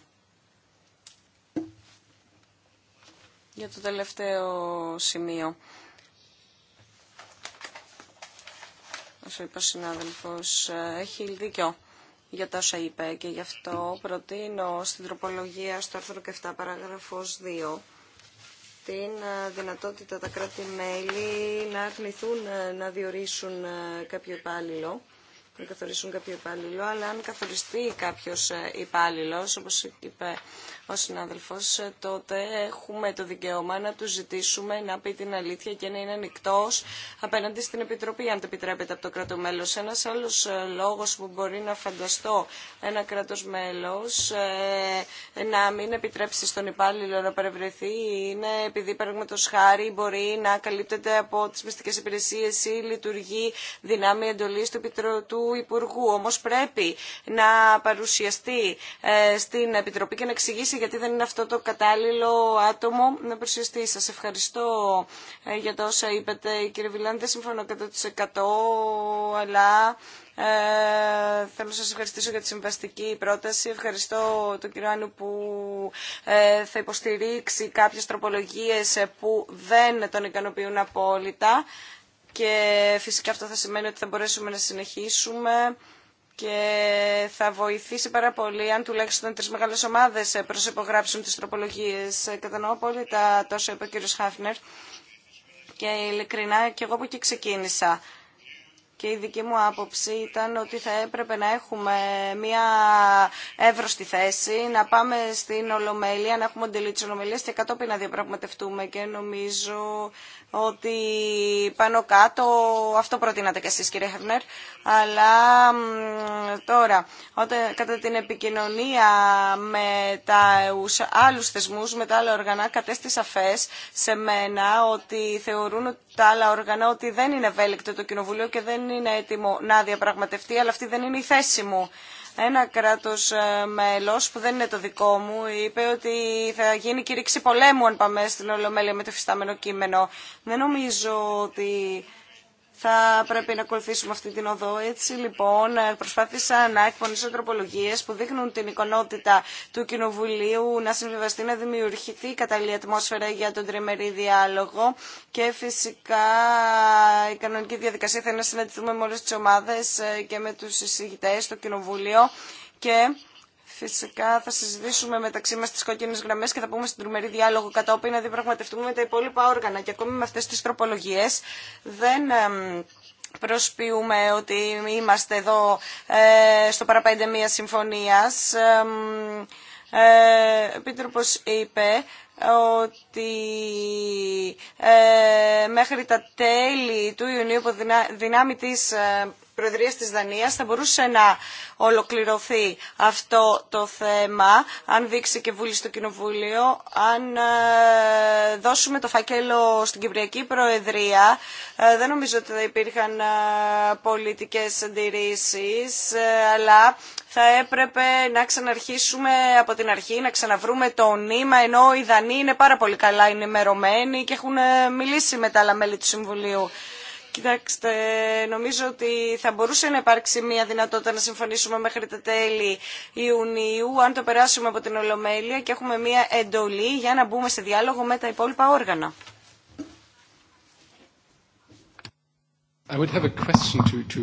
Για το τελευταίο σημείο. Όσο είπε ο συνάδελφος, έχει δίκιο για τα όσα είπε και γι' αυτό προτείνω στην τροπολογία στο άρθρο 7 παράγραφος 2 την ε, δυνατότητα τα κράτη-μέλη να αρνηθούν ε, να διορίσουν ε, κάποιο υπάλληλο να καθορίσουν κάποιο υπάλληλο, αλλά αν καθοριστεί κάποιο ε, υπάλληλο, όπω είπε ο συνάδελφο, ε, τότε έχουμε το δικαίωμα να του ζητήσουμε να πει την αλήθεια και να είναι ανοιχτό απέναντι στην Επιτροπή, αν το επιτρέπεται από το κράτο μέλο. Ένας άλλο ε, λόγος που μπορεί να φανταστώ ένα κράτο μέλο να μην επιτρέψει στον υπάλληλο να παρευρεθεί είναι επειδή παραδείγματο χάρη μπορεί να καλύπτεται από τι μυστικέ υπηρεσίε ή λειτουργεί δυνάμει εντολή του, Υπουργού. Όμως πρέπει να παρουσιαστεί ε, στην Επιτροπή και να εξηγήσει γιατί δεν είναι αυτό το κατάλληλο άτομο να παρουσιαστεί. Σας ευχαριστώ ε, για το όσα είπατε. Κύριε Βιλάν. δεν συμφωνώ 100% αλλά... Ε, θέλω να σας ευχαριστήσω για τη συμβαστική πρόταση. Ευχαριστώ τον κύριο Άννου που ε, θα υποστηρίξει κάποιες τροπολογίες που δεν τον ικανοποιούν απόλυτα και φυσικά αυτό θα σημαίνει ότι θα μπορέσουμε να συνεχίσουμε και θα βοηθήσει πάρα πολύ αν τουλάχιστον τρεις μεγάλες ομάδες προσυπογράψουν τις τροπολογίες. Κατανοώ τα τόσο είπε ο κύριος Χάφνερ και ειλικρινά και εγώ από εκεί ξεκίνησα. Και η δική μου άποψη ήταν ότι θα έπρεπε να έχουμε μια εύρωστη θέση, να πάμε στην Ολομέλεια, να έχουμε οντελή τη Ολομέλεια και κατόπιν να διαπραγματευτούμε. Και νομίζω ότι πάνω κάτω αυτό προτείνατε και εσείς κύριε Χερνέρ, αλλά τώρα όταν, κατά την επικοινωνία με τα άλλους θεσμούς, με τα άλλα οργανά, κατέστη σαφές σε μένα ότι θεωρούν τα άλλα οργανά ότι δεν είναι ευέλικτο το Κοινοβουλίο και δεν είναι έτοιμο να διαπραγματευτεί, αλλά αυτή δεν είναι η θέση μου. Ένα κράτος ε, μέλος που δεν είναι το δικό μου είπε ότι θα γίνει κηρύξη πολέμου αν πάμε στην Ολομέλεια με το φυστάμενο κείμενο. Δεν νομίζω ότι θα πρέπει να ακολουθήσουμε αυτή την οδό. Έτσι λοιπόν προσπάθησα να εκπονήσω τροπολογίε που δείχνουν την εικονότητα του Κοινοβουλίου να συμβιβαστεί, να δημιουργηθεί κατάλληλη ατμόσφαιρα για τον τριμερή διάλογο και φυσικά η κανονική διαδικασία θα είναι να συναντηθούμε με όλε τι ομάδε ε, και με του συζητητέ στο Κοινοβούλιο και Φυσικά θα συζητήσουμε μεταξύ μα τι κόκκινε γραμμέ και θα πούμε στην τρομερή διάλογο κατόπιν να διαπραγματευτούμε τα υπόλοιπα όργανα. Και ακόμη με αυτέ τι τροπολογίε δεν προσποιούμε ότι είμαστε εδώ ε, στο παραπέντε μία συμφωνίας. Ε, Επίτροπος είπε ότι ε, μέχρι τα τέλη του Ιουνίου, που δυνάμει της ε, Προεδρία τη Δανία, θα μπορούσε να ολοκληρωθεί αυτό το θέμα, αν δείξει και βούλη στο Κοινοβούλιο, αν ε, δώσουμε το φακέλο στην Κυπριακή Προεδρία. Ε, δεν νομίζω ότι θα υπήρχαν ε, πολιτικές αντιρρήσεις, αλλά θα έπρεπε να ξαναρχίσουμε από την αρχή, να ξαναβρούμε το νήμα, ενώ οι Δανείοι είναι πάρα πολύ καλά ενημερωμένοι και έχουν μιλήσει με τα άλλα μέλη του Συμβουλίου. Κοιτάξτε, νομίζω ότι θα μπορούσε να υπάρξει μια δυνατότητα να συμφωνήσουμε μέχρι τα τέλη Ιουνίου, αν το περάσουμε από την Ολομέλεια και έχουμε μια εντολή για να μπούμε σε διάλογο με τα υπόλοιπα όργανα. I would have a question to, to,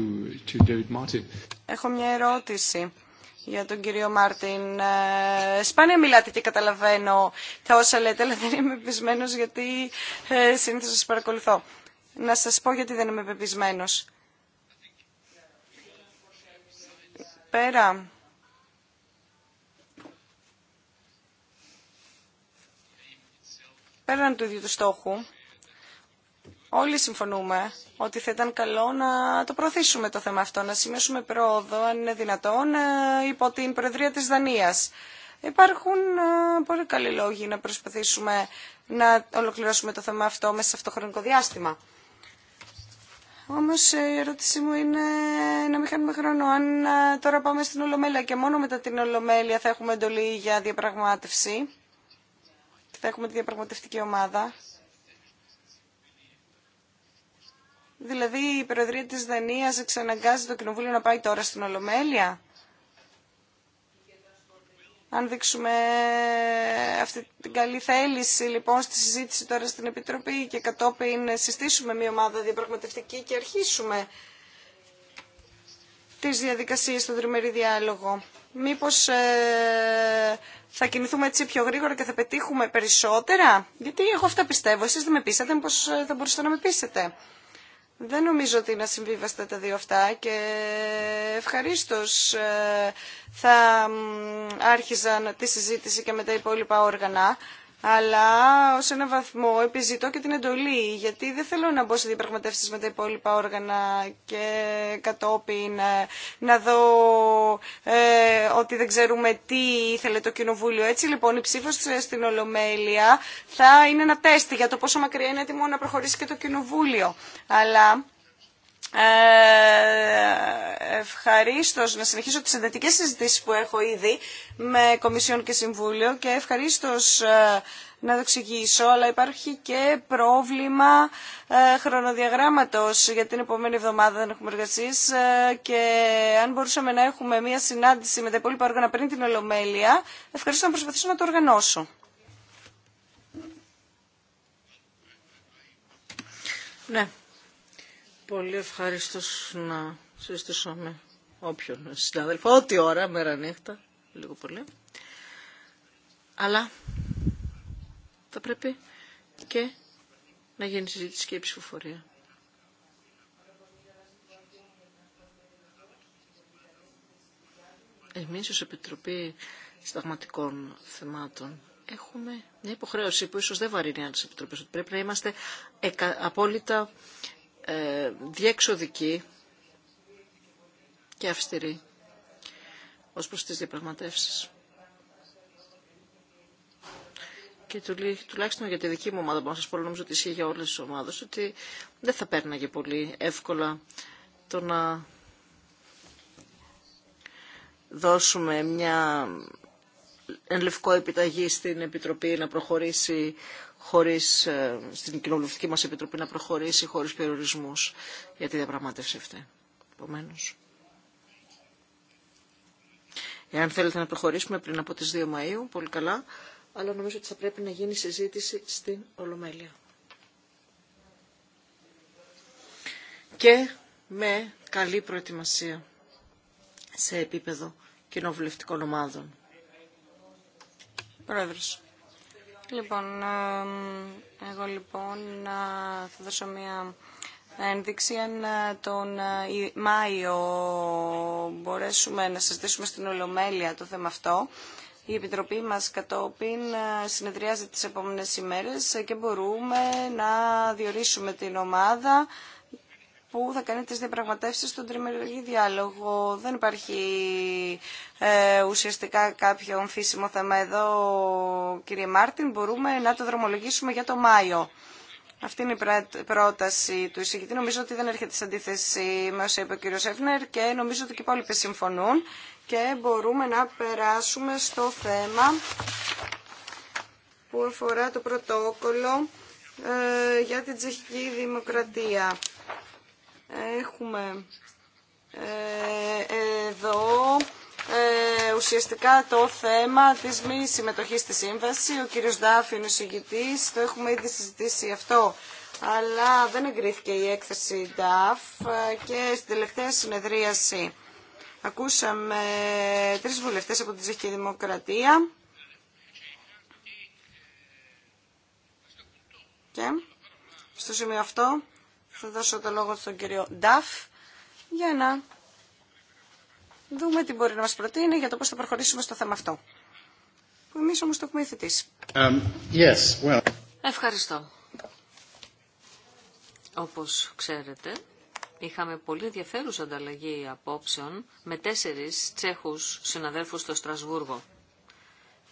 to David Martin. Έχω μια ερώτηση για τον κύριο Μάρτιν. Ε, σπάνια μιλάτε και καταλαβαίνω τα όσα λέτε, αλλά δεν είμαι πεισμένος γιατί ε, συνήθως σας παρακολουθώ να σας πω γιατί δεν είμαι πεπισμένος. Πέρα πέραν του ίδιου του στόχου, όλοι συμφωνούμε ότι θα ήταν καλό να το προωθήσουμε το θέμα αυτό, να σημειώσουμε πρόοδο, αν είναι δυνατόν, ε, υπό την Προεδρία της Δανίας. Υπάρχουν ε, πολύ καλοί λόγοι να προσπαθήσουμε να ολοκληρώσουμε το θέμα αυτό μέσα σε αυτό το χρονικό διάστημα. Όμω, ε, η ερώτησή μου είναι να μην χάνουμε χρόνο. Αν ε, τώρα πάμε στην Ολομέλεια και μόνο μετά την Ολομέλεια θα έχουμε εντολή για διαπραγμάτευση, θα έχουμε τη διαπραγματευτική ομάδα. Δηλαδή η Προεδρία της Δανίας εξαναγκάζει το Κοινοβούλιο να πάει τώρα στην Ολομέλεια αν δείξουμε ε, αυτή την καλή θέληση λοιπόν στη συζήτηση τώρα στην Επιτροπή και κατόπιν συστήσουμε μια ομάδα διαπραγματευτική και αρχίσουμε τις διαδικασίες στον τριμερή διάλογο. Μήπως ε, θα κινηθούμε έτσι πιο γρήγορα και θα πετύχουμε περισσότερα. Γιατί εγώ αυτά πιστεύω. Εσείς δεν με πείσατε, μήπως ε, θα μπορούσατε να με πείσετε. Δεν νομίζω ότι να συμβίβαστε τα δύο αυτά και ευχαρίστως ε, θα άρχιζαν τη συζήτηση και με τα υπόλοιπα όργανα αλλά ω ένα βαθμό επιζητώ και την εντολή, γιατί δεν θέλω να μπω σε διαπραγματεύσει με τα υπόλοιπα όργανα και κατόπιν ε, να δω ε, ότι δεν ξέρουμε τι ήθελε το Κοινοβούλιο. Έτσι λοιπόν η ψήφο στην Ολομέλεια θα είναι ένα τεστ για το πόσο μακριά είναι έτοιμο να προχωρήσει και το Κοινοβούλιο. Αλλά ε, ευχαρίστως να συνεχίσω τις συνδετικές συζητήσεις που έχω ήδη με Κομισιόν και Συμβούλιο και ευχαρίστως ε, να το εξηγήσω, αλλά υπάρχει και πρόβλημα ε, χρονοδιαγράμματος για την επόμενη εβδομάδα δεν έχουμε εργασίες και αν μπορούσαμε να έχουμε μια συνάντηση με τα υπόλοιπα όργανα πριν την Ολομέλεια, ευχαριστώ να προσπαθήσω να το οργανώσω. Ναι. Πολύ ευχαριστώ να συζητήσω με όποιον συνάδελφο, ό,τι ώρα, μέρα νύχτα, λίγο πολύ. Αλλά θα πρέπει και να γίνει συζήτηση και η ψηφοφορία. Εμείς ως Επιτροπή Συνταγματικών Θεμάτων έχουμε μια υποχρέωση που ίσως δεν βαρύνει άλλες επιτροπές, ότι πρέπει να είμαστε απόλυτα ε, διεξοδική και αυστηρή ως προς τις διαπραγματεύσεις. Και τουλάχιστον για τη δική μου ομάδα, μπορώ να σας πω, νομίζω ότι ισχύει για όλες τις ομάδες, ότι δεν θα παίρναγε πολύ εύκολα το να δώσουμε μια εν λευκό επιταγή στην Επιτροπή να προχωρήσει ε, στην κοινοβουλευτική μας επιτροπή να προχωρήσει χωρίς περιορισμούς για τη διαπραγμάτευση αυτή. Επομένω. Εάν θέλετε να προχωρήσουμε πριν από τις 2 Μαΐου, πολύ καλά, αλλά νομίζω ότι θα πρέπει να γίνει συζήτηση στην Ολομέλεια. Και με καλή προετοιμασία σε επίπεδο κοινοβουλευτικών ομάδων. Πρόεδρος. Λοιπόν, εγώ λοιπόν ε, θα δώσω μια ένδειξη αν ε, τον ε, Μάιο μπορέσουμε να συζητήσουμε στην Ολομέλεια το θέμα αυτό. Η Επιτροπή μας κατόπιν συνεδριάζει τις επόμενες ημέρες και μπορούμε να διορίσουμε την ομάδα που θα κάνει τις διαπραγματεύσεις στον τριμερή διάλογο. Δεν υπάρχει ε, ουσιαστικά κάποιο αμφίσιμο θέμα εδώ, κύριε Μάρτιν. Μπορούμε να το δρομολογήσουμε για το Μάιο. Αυτή είναι η πρόταση του εισηγητή. Νομίζω ότι δεν έρχεται σε αντίθεση με όσα είπε ο κύριο Έφνερ και νομίζω ότι και οι υπόλοιποι συμφωνούν και μπορούμε να περάσουμε στο θέμα που αφορά το πρωτόκολλο ε, για την τσεχική δημοκρατία. Έχουμε ε, εδώ ε, ουσιαστικά το θέμα της μη συμμετοχής στη σύμβαση. Ο κύριος Ντάφη είναι ο συγητής, το έχουμε ήδη συζητήσει αυτό. Αλλά δεν εγκρίθηκε η έκθεση Ντάφ. και στην τελευταία συνεδρίαση ακούσαμε τρεις βουλευτές από την Δημοκρατία. Και στο σημείο αυτό θα δώσω το λόγο στον κύριο Νταφ για να δούμε τι μπορεί να μας προτείνει για το πώς θα προχωρήσουμε στο θέμα αυτό. Που εμείς όμως το έχουμε um, Ευχαριστώ. Όπως ξέρετε, είχαμε πολύ ενδιαφέρουσα ανταλλαγή απόψεων με τέσσερις Τσέχους συναδέλφους στο Στρασβούργο.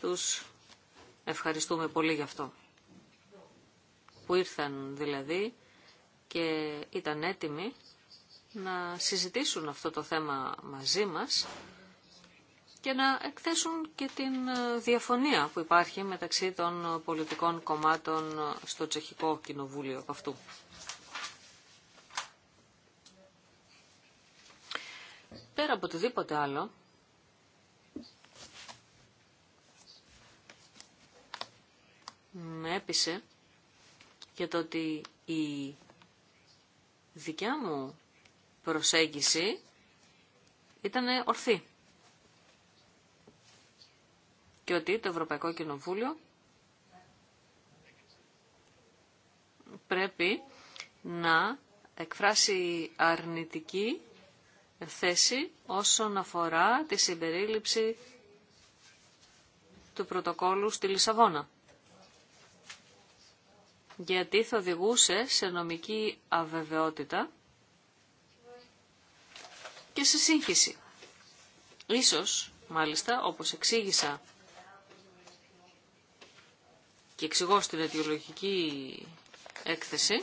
Τους ευχαριστούμε πολύ γι' αυτό. Που ήρθαν δηλαδή και ήταν έτοιμοι να συζητήσουν αυτό το θέμα μαζί μας και να εκθέσουν και την ε, διαφωνία που υπάρχει μεταξύ των πολιτικών κομμάτων στο Τσεχικό Κοινοβούλιο από αυτού. Πέρα από οτιδήποτε άλλο, με έπεισε για το ότι η δικιά μου προσέγγιση ήταν ορθή. Και ότι το Ευρωπαϊκό Κοινοβούλιο πρέπει να εκφράσει αρνητική θέση όσον αφορά τη συμπερίληψη του πρωτοκόλου στη Λισαβόνα γιατί θα οδηγούσε σε νομική αβεβαιότητα και σε σύγχυση. Ίσως, μάλιστα, όπως εξήγησα και εξηγώ στην αιτιολογική έκθεση,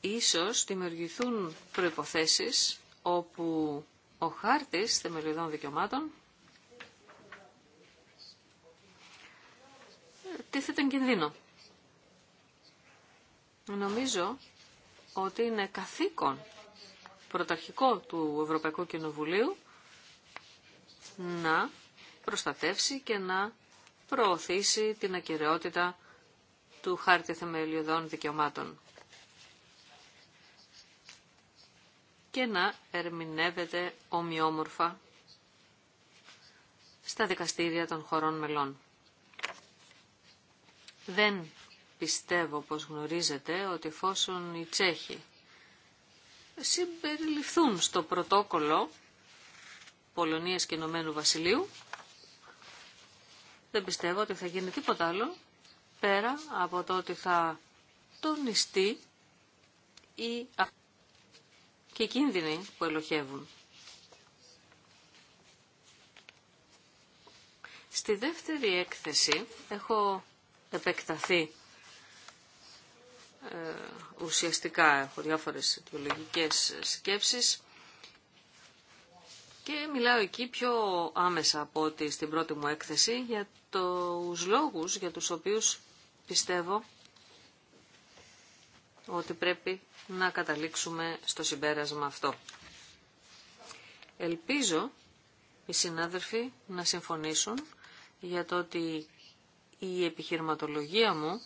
ίσως δημιουργηθούν προϋποθέσεις όπου ο χάρτης θεμελιωδών δικαιωμάτων τίθεται εν κινδύνο. Νομίζω ότι είναι καθήκον πρωταρχικό του Ευρωπαϊκού Κοινοβουλίου να προστατεύσει και να προωθήσει την ακυρεότητα του χάρτη θεμελιωδών δικαιωμάτων και να ερμηνεύεται ομοιόμορφα στα δικαστήρια των χωρών μελών. Δεν πιστεύω, πως γνωρίζετε, ότι εφόσον οι Τσέχοι συμπεριληφθούν στο πρωτόκολλο Πολωνίας και Ηνωμένου Βασιλείου, δεν πιστεύω ότι θα γίνει τίποτα άλλο πέρα από το ότι θα τονιστεί η και οι κίνδυνοι που ελοχεύουν. Στη δεύτερη έκθεση έχω επεκταθεί ε, ουσιαστικά. Έχω διάφορες αιτιολογικές σκέψεις και μιλάω εκεί πιο άμεσα από ότι στην πρώτη μου έκθεση για τους λόγους για τους οποίους πιστεύω ότι πρέπει να καταλήξουμε στο συμπέρασμα αυτό. Ελπίζω οι συνάδελφοι να συμφωνήσουν για το ότι η επιχειρηματολογία μου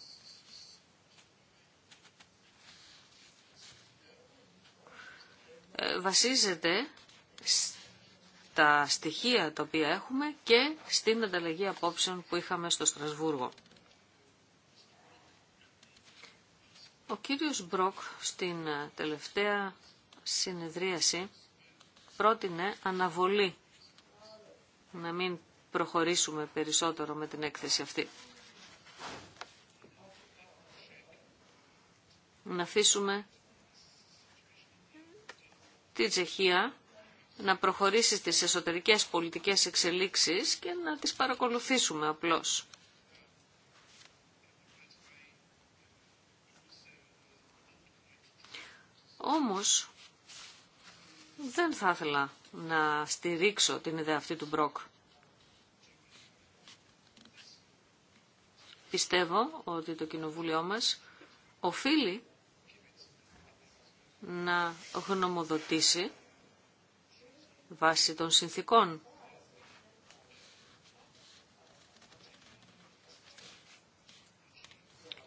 ε, βασίζεται στα στοιχεία τα οποία έχουμε και στην ανταλλαγή απόψεων που είχαμε στο Στρασβούργο. Ο κύριος Μπροκ στην τελευταία συνεδρίαση πρότεινε αναβολή να μην προχωρήσουμε περισσότερο με την έκθεση αυτή. Να αφήσουμε την Τσεχία να προχωρήσει στις εσωτερικές πολιτικές εξελίξεις και να τις παρακολουθήσουμε απλώς. Όμως δεν θα ήθελα να στηρίξω την ιδέα αυτή του Μπροκ. πιστεύω ότι το Κοινοβούλιο μας οφείλει να γνωμοδοτήσει βάσει των συνθήκων.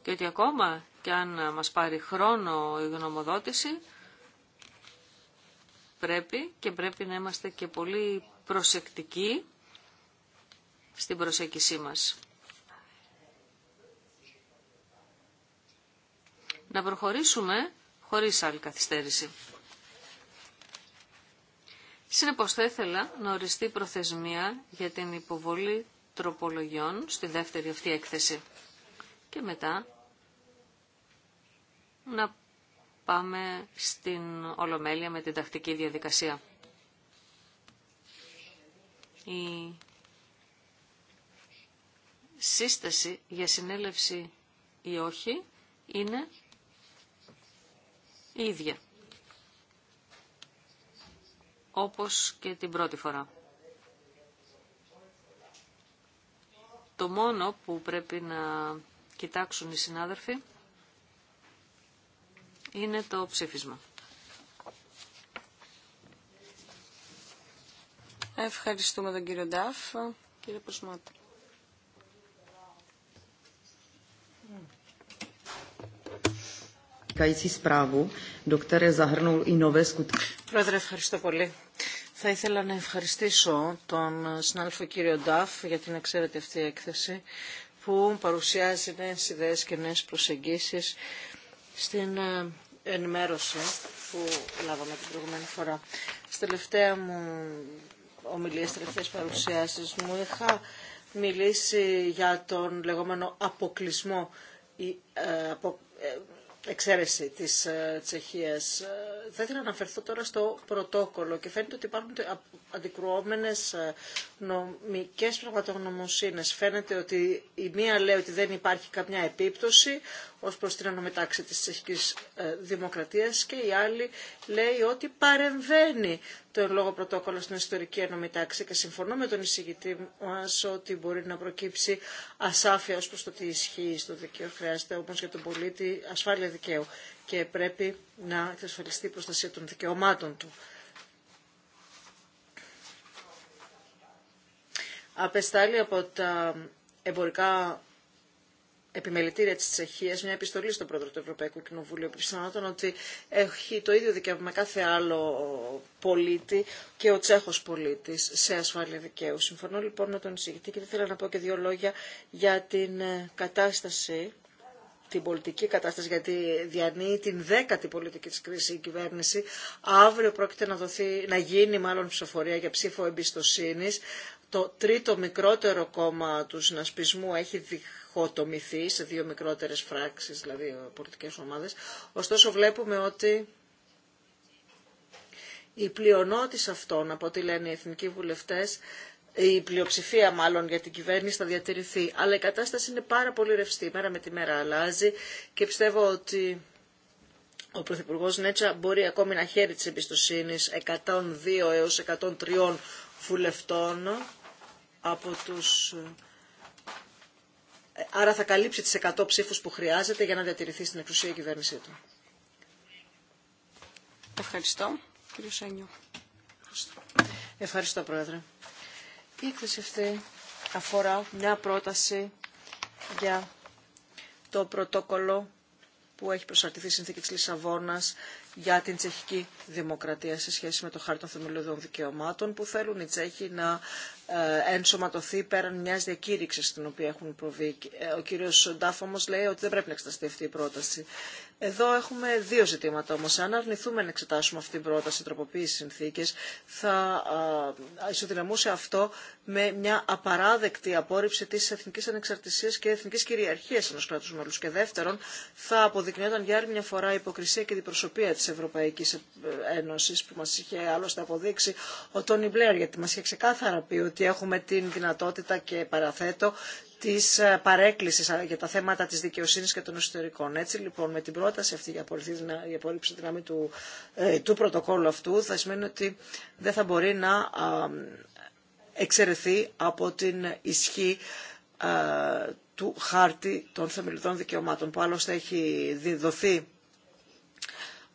Και ότι ακόμα και αν μας πάρει χρόνο η γνωμοδότηση, πρέπει και πρέπει να είμαστε και πολύ προσεκτικοί στην προσέγγισή μας. να προχωρήσουμε χωρίς άλλη καθυστέρηση. Συνεπώς θα ήθελα να οριστεί προθεσμία για την υποβολή τροπολογιών στη δεύτερη αυτή έκθεση. Και μετά να πάμε στην Ολομέλεια με την τακτική διαδικασία. Η σύσταση για συνέλευση ή όχι είναι ίδια. Όπως και την πρώτη φορά. Το μόνο που πρέπει να κοιτάξουν οι συνάδελφοι είναι το ψήφισμα. Ευχαριστούμε τον κύριο Ντάφ. Κύριε Προσμάτη. Πρόεδρε, ευχαριστώ πολύ. Θα ήθελα να ευχαριστήσω τον συνάδελφο κύριο Νταφ για την εξαίρετη αυτή έκθεση που παρουσιάζει νέες ιδέες και νέες προσεγγίσεις στην ε, ενημέρωση που λάβαμε την προηγούμενη φορά. Στα τελευταία μου ομιλία, στις παρουσιάσεις μου είχα μιλήσει για τον λεγόμενο αποκλεισμό ε, ε, εξαίρεση της ε, τσεχία. Ε, θα ήθελα να αναφερθώ τώρα στο πρωτόκολλο και φαίνεται ότι υπάρχουν αντικρουόμενες ε, νομικές πραγματογνωμοσύνες. Φαίνεται ότι η μία λέει ότι δεν υπάρχει καμιά επίπτωση ως προς την ανομετάξη της τσεχικής δημοκρατίας και η άλλη λέει ότι παρεμβαίνει το λόγο λόγω πρωτόκολλο στην ιστορική ένωμη τάξη και συμφωνώ με τον εισηγητή μα ότι μπορεί να προκύψει ασάφεια ω προ το τι ισχύει στο δικαίωμα. Χρειάζεται όμω για τον πολίτη ασφάλεια δικαίου και πρέπει να εξασφαλιστεί η προστασία των δικαιωμάτων του. Απεστάλλει από τα εμπορικά επιμελητήρια της Τσεχίας μια επιστολή στον πρόεδρο του Ευρωπαϊκού που επισημανόταν ότι έχει το ίδιο δικαίωμα κάθε άλλο πολίτη και ο Τσέχος πολίτης σε ασφάλεια δικαίου. Συμφωνώ λοιπόν με τον εισηγητή και ήθελα να πω και δύο λόγια για την ε, κατάσταση την πολιτική κατάσταση, γιατί διανύει την δέκατη πολιτική της κρίσης η κυβέρνηση. Αύριο πρόκειται να, δοθεί, να γίνει μάλλον ψηφοφορία για ψήφο εμπιστοσύνης. Το τρίτο μικρότερο κόμμα του συνασπισμού έχει αποτομηθεί σε δύο μικρότερες φράξεις, δηλαδή πολιτικές ομάδες. Ωστόσο βλέπουμε ότι η πλειονότητα αυτών, από ό,τι λένε οι εθνικοί βουλευτές, η πλειοψηφία μάλλον για την κυβέρνηση θα διατηρηθεί. Αλλά η κατάσταση είναι πάρα πολύ ρευστή, μέρα με τη μέρα αλλάζει και πιστεύω ότι ο Πρωθυπουργό Νέτσα μπορεί ακόμη να χαίρει τη εμπιστοσύνη 102 έως 103 βουλευτών από τους άρα θα καλύψει τις 100 ψήφους που χρειάζεται για να διατηρηθεί στην εξουσία η κυβέρνησή του. Ευχαριστώ. Κύριο Σένιο. Ευχαριστώ, Πρόεδρε. Η έκθεση αυτή αφορά μια πρόταση για το πρωτόκολλο που έχει προσαρτηθεί η Συνθήκη της Λισαβόνας για την τσεχική δημοκρατία σε σχέση με το χάρτη των θεμελιωδών δικαιωμάτων που θέλουν οι Τσέχοι να ε, ενσωματωθεί πέραν μια διακήρυξη στην οποία έχουν προβεί. Ε, ο κύριος Ντάφ όμω λέει ότι δεν πρέπει να εξεταστεί αυτή η πρόταση. Εδώ έχουμε δύο ζητήματα όμω. Αν αρνηθούμε να εξετάσουμε αυτή την πρόταση τροποποίηση συνθήκε, θα ε, ισοδυναμούσε αυτό με μια απαράδεκτη απόρριψη τη εθνική ανεξαρτησία και εθνική κυριαρχία ενό κράτους μέλους. Και δεύτερον, θα αποδεικνύονταν για άλλη μια φορά η υποκρισία και η προσωπία τη Ευρωπαϊκή Ένωση που μα είχε άλλωστε αποδείξει ο Τόνι Μπλερ, γιατί μα είχε ξεκάθαρα πει ότι ότι έχουμε την δυνατότητα και παραθέτω τη ε, παρέκκληση για τα θέματα της δικαιοσύνης και των εσωτερικών. Έτσι λοιπόν με την πρόταση αυτή για απορρίψη δυνάμει του, ε, του πρωτοκόλλου αυτού θα σημαίνει ότι δεν θα μπορεί να εξαιρεθεί από την ισχύ του χάρτη των θεμελιωδών δικαιωμάτων που άλλωστε έχει δοθεί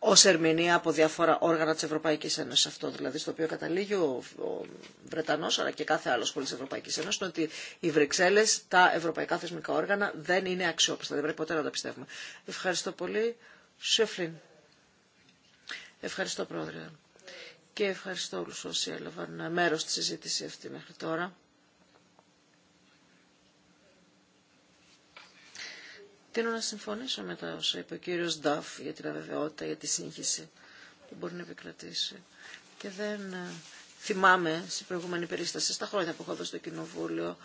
Ω ερμηνεία από διάφορα όργανα της Ευρωπαϊκής Ένωσης. Αυτό δηλαδή στο οποίο καταλήγει ο, Βρετανό, Βρετανός αλλά και κάθε άλλος πολίτης της Ευρωπαϊκής Ένωσης είναι ότι οι Βρυξέλλε, τα ευρωπαϊκά θεσμικά όργανα δεν είναι αξιόπιστα. Δεν πρέπει ποτέ να τα πιστεύουμε. Ευχαριστώ πολύ. Σεφλίν. Ευχαριστώ Πρόεδρε. Και ευχαριστώ όλους όσοι έλαβαν μέρος στη συζήτηση αυτή μέχρι τώρα. Τίνω να συμφωνήσω με τα όσα είπε ο κύριο Νταφ για την αβεβαιότητα, για τη σύγχυση που μπορεί να επικρατήσει. Και δεν ε, θυμάμαι σε προηγούμενη περίσταση, στα χρόνια που έχω δώσει στο Κοινοβούλιο,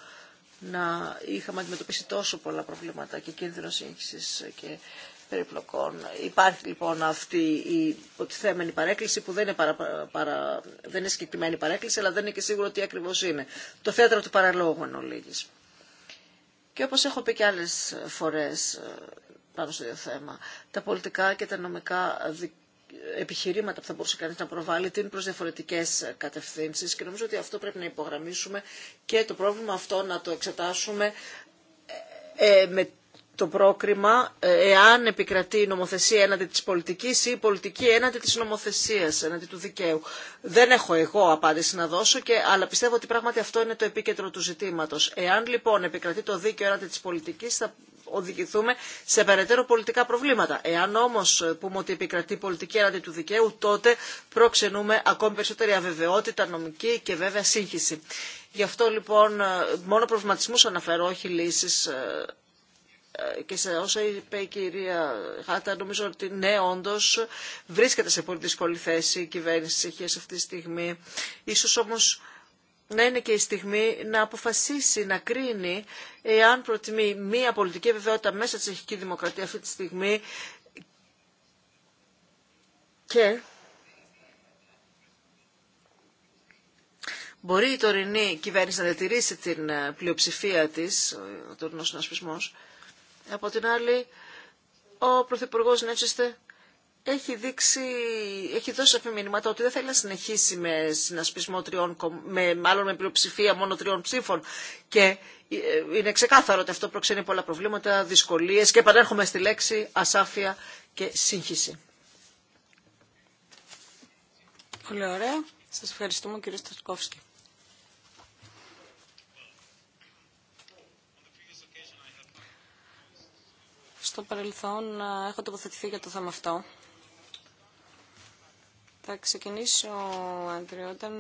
να είχαμε αντιμετωπίσει τόσο πολλά προβλήματα και κίνδυνο σύγχυση και περιπλοκών. Υπάρχει λοιπόν αυτή η υποτιθέμενη παρέκκληση που δεν είναι, παρα, παρα, δεν είναι συγκεκριμένη παρέκκληση, αλλά δεν είναι και σίγουρο τι ακριβώ είναι. Το θέατρο του παραλόγου εν ολίγης. Και όπως έχω πει και άλλες φορές ε, πάνω στο ίδιο θέμα, τα πολιτικά και τα νομικά επιχειρήματα που θα μπορούσε κανείς να προβάλλει την προς διαφορετικές κατευθύνσεις και νομίζω ότι αυτό πρέπει να υπογραμμίσουμε και το πρόβλημα αυτό να το εξετάσουμε ε, ε, με το πρόκριμα ε, εάν επικρατεί η νομοθεσία έναντι της πολιτικής ή η πολιτική έναντι της νομοθεσίας, έναντι του δικαίου. Δεν έχω εγώ απάντηση να δώσω, και, αλλά πιστεύω ότι πράγματι αυτό είναι το επίκεντρο του ζητήματος. Εάν λοιπόν επικρατεί το δίκαιο έναντι της πολιτικής θα οδηγηθούμε σε περαιτέρω πολιτικά προβλήματα. Εάν όμως πούμε ότι επικρατεί πολιτική έναντι του δικαίου τότε προξενούμε ακόμη περισσότερη αβεβαιότητα, νομική και βέβαια σύγχυση. Γι' αυτό λοιπόν ε, μόνο προβληματισμούς αναφέρω, όχι λύσεις ε, και σε όσα είπε η κυρία Χάτα, νομίζω ότι ναι, όντω βρίσκεται σε πολύ δύσκολη θέση η κυβέρνηση τη Τσεχία αυτή τη στιγμή. Ίσως όμως να είναι και η στιγμή να αποφασίσει, να κρίνει εάν προτιμεί μία πολιτική βεβαιότητα μέσα στη τσεχική δημοκρατία αυτή τη στιγμή και μπορεί η τωρινή κυβέρνηση να διατηρήσει την ε, πλειοψηφία της, ο τωρινός συνασπισμός, από την άλλη, ο Πρωθυπουργό Νέτσεστε έχει, δείξει, έχει δώσει αφή μηνύματα ότι δεν θέλει να συνεχίσει με συνασπισμό τριών, με, μάλλον με πλειοψηφία μόνο τριών ψήφων. Και ε, είναι ξεκάθαρο ότι αυτό προξενεί πολλά προβλήματα, δυσκολίε και επανέρχομαι στη λέξη ασάφεια και σύγχυση. Πολύ ωραία. Σας ευχαριστούμε κύριε Στασκόφσκι. Στο παρελθόν έχω τοποθετηθεί για το θέμα αυτό. Θα ξεκινήσω, Άντριο, όταν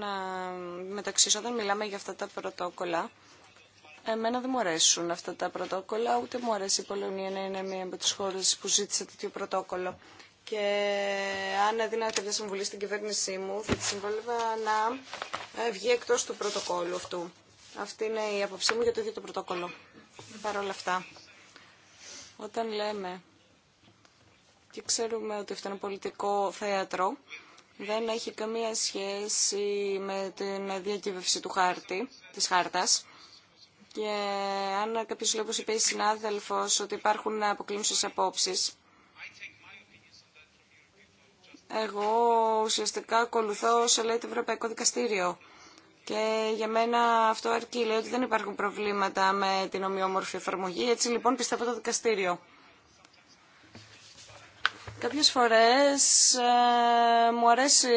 μεταξύ όταν μιλάμε για αυτά τα πρωτόκολλα. Εμένα δεν μου αρέσουν αυτά τα πρωτόκολλα, ούτε μου αρέσει η Πολωνία να είναι μία από τις χώρες που ζήτησε τέτοιο πρωτόκολλο. Και αν έδινα κάποια συμβουλή στην κυβέρνησή μου, θα τη συμβόλευα να ε, βγει εκτός του πρωτοκόλλου αυτού. Αυτή είναι η άποψή μου για το ίδιο το πρωτόκολλο. Παρ' όλα αυτά, όταν λέμε και ξέρουμε ότι αυτό είναι πολιτικό θέατρο, δεν έχει καμία σχέση με την διακύβευση του χάρτη, της χάρτας. Και αν κάποιος λέει, όπως είπε η συνάδελφος, ότι υπάρχουν αποκλίνουσε απόψεις, εγώ ουσιαστικά ακολουθώ όσο λέει το Ευρωπαϊκό Δικαστήριο. Και για μένα αυτό αρκεί. Λέει ότι δεν υπάρχουν προβλήματα με την ομοιόμορφη εφαρμογή. Έτσι λοιπόν πιστεύω το δικαστήριο. Κάποιες φορές ε, μου αρέσει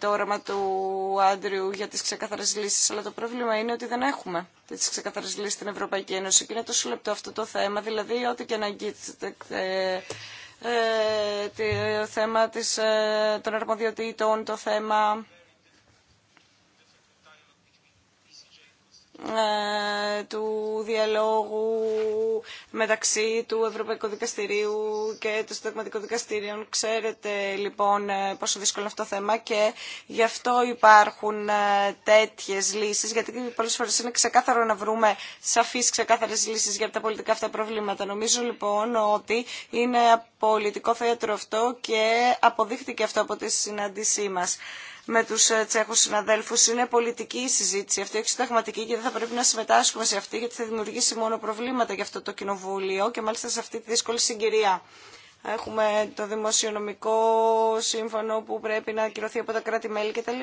το όραμα του Άντριου για τις ξεκαθαρές λύσεις, αλλά το πρόβλημα είναι ότι δεν έχουμε τις ξεκαθαρές λύσεις στην Ευρωπαϊκή Ένωση και είναι τόσο λεπτό αυτό το θέμα, δηλαδή ό,τι και να το ε, ε, θέμα της, των αρμοδιοτήτων, το θέμα Ε, του διαλόγου μεταξύ του Ευρωπαϊκού Δικαστηρίου και του Συνταγματικού Δικαστηρίων. Ξέρετε λοιπόν ε, πόσο δύσκολο είναι αυτό το θέμα και γι' αυτό υπάρχουν ε, τέτοιες λύσεις, γιατί πολλές φορές είναι ξεκάθαρο να βρούμε σαφείς ξεκάθαρες λύσεις για τα πολιτικά αυτά προβλήματα. Νομίζω λοιπόν ότι είναι πολιτικό θέατρο αυτό και αποδείχτηκε αυτό από τη συνάντησή μας με τους ε, τσέχου συναδέλφου Είναι πολιτική η συζήτηση αυτή, έχει συνταγματική και δεν θα πρέπει να συμμετάσχουμε σε αυτή γιατί θα δημιουργήσει μόνο προβλήματα για αυτό το κοινοβούλιο και μάλιστα σε αυτή τη δύσκολη συγκυρία. Έχουμε το δημοσιονομικό σύμφωνο που πρέπει να ακυρωθεί από τα κράτη-μέλη κτλ.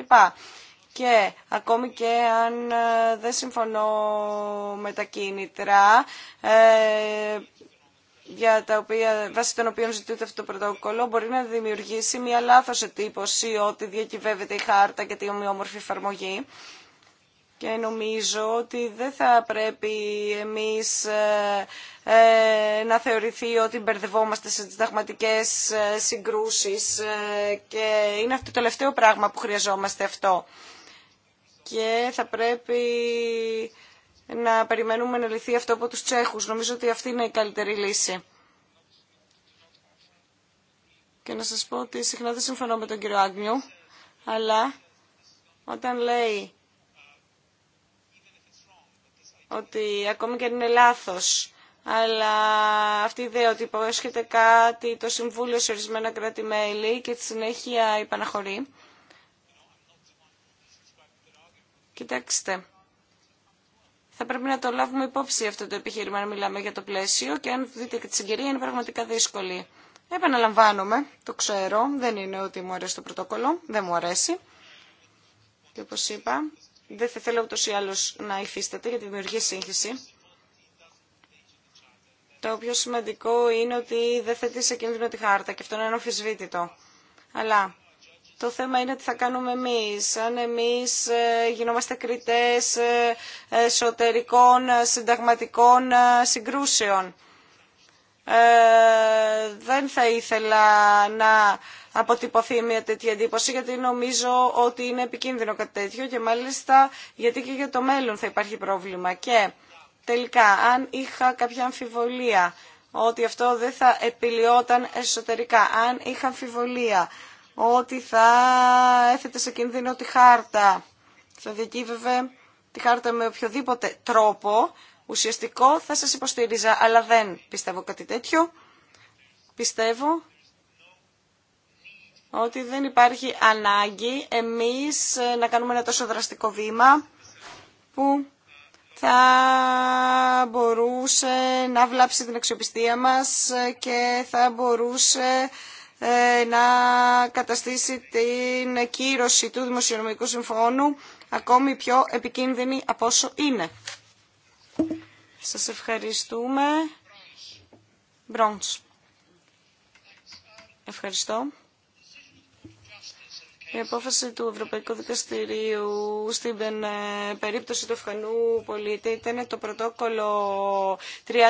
Και ακόμη και αν ε, δεν συμφωνώ με τα κίνητρα, ε, για τα οποία, βάσει των οποίων ζητούνται αυτό το πρωτόκολλο μπορεί να δημιουργήσει μια λάθος ετύπωση ότι διακυβεύεται η χάρτα και τη ομοιόμορφη εφαρμογή. Και νομίζω ότι δεν θα πρέπει εμείς ε, ε, να θεωρηθεί ότι μπερδευόμαστε σε συνταγματικές ε, συγκρούσεις και είναι αυτό το τελευταίο πράγμα που χρειαζόμαστε αυτό. Και θα πρέπει να περιμένουμε να λυθεί αυτό από τους Τσέχους. Νομίζω ότι αυτή είναι η καλύτερη λύση. Και να σας πω ότι συχνά δεν συμφωνώ με τον κύριο Άγνιου, αλλά όταν λέει ότι ακόμη και αν είναι λάθος, αλλά αυτή η ιδέα ότι υπόσχεται κάτι το Συμβούλιο σε ορισμένα κράτη-μέλη και στη συνέχεια υπαναχωρεί. Κοιτάξτε, θα πρέπει να το λάβουμε υπόψη αυτό το επιχείρημα, να μιλάμε για το πλαίσιο και αν δείτε και τη συγκυρία είναι πραγματικά δύσκολη. Επαναλαμβάνομαι, το ξέρω, δεν είναι ότι μου αρέσει το πρωτόκολλο, δεν μου αρέσει. Και όπως είπα, δεν θα θέλω ούτως ή άλλως να υφίσταται τη δημιουργία σύγχυση. Το πιο σημαντικό είναι ότι δεν θέτει σε κίνδυνο τη χάρτα και αυτό είναι αμφισβήτητο. Αλλά το θέμα είναι τι θα κάνουμε εμείς. Αν εμείς ε, γινόμαστε κριτές ε, εσωτερικών ε, συνταγματικών συγκρούσεων. δεν θα ήθελα να αποτυπωθεί μια τέτοια εντύπωση γιατί νομίζω ότι είναι επικίνδυνο κάτι τέτοιο και μάλιστα γιατί και για το μέλλον θα υπάρχει πρόβλημα. Και τελικά αν είχα κάποια αμφιβολία ότι αυτό δεν θα επιλειόταν εσωτερικά, αν είχα αμφιβολία ότι θα έθετε σε κίνδυνο τη χάρτα. Θα διακύβευε τη χάρτα με οποιοδήποτε τρόπο. Ουσιαστικό θα σας υποστήριζα, αλλά δεν πιστεύω κάτι τέτοιο. Πιστεύω ότι δεν υπάρχει ανάγκη εμείς να κάνουμε ένα τόσο δραστικό βήμα που θα μπορούσε να βλάψει την αξιοπιστία μας και θα μπορούσε ε, να καταστήσει την κύρωση του Δημοσιονομικού Συμφώνου ακόμη πιο επικίνδυνη από όσο είναι. Σας ευχαριστούμε. Μπρόντς. Ευχαριστώ. Η απόφαση του Ευρωπαϊκού Δικαστηρίου στην ε, περίπτωση του Αφγανού πολίτη ήταν το πρωτόκολλο 30,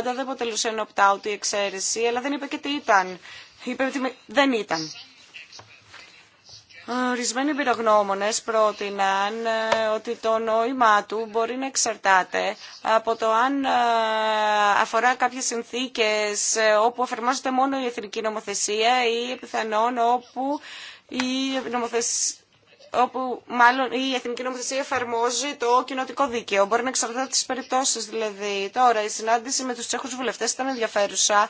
δεν αποτελούσε ένα opt-out η εξαίρεση, αλλά δεν είπε και τι ήταν είπε ότι δεν ήταν. Ορισμένοι πυρογνώμονε πρότειναν ε, ότι το νόημά του μπορεί να εξαρτάται από το αν ε, αφορά κάποιες συνθήκες ε, όπου αφαιρμόζεται μόνο η εθνική νομοθεσία ή πιθανόν όπου η νομοθεσία όπου μάλλον η Εθνική Νομοθεσία εφαρμόζει το κοινοτικό δίκαιο. Μπορεί να εξαρτάται από τις περιπτώσεις δηλαδή. Τώρα η εθνικη νομοθεσια εφαρμοζει το κοινοτικο δικαιο μπορει να εξαρταται τις περιπτωσεις δηλαδη τωρα η συναντηση με τους τσέχους βουλευτές ήταν ενδιαφέρουσα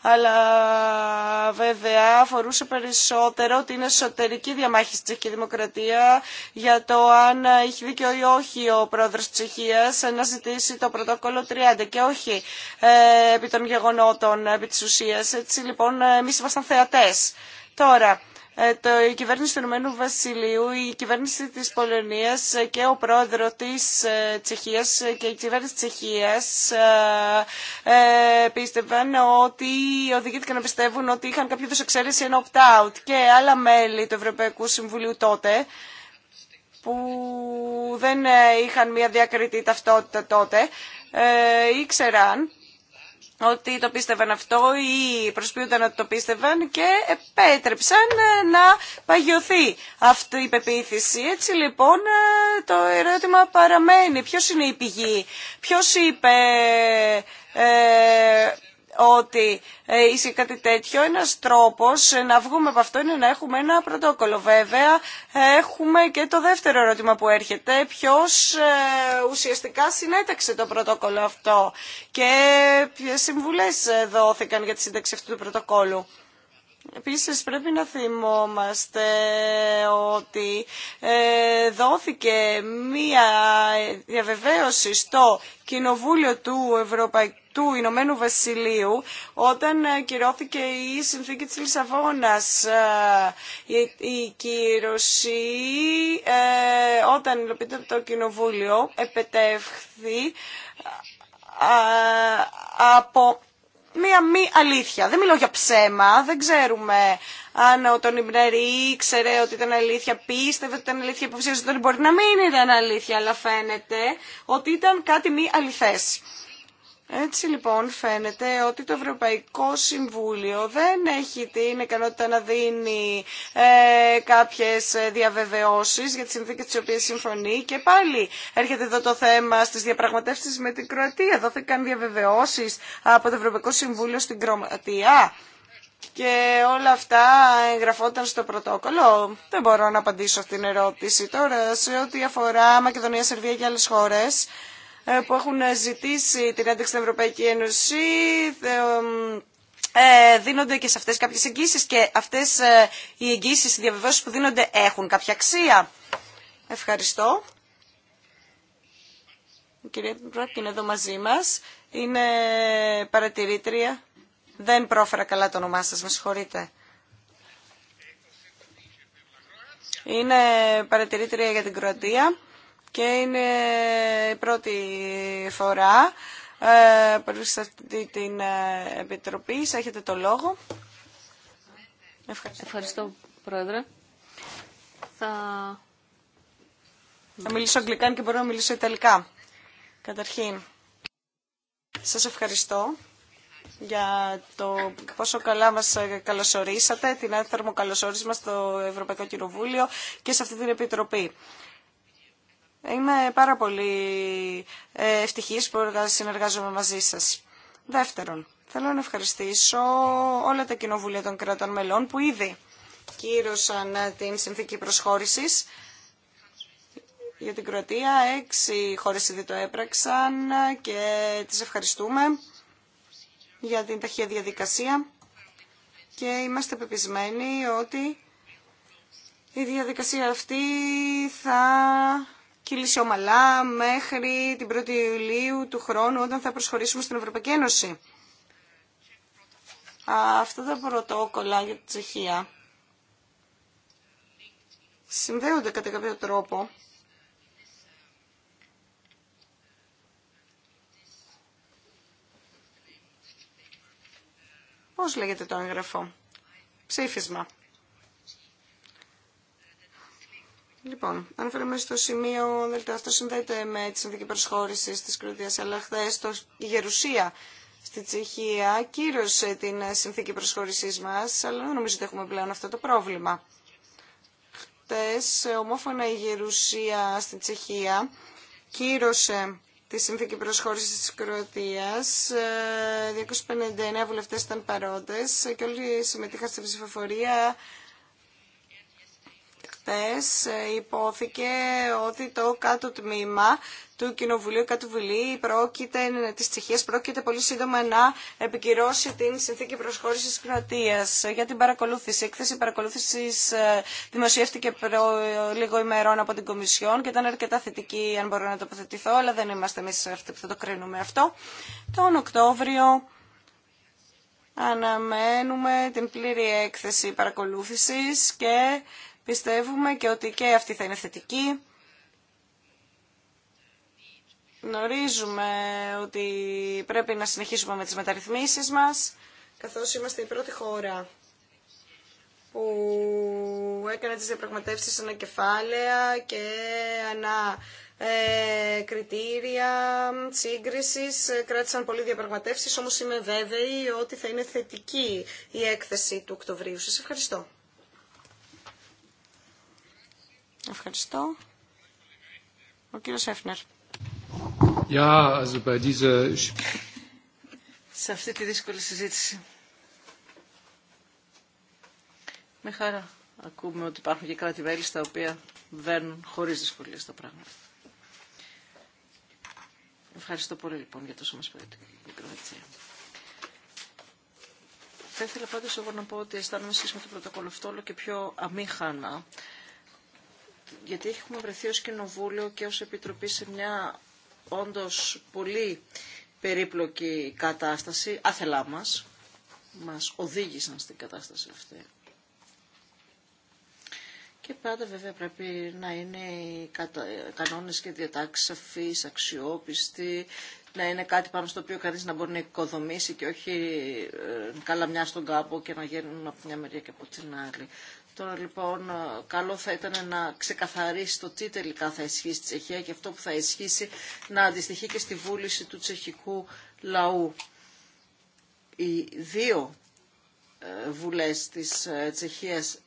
αλλά βέβαια αφορούσε περισσότερο την εσωτερική διαμάχη στη Τσεχική Δημοκρατία για το αν είχε δίκιο ή όχι ο πρόεδρος της Τσεχίας να ζητήσει το πρωτόκολλο 30 και όχι ε, επί των γεγονότων επί της ουσίας. Έτσι λοιπόν εμείς ήμασταν θεατές. Τώρα, ε, το, η κυβέρνηση του Ηνωμένου Βασιλείου, η κυβέρνηση της Πολωνίας και ο πρόεδρο της ε, Τσεχίας και η κυβέρνηση της Τσεχίας ε, ε, πίστευαν ότι οδηγήθηκαν να πιστεύουν ότι είχαν κάποιο είδους εξαίρεση ένα opt-out και άλλα μέλη του Ευρωπαϊκού Συμβουλίου τότε που δεν είχαν μια διακριτή ταυτότητα τότε, ε, ήξεραν ότι το πίστευαν αυτό ή προσποιούνταν ότι το πίστευαν και επέτρεψαν ε, να παγιωθεί αυτή η πεποίθηση. Έτσι λοιπόν ε, το ερώτημα παραμένει. Ποιος είναι η πηγή, ποιος είπε ε, ότι ε, είσαι κάτι τέτοιο. Ένας τρόπος ε, να βγούμε από αυτό είναι να έχουμε ένα πρωτόκολλο. Βέβαια, ε, έχουμε και το δεύτερο ερώτημα που έρχεται. Ποιος ουσιαστικά συνέταξε το πρωτόκολλο αυτό και ποιε συμβουλές δόθηκαν για τη σύνταξη αυτού του πρωτοκόλλου. Επίσης πρέπει να θυμόμαστε ότι δόθηκε μία διαβεβαίωση στο Κοινοβούλιο του Ευρωπαϊκού του Ηνωμένου Βασιλείου όταν ε, κυρώθηκε η συνθήκη της Λισαβόνας. Ε, η κύρωση ε, όταν υλοποιείται το Κοινοβούλιο επετεύχθη από μία μη αλήθεια. Δεν μιλώ για ψέμα, δεν ξέρουμε αν ο τον Ιμπνερή ήξερε ότι ήταν αλήθεια, πίστευε ότι ήταν αλήθεια, υποψίαζε ότι μπορεί να μην ήταν αλήθεια, αλλά φαίνεται ότι ήταν κάτι μη αληθές. Έτσι λοιπόν φαίνεται ότι το Ευρωπαϊκό Συμβούλιο δεν έχει την ικανότητα να δίνει ε, κάποιες διαβεβαιώσεις για τις συνθήκες τις οποίες συμφωνεί και πάλι έρχεται εδώ το θέμα στις διαπραγματεύσεις με την Κροατία. Δόθηκαν διαβεβαιώσεις από το Ευρωπαϊκό Συμβούλιο στην Κροατία και όλα αυτά εγγραφόταν στο πρωτόκολλο. Δεν μπορώ να απαντήσω αυτήν την ερώτηση. Τώρα σε ό,τι αφορά Μακεδονία, Σερβία και άλλες χώρες... Ε, που έχουν ζητήσει την ένταξη στην Ευρωπαϊκή Ένωση ε, δίνονται και σε αυτές κάποιες εγγύσεις και αυτές ε, οι εγγύσεις, οι διαβεβαιώσεις που δίνονται έχουν κάποια αξία. Ευχαριστώ. Η κυρία Μπρακ είναι εδώ μαζί μας. Είναι παρατηρήτρια. Δεν πρόφερα καλά το όνομά σας, με συγχωρείτε. Είναι παρατηρήτρια για την Κροατία και είναι η πρώτη φορά ε, αυτή την ε, επιτροπή. Σας έχετε το λόγο. Ευχαριστώ. Ευχαριστώ, Πρόεδρε. Θα... Θα μιλήσω αγγλικά και μπορώ να μιλήσω ιταλικά. Καταρχήν, σας ευχαριστώ για το πόσο καλά μας καλωσορίσατε, την άνθρωπο καλωσόρισμα στο Ευρωπαϊκό Κοινοβούλιο και σε αυτή την Επιτροπή. Είμαι πάρα πολύ ε, ευτυχής που συνεργάζομαι μαζί σας. Δεύτερον, θέλω να ευχαριστήσω όλα τα κοινοβούλια των κρατών μελών που ήδη κύρωσαν ε, την συνθήκη προσχώρησης. Για την Κροατία έξι χώρες ήδη το έπραξαν ε, και τις ευχαριστούμε για την ταχεία διαδικασία και είμαστε πεπισμένοι ότι η διαδικασία αυτή θα κύλησε ομαλά μέχρι την 1η Ιουλίου του χρόνου όταν θα προσχωρήσουμε στην Ευρωπαϊκή Ένωση. Αυτά τα πρωτόκολλα για τη Τσεχία συνδέονται κατά κάποιο τρόπο Πώς λέγεται το έγγραφο. Ψήφισμα. Λοιπόν, αναφέρομαι στο σημείο, δηλαδή αυτό συνδέεται με τη συνθήκη προσχώρηση τη κροτίας, αλλά χθε η Γερουσία στη Τσεχία κύρωσε την συνθήκη προσχώρησή μα, αλλά δεν νομίζω ότι έχουμε πλέον αυτό το πρόβλημα. Χθε ομόφωνα η Γερουσία στη Τσεχία κύρωσε τη συνθήκη προσχώρηση της Κροατία. 259 βουλευτέ ήταν παρόντες και όλοι συμμετείχαν στην ψηφοφορία ε, υπόθηκε ότι το κάτω τμήμα του Κοινοβουλίου Κατουβουλή Βουλή πρόκειται, της Τσεχίας πρόκειται πολύ σύντομα να επικυρώσει την συνθήκη προσχώρησης της Κροατίας για την παρακολούθηση. Η έκθεση παρακολούθησης ε, δημοσιεύτηκε προ, λίγο ημερών από την Κομισιόν και ήταν αρκετά θετική αν μπορώ να τοποθετηθώ, αλλά δεν είμαστε εμείς αυτοί που θα το κρίνουμε αυτό. Τον Οκτώβριο αναμένουμε την πλήρη έκθεση παρακολούθησης και Πιστεύουμε και ότι και αυτή θα είναι θετική. Γνωρίζουμε ότι πρέπει να συνεχίσουμε με τις μεταρρυθμίσεις μας, καθώς είμαστε η πρώτη χώρα που έκανε τις διαπραγματεύσεις ανά κεφάλαια και ανά ε, κριτήρια σύγκρισης. Κράτησαν πολλοί διαπραγματεύσεις, όμως είμαι βέβαιη ότι θα είναι θετική η έκθεση του Οκτωβρίου. Σας ευχαριστώ. Ευχαριστώ. Ο κύριος Έφνερ. Σε αυτή τη δύσκολη συζήτηση. Με χαρά ακούμε ότι υπάρχουν και κράτη-μέλη στα οποία βαίνουν χωρίς δυσκολίες τα πράγματα. Ευχαριστώ πολύ λοιπόν για τόσο μας την Κροατία. Θα ήθελα πάντως εγώ να πω ότι αισθάνομαι σχέση με το πρωτοκόλλο αυτό όλο και πιο αμήχανα γιατί έχουμε βρεθεί ως Κοινοβούλιο και ως Επιτροπή σε μια όντως πολύ περίπλοκη κατάσταση, άθελά μας, μας οδήγησαν στην κατάσταση αυτή. Και πάντα βέβαια πρέπει να είναι οι κανόνες και διατάξεις αφής, αξιόπιστοι, να είναι κάτι πάνω στο οποίο κανείς να μπορεί να οικοδομήσει και όχι ε, καλά μια στον κάπο και να γίνουν από μια μεριά και από την άλλη. Τώρα λοιπόν ε, καλό θα ήταν να ξεκαθαρίσει το τι τελικά θα ισχύει στη Τσεχία και αυτό που θα ισχύσει να αντιστοιχεί και στη βούληση του τσεχικού λαού. Οι δύο ε, βουλές της ε, Τσεχίας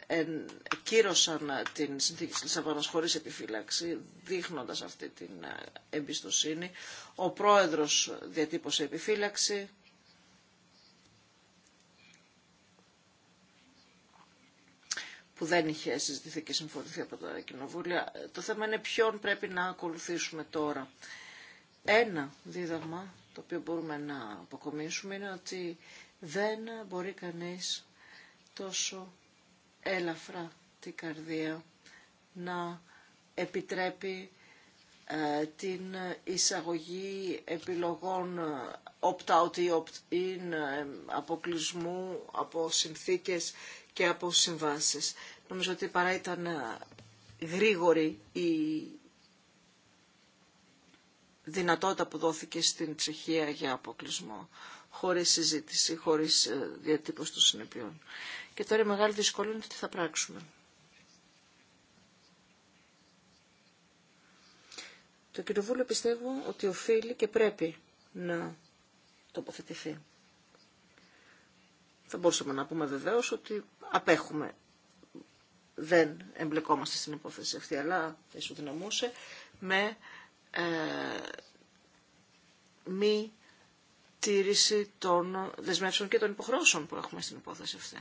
κύρωσαν την συνθήκη της Λισαβόνας χωρίς επιφύλαξη, δείχνοντας αυτή την εμπιστοσύνη. Ο πρόεδρος διατύπωσε επιφύλαξη, που δεν είχε συζητηθεί και συμφωνηθεί από τα κοινοβούλια. Το θέμα είναι ποιον πρέπει να ακολουθήσουμε τώρα. Ένα δίδαγμα το οποίο μπορούμε να αποκομίσουμε είναι ότι δεν μπορεί κανείς τόσο έλαφρα την καρδία να επιτρέπει ε, την εισαγωγή επιλογών opt-out ή opt-in, ε, αποκλεισμού από συνθήκες και από συμβάσεις. Νομίζω ότι παρά ήταν ε, γρήγορη η δυνατότητα που δόθηκε στην ψυχία για αποκλεισμό, χωρίς συζήτηση, χωρίς ε, διατύπωση των συνεπειών. Και τώρα η μεγάλη δυσκολία είναι το τι θα πράξουμε. Το Κοινοβούλιο πιστεύω ότι οφείλει και πρέπει να τοποθετηθεί. Θα μπορούσαμε να πούμε βεβαίως ότι απέχουμε. Δεν εμπλεκόμαστε στην υπόθεση αυτή, αλλά ισοδυναμούσε με ε, μη τήρηση των δεσμεύσεων και των υποχρεώσεων που έχουμε στην υπόθεση αυτή.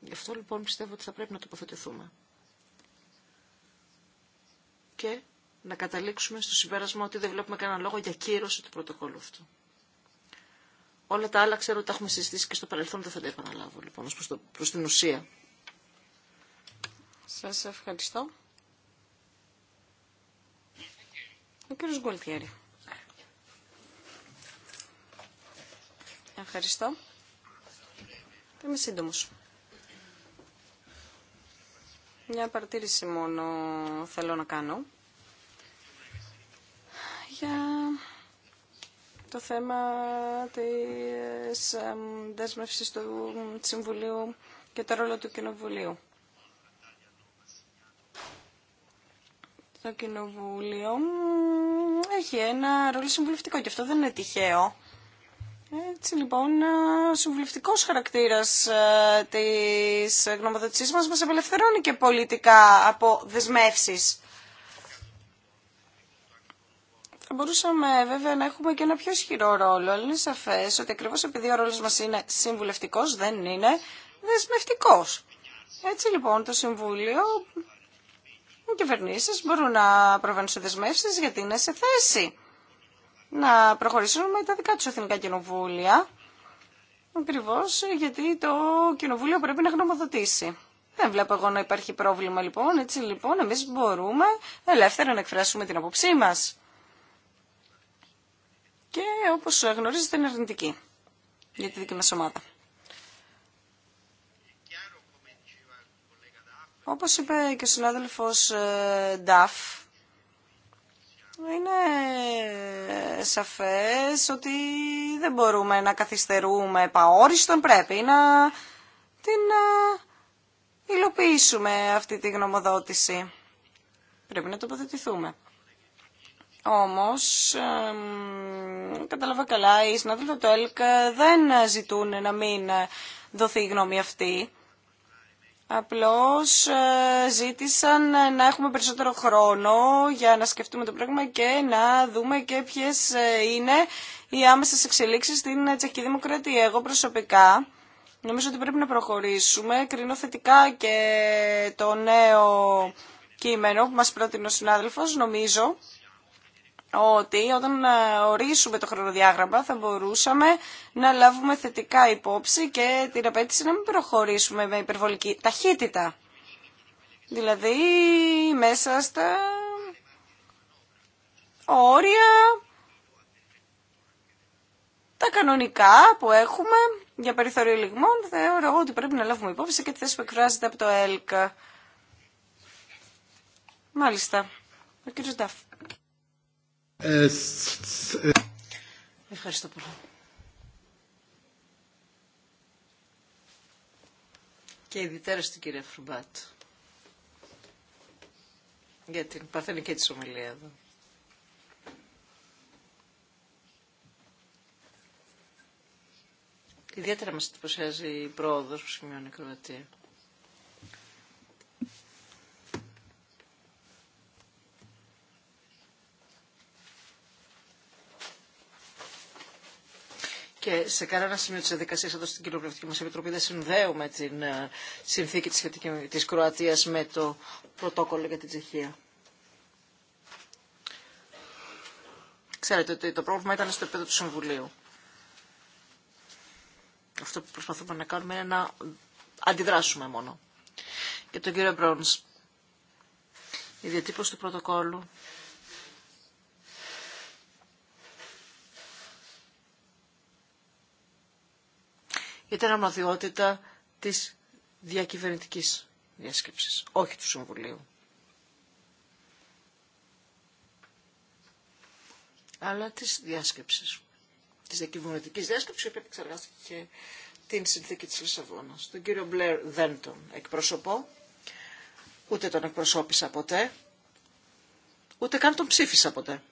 Γι' αυτό λοιπόν πιστεύω ότι θα πρέπει να τοποθετηθούμε. Και να καταλήξουμε στο συμπέρασμα ότι δεν βλέπουμε κανένα λόγο για κύρωση του πρωτοκόλλου αυτού. Όλα τα άλλα ξέρω ότι τα έχουμε συζητήσει και στο παρελθόν, δεν θα τα επαναλάβω λοιπόν ως προς, προς την ουσία. Σας ευχαριστώ. Ο κύριος Γκολτιέρη. Ευχαριστώ. Είμαι σύντομος. Μια παρατήρηση μόνο θέλω να κάνω για το θέμα της δέσμευσης του Συμβουλίου και το ρόλο του Κοινοβουλίου. Το Κοινοβούλιο έχει ένα ρόλο συμβουλευτικό και αυτό δεν είναι τυχαίο. Έτσι λοιπόν, ο συμβουλευτικό χαρακτήρα ε, τη γνωμοδοτησή μα μα απελευθερώνει και πολιτικά από δεσμεύσει. μπορούσαμε βέβαια να έχουμε και ένα πιο ισχυρό ρόλο, αλλά είναι σαφέ ότι ακριβώ επειδή ο ρόλο μα είναι συμβουλευτικό, δεν είναι δεσμευτικό. Έτσι λοιπόν το Συμβούλιο, οι κυβερνήσει μπορούν να προβαίνουν σε δεσμεύσει γιατί είναι σε θέση να προχωρήσουν με τα δικά του εθνικά κοινοβούλια. Ακριβώ γιατί το κοινοβούλιο πρέπει να γνωμοδοτήσει. Δεν βλέπω εγώ να υπάρχει πρόβλημα λοιπόν. Έτσι λοιπόν εμεί μπορούμε ελεύθερα να εκφράσουμε την απόψή μας και όπως γνωρίζετε είναι αρνητική για τη δική μας ομάδα. Όπως είπε και ο συνάδελφος ε, Νταφ, είναι ε, σαφές ότι δεν μπορούμε να καθυστερούμε Επαόριστον πρέπει να την ε, υλοποιήσουμε αυτή τη γνωμοδότηση. Πρέπει να τοποθετηθούμε. Όμως, κατάλαβα καλά, οι συνάδελφοι του ΕΛΚ δεν ζητούν να μην δοθεί η γνώμη αυτή. Απλώς ε, ζήτησαν να έχουμε περισσότερο χρόνο για να σκεφτούμε το πράγμα και να δούμε και ποιες ε, είναι οι άμεσες εξελίξεις στην Τσεχική Δημοκρατία. Εγώ προσωπικά νομίζω ότι πρέπει να προχωρήσουμε. Κρίνω θετικά και το νέο κείμενο που μας πρότεινε ο συνάδελφος. Νομίζω ότι όταν ε, ορίσουμε το χρονοδιάγραμμα θα μπορούσαμε να λάβουμε θετικά υπόψη και την απέτηση να μην προχωρήσουμε με υπερβολική ταχύτητα. Δηλαδή μέσα στα όρια, τα κανονικά που έχουμε για περιθώριο λιγμών, θεωρώ ότι πρέπει να λάβουμε υπόψη και τη θέση που εκφράζεται από το ΕΛΚ. Μάλιστα. Ο κύριος Νταφ. Ευχαριστώ πολύ. Και ιδιαίτερα στην κυρία Φρουμπάτ. Για την παρθενική τη ομιλία εδώ. Ιδιαίτερα μας εντυπωσιάζει η πρόοδος που σημειώνει η Κροατία. και σε κανένα σημείο τη διαδικασία εδώ στην Κοινοβουλευτική μα Επιτροπή δεν συνδέουμε την ε, συνθήκη τη της Κροατία με το πρωτόκολλο για την Τσεχία. Ξέρετε ότι το πρόβλημα ήταν στο επίπεδο του Συμβουλίου. Αυτό που προσπαθούμε να κάνουμε είναι να αντιδράσουμε μόνο. Για τον κύριο Μπρόνς. Η διατύπωση του πρωτοκόλλου για την αρμοδιότητα της διακυβερνητικής διάσκεψης, όχι του Συμβουλίου. αλλά της διάσκεψης, της διακυβερνητικής διάσκεψης, οποία επεξεργάστηκε την συνθήκη της Λισαβόνας. Τον κύριο Μπλερ δεν τον εκπροσωπώ, ούτε τον εκπροσώπησα ποτέ, ούτε καν τον ψήφισα ποτέ.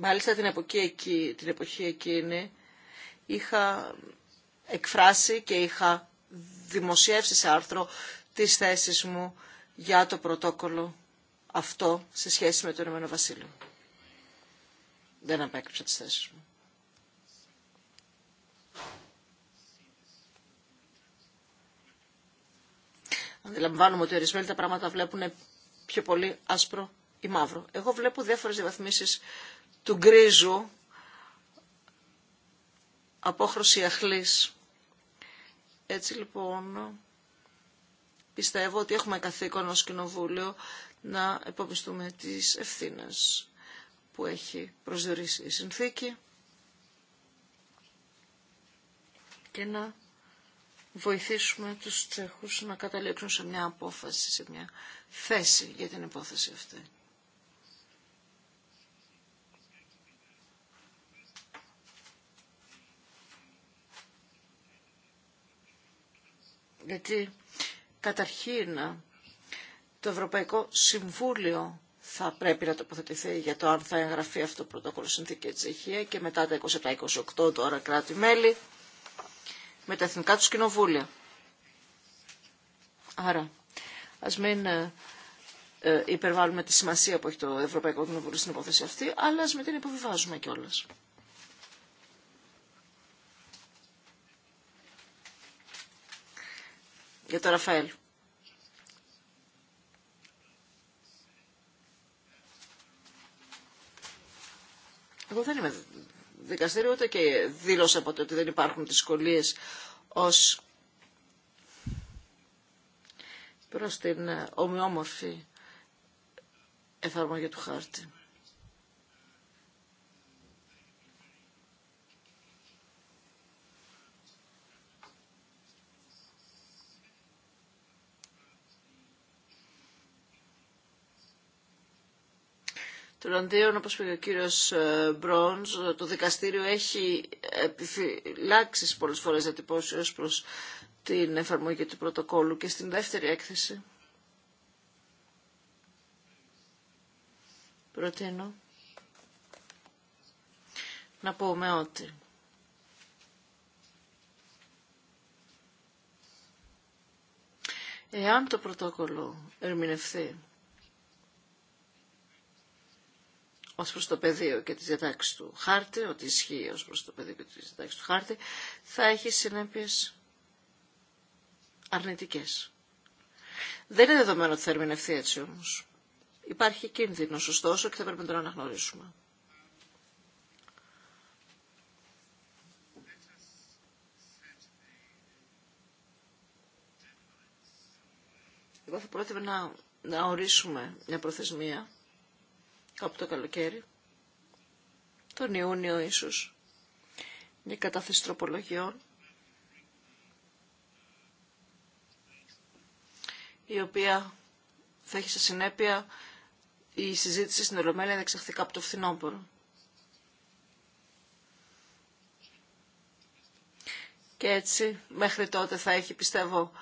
Μάλιστα την εποχή, εκεί, την εποχή εκείνη είχα εκφράσει και είχα δημοσιεύσει σε άρθρο τις θέσεις μου για το πρωτόκολλο αυτό σε σχέση με το Ηνωμένο Βασίλειο. Δεν απέκρυψα τις θέσεις μου. Αντιλαμβάνομαι ότι ορισμένοι τα πράγματα βλέπουν πιο πολύ άσπρο ή μαύρο. Εγώ βλέπω διάφορες διαβαθμίσεις του γκρίζου απόχρωση αχλής. Έτσι λοιπόν πιστεύω ότι έχουμε καθήκον ως Κοινοβούλιο να εποπιστούμε τις ευθύνες που έχει προσδιορίσει η συνθήκη και να βοηθήσουμε τους Τσέχους να καταλήξουν σε μια απόφαση, σε μια θέση για την υπόθεση αυτή. γιατί καταρχήν το Ευρωπαϊκό Συμβούλιο θα πρέπει να τοποθετηθεί για το αν θα εγγραφεί αυτό το πρωτόκολλο συνθήκη Τσεχία και μετά τα 27-28 τώρα κράτη-μέλη με τα εθνικά του κοινοβούλια. Άρα, ας μην ε, ε, υπερβάλλουμε τη σημασία που έχει το Ευρωπαϊκό Κοινοβούλιο στην υπόθεση αυτή, αλλά ας μην την υποβιβάζουμε κιόλας. για το Ραφαέλ. Εγώ δεν είμαι δικαστήριο ούτε και δήλωσα ποτέ ότι δεν υπάρχουν δυσκολίε ως προς την ομοιόμορφη εφαρμογή του χάρτη. του Λονδίων, όπως είπε ο κύριος ε, Μπρόνς, ε, το δικαστήριο έχει επιφυλάξει πολλές φορές διατυπώσει ω προς την εφαρμογή του πρωτοκόλου και στην δεύτερη έκθεση. Προτείνω να πούμε ότι εάν το πρωτόκολλο ερμηνευθεί Ω προ το πεδίο και τι διατάξει του χάρτη, ότι ισχύει ω προ το πεδίο και τις διατάξει του χάρτη, θα έχει συνέπειε αρνητικές. Δεν είναι δεδομένο ότι θα ερμηνευτεί έτσι όμω. Υπάρχει κίνδυνο ωστόσο και θα πρέπει να τον αναγνωρίσουμε. Εγώ θα πρότεινα να, να ορίσουμε μια προθεσμία κάπου το καλοκαίρι, τον Ιούνιο ίσως, μια κατάθεση τροπολογιών, η οποία θα έχει σε συνέπεια η συζήτηση στην Ολομέλεια να εξαχθεί κάπου το φθινόπωρο. Και έτσι μέχρι τότε θα έχει πιστεύω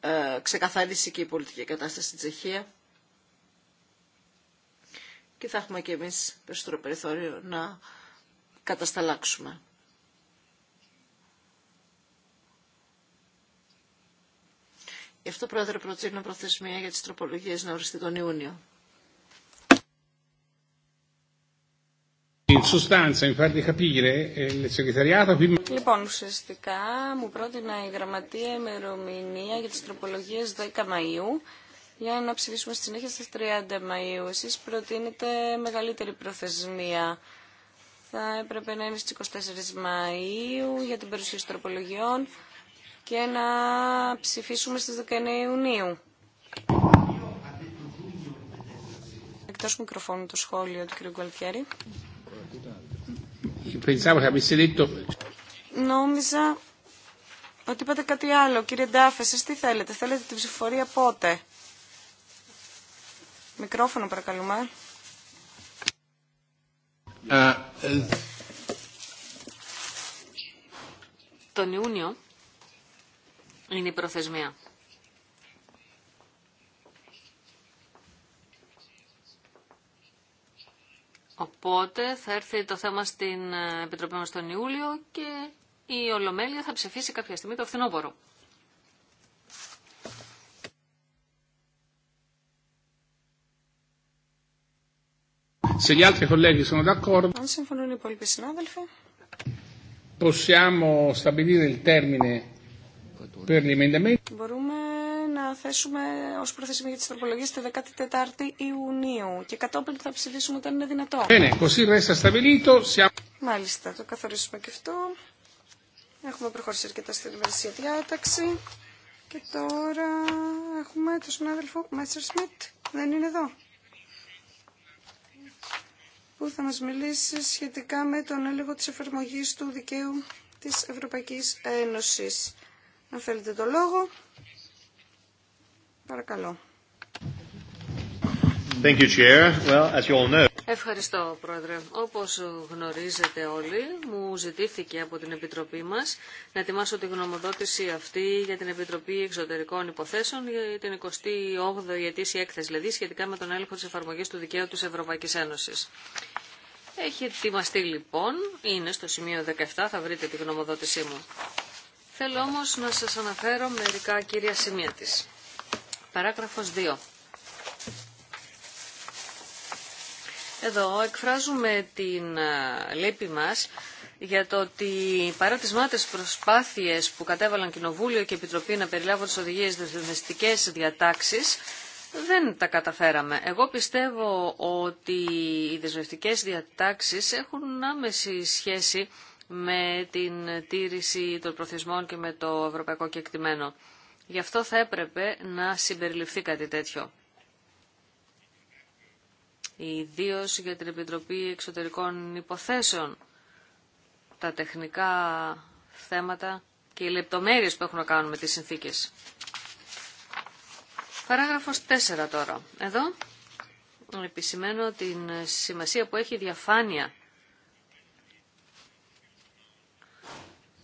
ε, ξεκαθαρίσει και η πολιτική κατάσταση στην Τσεχία και θα έχουμε και εμείς περισσότερο περιθώριο να κατασταλάξουμε. Γι' αυτό, Πρόεδρε, προτείνω προθεσμία για τις τροπολογίες να οριστεί τον Ιούνιο. Eh, λοιπόν, ουσιαστικά μου πρότεινα η Γραμματεία ημερομηνία για τις τροπολογίες 10 Μαΐου για να ψηφίσουμε στη συνέχεια στις 30 Μαΐου. Εσείς προτείνετε μεγαλύτερη προθεσμία. Θα έπρεπε να είναι στις 24 Μαΐου για την παρουσίαση τροπολογιών και να ψηφίσουμε στις 19 Ιουνίου. Εκτός μικροφώνου το σχόλιο του κ. Γκουαλτιέρη. Νόμιζα ότι είπατε κάτι άλλο. Κύριε Ντάφε, εσεί τι θέλετε, θέλετε τη ψηφορία πότε. Μικρόφωνο παρακαλούμε. Ε, ε, τον Ιούνιο είναι η προθεσμία. Οπότε θα έρθει το θέμα στην ε, Επιτροπή μας τον Ιούλιο και η Ολομέλεια θα ψηφίσει κάποια στιγμή το φθινόπωρο. Se gli altri colleghi sono d'accordo. Αν συμφωνούν οι υπόλοιποι συνάδελφοι. Possiamo stabilire il termine per gli emendamenti. Μπορούμε να θέσουμε ω προθεσμία για τι τροπολογίε τη 14η Ιουνίου και κατόπιν θα ψηφίσουμε όταν είναι δυνατό. resta stabilito. Μάλιστα, το καθορίσουμε και αυτό. Έχουμε προχωρήσει αρκετά στην ημερησία διάταξη. Και τώρα έχουμε τον συνάδελφο Μέσσερ Σμιτ. Δεν είναι εδώ που θα μας μιλήσει σχετικά με τον έλεγχο της εφαρμογής του δικαίου της Ευρωπαϊκής Ένωσης. Αν θέλετε το λόγο, παρακαλώ. Thank you, Well, as you all know... Ευχαριστώ, Πρόεδρε. Όπως γνωρίζετε όλοι, μου ζητήθηκε από την Επιτροπή μας να ετοιμάσω τη γνωμοδότηση αυτή για την Επιτροπή Εξωτερικών Υποθέσεων για την 28η ετήσια έκθεση, δηλαδή σχετικά με τον έλεγχο της εφαρμογής του δικαίου της Ευρωπαϊκής Ένωσης. Έχει ετοιμαστεί λοιπόν, είναι στο σημείο 17, θα βρείτε τη γνωμοδότησή μου. Θέλω όμως να σας αναφέρω μερικά κύρια σημεία της. Παράγραφος 2 Εδώ εκφράζουμε την λύπη μας για το ότι παρά τις μάτες προσπάθειες που κατέβαλαν Κοινοβούλιο και Επιτροπή να περιλάβουν τις οδηγίες δεσμευτικές διατάξεις, δεν τα καταφέραμε. Εγώ πιστεύω ότι οι δεσμευτικές διατάξεις έχουν άμεση σχέση με την τήρηση των προθεσμών και με το ευρωπαϊκό κεκτημένο. Γι' αυτό θα έπρεπε να συμπεριληφθεί κάτι τέτοιο ιδίω για την Επιτροπή Εξωτερικών Υποθέσεων. Τα τεχνικά θέματα και οι λεπτομέρειες που έχουν να κάνουν με τις συνθήκες. Παράγραφος 4 τώρα. Εδώ επισημαίνω την σημασία που έχει η διαφάνεια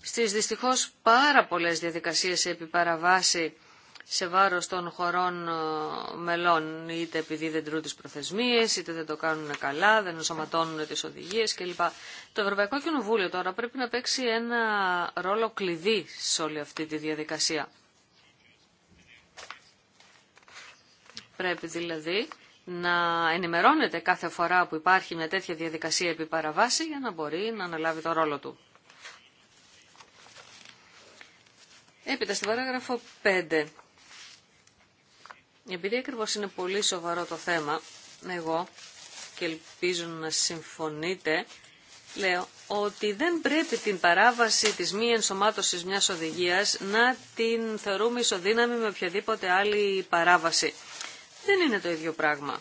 στις δυστυχώς πάρα πολλές διαδικασίες επί παραβάση σε βάρος των χωρών ε, μελών, είτε επειδή δεν τρούν τις προθεσμίες, είτε δεν το κάνουν καλά, δεν ενσωματώνουν τις οδηγίες κλπ. Το Ευρωπαϊκό Κοινοβούλιο τώρα πρέπει να παίξει ένα ρόλο κλειδί σε όλη αυτή τη διαδικασία. Πρέπει δηλαδή να ενημερώνεται κάθε φορά που υπάρχει μια τέτοια διαδικασία επί παραβάση για να μπορεί να αναλάβει το ρόλο του. Έπειτα στην παράγραφο 5 επειδή ακριβώ είναι πολύ σοβαρό το θέμα, εγώ και ελπίζω να συμφωνείτε, λέω ότι δεν πρέπει την παράβαση της μη ενσωμάτωσης μιας οδηγίας να την θεωρούμε ισοδύναμη με οποιαδήποτε άλλη παράβαση. Δεν είναι το ίδιο πράγμα.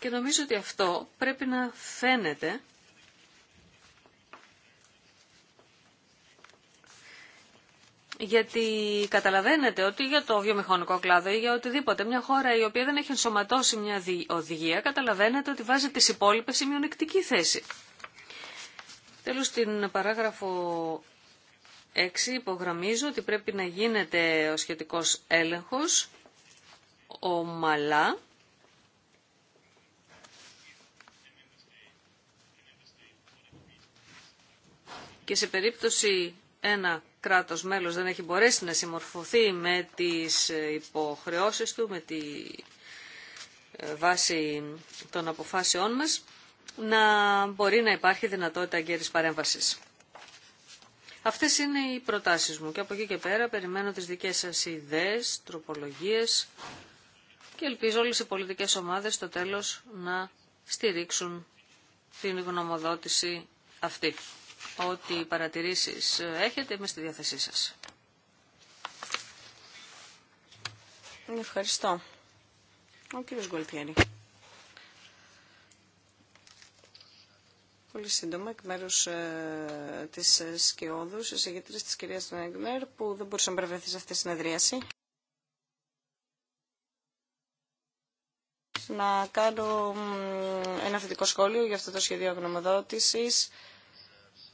Και νομίζω ότι αυτό πρέπει να φαίνεται γιατί καταλαβαίνετε ότι για το βιομηχανικό κλάδο ή για οτιδήποτε, μια χώρα η οποία δεν έχει ενσωματώσει μια οδηγία, καταλαβαίνετε ότι βάζει τις υπόλοιπες σε μειονεκτική θέση. Τέλος, στην παράγραφο 6 υπογραμμίζω ότι πρέπει να γίνεται ο σχετικός έλεγχος ομαλά, και σε περίπτωση ένα κράτος μέλος δεν έχει μπορέσει να συμμορφωθεί με τις υποχρεώσεις του, με τη ε, βάση των αποφάσεών μας, να μπορεί να υπάρχει δυνατότητα αγκαίρης παρέμβασης. Αυτές είναι οι προτάσεις μου και από εκεί και πέρα περιμένω τις δικές σας ιδέες, τροπολογίες και ελπίζω όλες οι πολιτικές ομάδες στο τέλος να στηρίξουν την γνωμοδότηση αυτή ό,τι παρατηρήσεις έχετε είμαι στη διάθεσή σας. Ευχαριστώ. Ο κύριος Γκολτιέρη. Πολύ σύντομα, εκ μέρου ε, τη ε, Σκιώδου, κυρίας τη κυρία Νέγκνερ, που δεν μπορούσε να παρευρεθεί σε αυτή τη συνεδρίαση. Να κάνω ένα θετικό σχόλιο για αυτό το σχέδιο γνωμοδότησης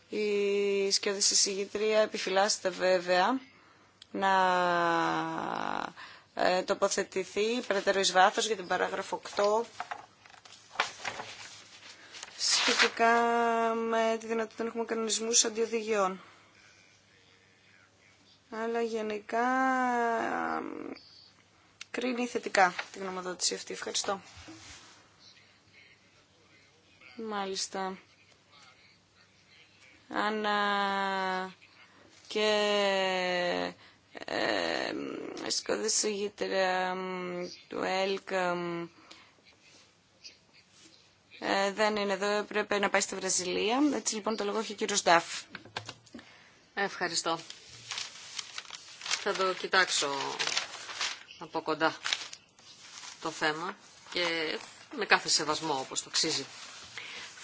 η σκιώδης εισηγητρία επιφυλάσσεται βέβαια να ε, τοποθετηθεί περαιτέρω εις βάθος για την παράγραφο 8 σχετικά με τη δυνατότητα να έχουμε κανονισμούς αντιοδηγιών. Αλλά γενικά ε, κρίνει θετικά την γνωμοδότηση αυτή. Ευχαριστώ. Μάλιστα αν και ε, σκοτήσω του ΕΛΚ ε, δεν είναι εδώ, πρέπει να πάει στη Βραζιλία. Έτσι λοιπόν το λόγο έχει ο κύριος Νταφ. Ευχαριστώ. Θα το κοιτάξω από κοντά το θέμα και με κάθε σεβασμό όπως το αξίζει.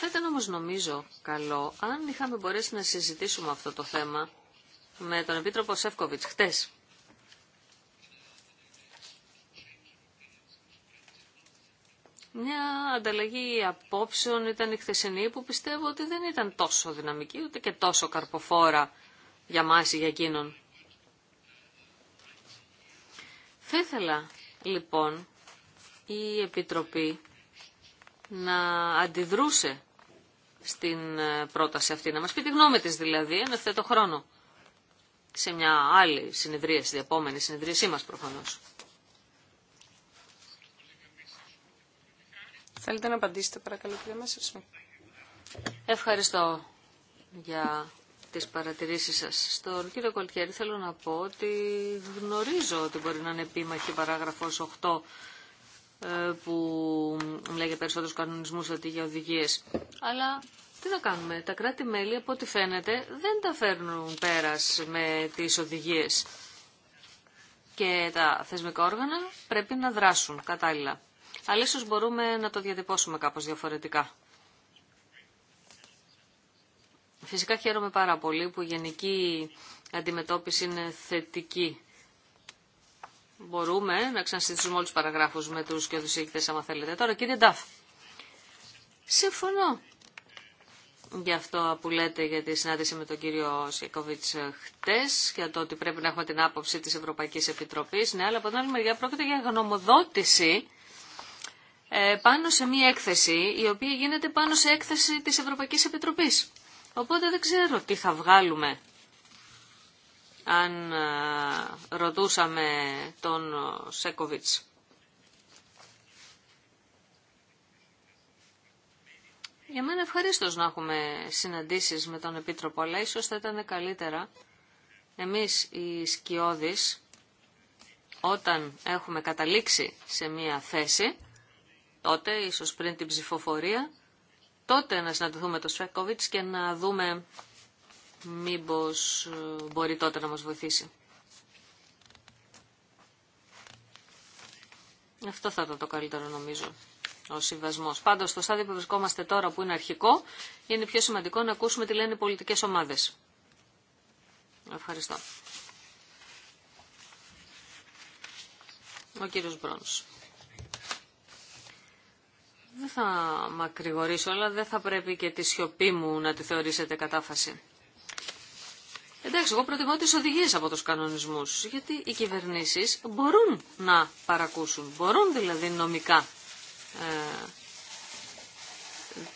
Θα ήταν όμως νομίζω καλό αν είχαμε μπορέσει να συζητήσουμε αυτό το θέμα με τον Επίτροπο Σεύκοβιτς χτες. Μια ανταλλαγή απόψεων ήταν η χθεσινή που πιστεύω ότι δεν ήταν τόσο δυναμική ούτε και τόσο καρποφόρα για μας ή για εκείνον. Θα ήθελα λοιπόν η Επιτροπή να αντιδρούσε στην ε, πρόταση αυτή. Να μας πει τη γνώμη της δηλαδή, εν ευθέτω χρόνο. Σε μια άλλη συνεδρία, στην επόμενη συνεδρίασή μας προφανώς. Θέλετε να απαντήσετε παρακαλώ κύριε Μέσερσον. Ναι. Ευχαριστώ για τις παρατηρήσεις σας. Στον κύριο Κολτιέρη θέλω να πω ότι γνωρίζω ότι μπορεί να είναι επίμαχη παράγραφος 8 ε, που μιλάει για περισσότερους κανονισμούς αντί για οδηγίες. Αλλά τι να κάνουμε, τα κράτη-μέλη από ό,τι φαίνεται δεν τα φέρνουν πέρας με τις οδηγίες. Και τα θεσμικά όργανα πρέπει να δράσουν κατάλληλα. Αλλά μπορούμε να το διατυπώσουμε κάπως διαφορετικά. Φυσικά χαίρομαι πάρα πολύ που η γενική αντιμετώπιση είναι θετική Μπορούμε να ξανασυζητήσουμε όλου του παραγράφου με του και ηγητέ, άμα θέλετε. Τώρα κύριε Ντάφ, συμφωνώ για αυτό που λέτε για τη συνάντηση με τον κύριο Σιεκόβιτ ε, Χτέ για το ότι πρέπει να έχουμε την άποψη τη Ευρωπαϊκή Επιτροπή, Ναι, αλλά από την άλλη μεριά πρόκειται για γνωμοδότηση ε, πάνω σε μία έκθεση, η οποία γίνεται πάνω σε έκθεση της Ευρωπαϊκής Επιτροπής. Οπότε δεν ξέρω τι θα βγάλουμε αν ρωτούσαμε τον Σέκοβιτς. Για μένα ευχαρίστω να έχουμε συναντήσεις με τον Επίτροπο, αλλά ίσως θα ήταν καλύτερα εμείς οι σκιώδεις, όταν έχουμε καταλήξει σε μία θέση, τότε, ίσως πριν την ψηφοφορία, τότε να συναντηθούμε τον Σφέκοβιτς και να δούμε Μήπως ε, μπορεί τότε να μας βοηθήσει. Αυτό θα ήταν το καλύτερο νομίζω ο συμβασμό. Πάντως, στο στάδιο που βρισκόμαστε τώρα, που είναι αρχικό, είναι πιο σημαντικό να ακούσουμε τι λένε οι πολιτικέ ομάδε. Ευχαριστώ. Ο κύριος Μπρόνς. Δεν θα μακρηγορήσω, αλλά δεν θα πρέπει και τη σιωπή μου να τη θεωρήσετε κατάφαση. Εντάξει, εγώ προτιμώ τι οδηγίες από του κανονισμού, γιατί οι κυβερνήσει μπορούν να παρακούσουν, μπορούν δηλαδή νομικά ε,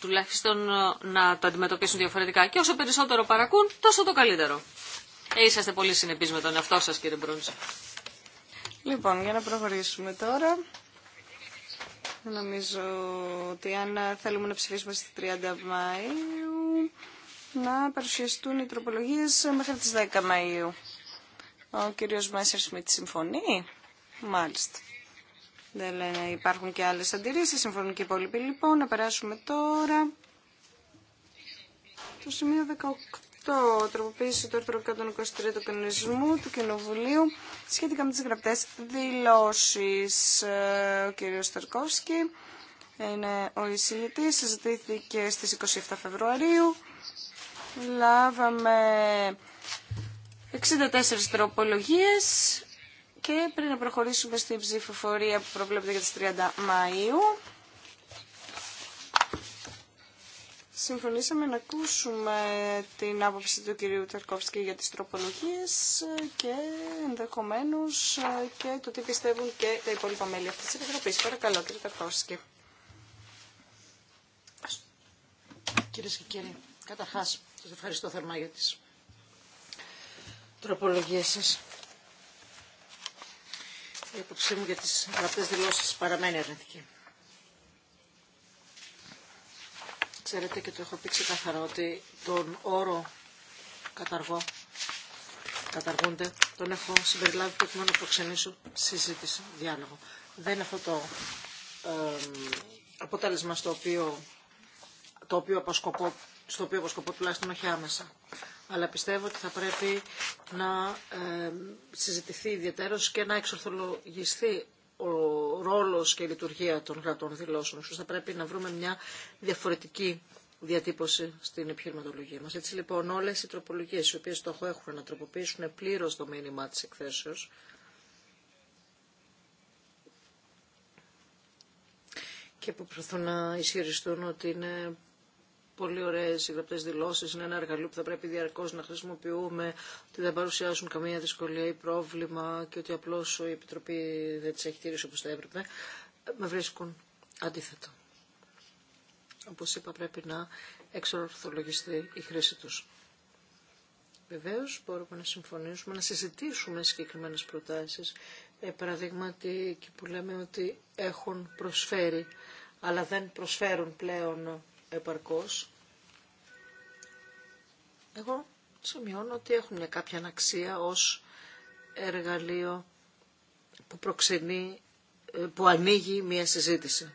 τουλάχιστον ε, να το αντιμετωπίσουν διαφορετικά. Και όσο περισσότερο παρακούν, τόσο το καλύτερο. Ε, είσαστε πολύ συνεπεί με τον εαυτό σα, κύριε Μπρούντζα. Λοιπόν, για να προχωρήσουμε τώρα. Νομίζω ότι αν θέλουμε να ψηφίσουμε στις 30 Μαΐου να παρουσιαστούν οι τροπολογίε μέχρι τις 10 Μαου. Ο κύριος Μέσσερ Σμιτ συμφωνεί. Μάλιστα. Δεν λένε υπάρχουν και άλλες αντιρρήσεις, συμφωνούν και οι υπόλοιποι. Λοιπόν, να περάσουμε τώρα το σημείο 18, τροποποίηση του άρθρου 123 του κανονισμού του Κοινοβουλίου σχετικά με τις γραπτές δηλώσεις. Ο κύριος Σταρκόφσκι είναι ο εισηγητής, συζητήθηκε στις 27 Φεβρουαρίου λάβαμε 64 τροπολογίες και πριν να προχωρήσουμε στην ψηφοφορία που προβλέπεται για τις 30 Μαΐου συμφωνήσαμε να ακούσουμε την άποψη του κυρίου Ταρκόφσκη για τις τροπολογίες και ενδεχομένως και το τι πιστεύουν και τα υπόλοιπα μέλη αυτής της Επιτροπής. Παρακαλώ κύριε Ταρκόφσκη. Κυρίε και κύριοι, καταρχάς σας ευχαριστώ θερμά για τις τροπολογίες σας. Η άποψή μου για τις γραπτές δηλώσεις παραμένει αρνητική. Ξέρετε και το έχω πει ξεκάθαρα ότι τον όρο καταργώ, καταργούνται, τον έχω συμπεριλάβει προκειμένου να προξενήσω συζήτηση, διάλογο. Δεν είναι αυτό το αποτέλεσμα στο οποίο το οποίο αποσκοπώ, στο οποίο αποσκοπώ τουλάχιστον όχι άμεσα. Αλλά πιστεύω ότι θα πρέπει να ε, συζητηθεί ιδιαίτερος και να εξορθολογιστεί ο ρόλος και η λειτουργία των κρατών δηλώσεων. Ίσως θα πρέπει να βρούμε μια διαφορετική διατύπωση στην επιχειρηματολογία μας. Έτσι λοιπόν όλες οι τροπολογίες οι οποίες στόχο έχουν να τροποποιήσουν πλήρως το μήνυμα της εκθέσεως και που προσπαθούν να ισχυριστούν ότι είναι πολύ ωραίε οι γραπτές δηλώσεις, είναι ένα εργαλείο που θα πρέπει διαρκώ να χρησιμοποιούμε, ότι δεν παρουσιάσουν καμία δυσκολία ή πρόβλημα και ότι απλώς η προβλημα και οτι απλω η επιτροπη δεν τι έχει τήρησει όπως θα έπρεπε, με βρίσκουν αντίθετο. Όπω είπα πρέπει να εξορθολογιστεί η χρήση του. Βεβαίω μπορούμε να συμφωνήσουμε, να συζητήσουμε συγκεκριμένε προτάσει. ε, παραδείγματι εκεί που λέμε ότι έχουν προσφέρει, αλλά δεν προσφέρουν πλέον επαρκώς, εγώ σημειώνω ότι έχουν μια κάποια αναξία ως εργαλείο που προξενεί, ε, που ανοίγει μια συζήτηση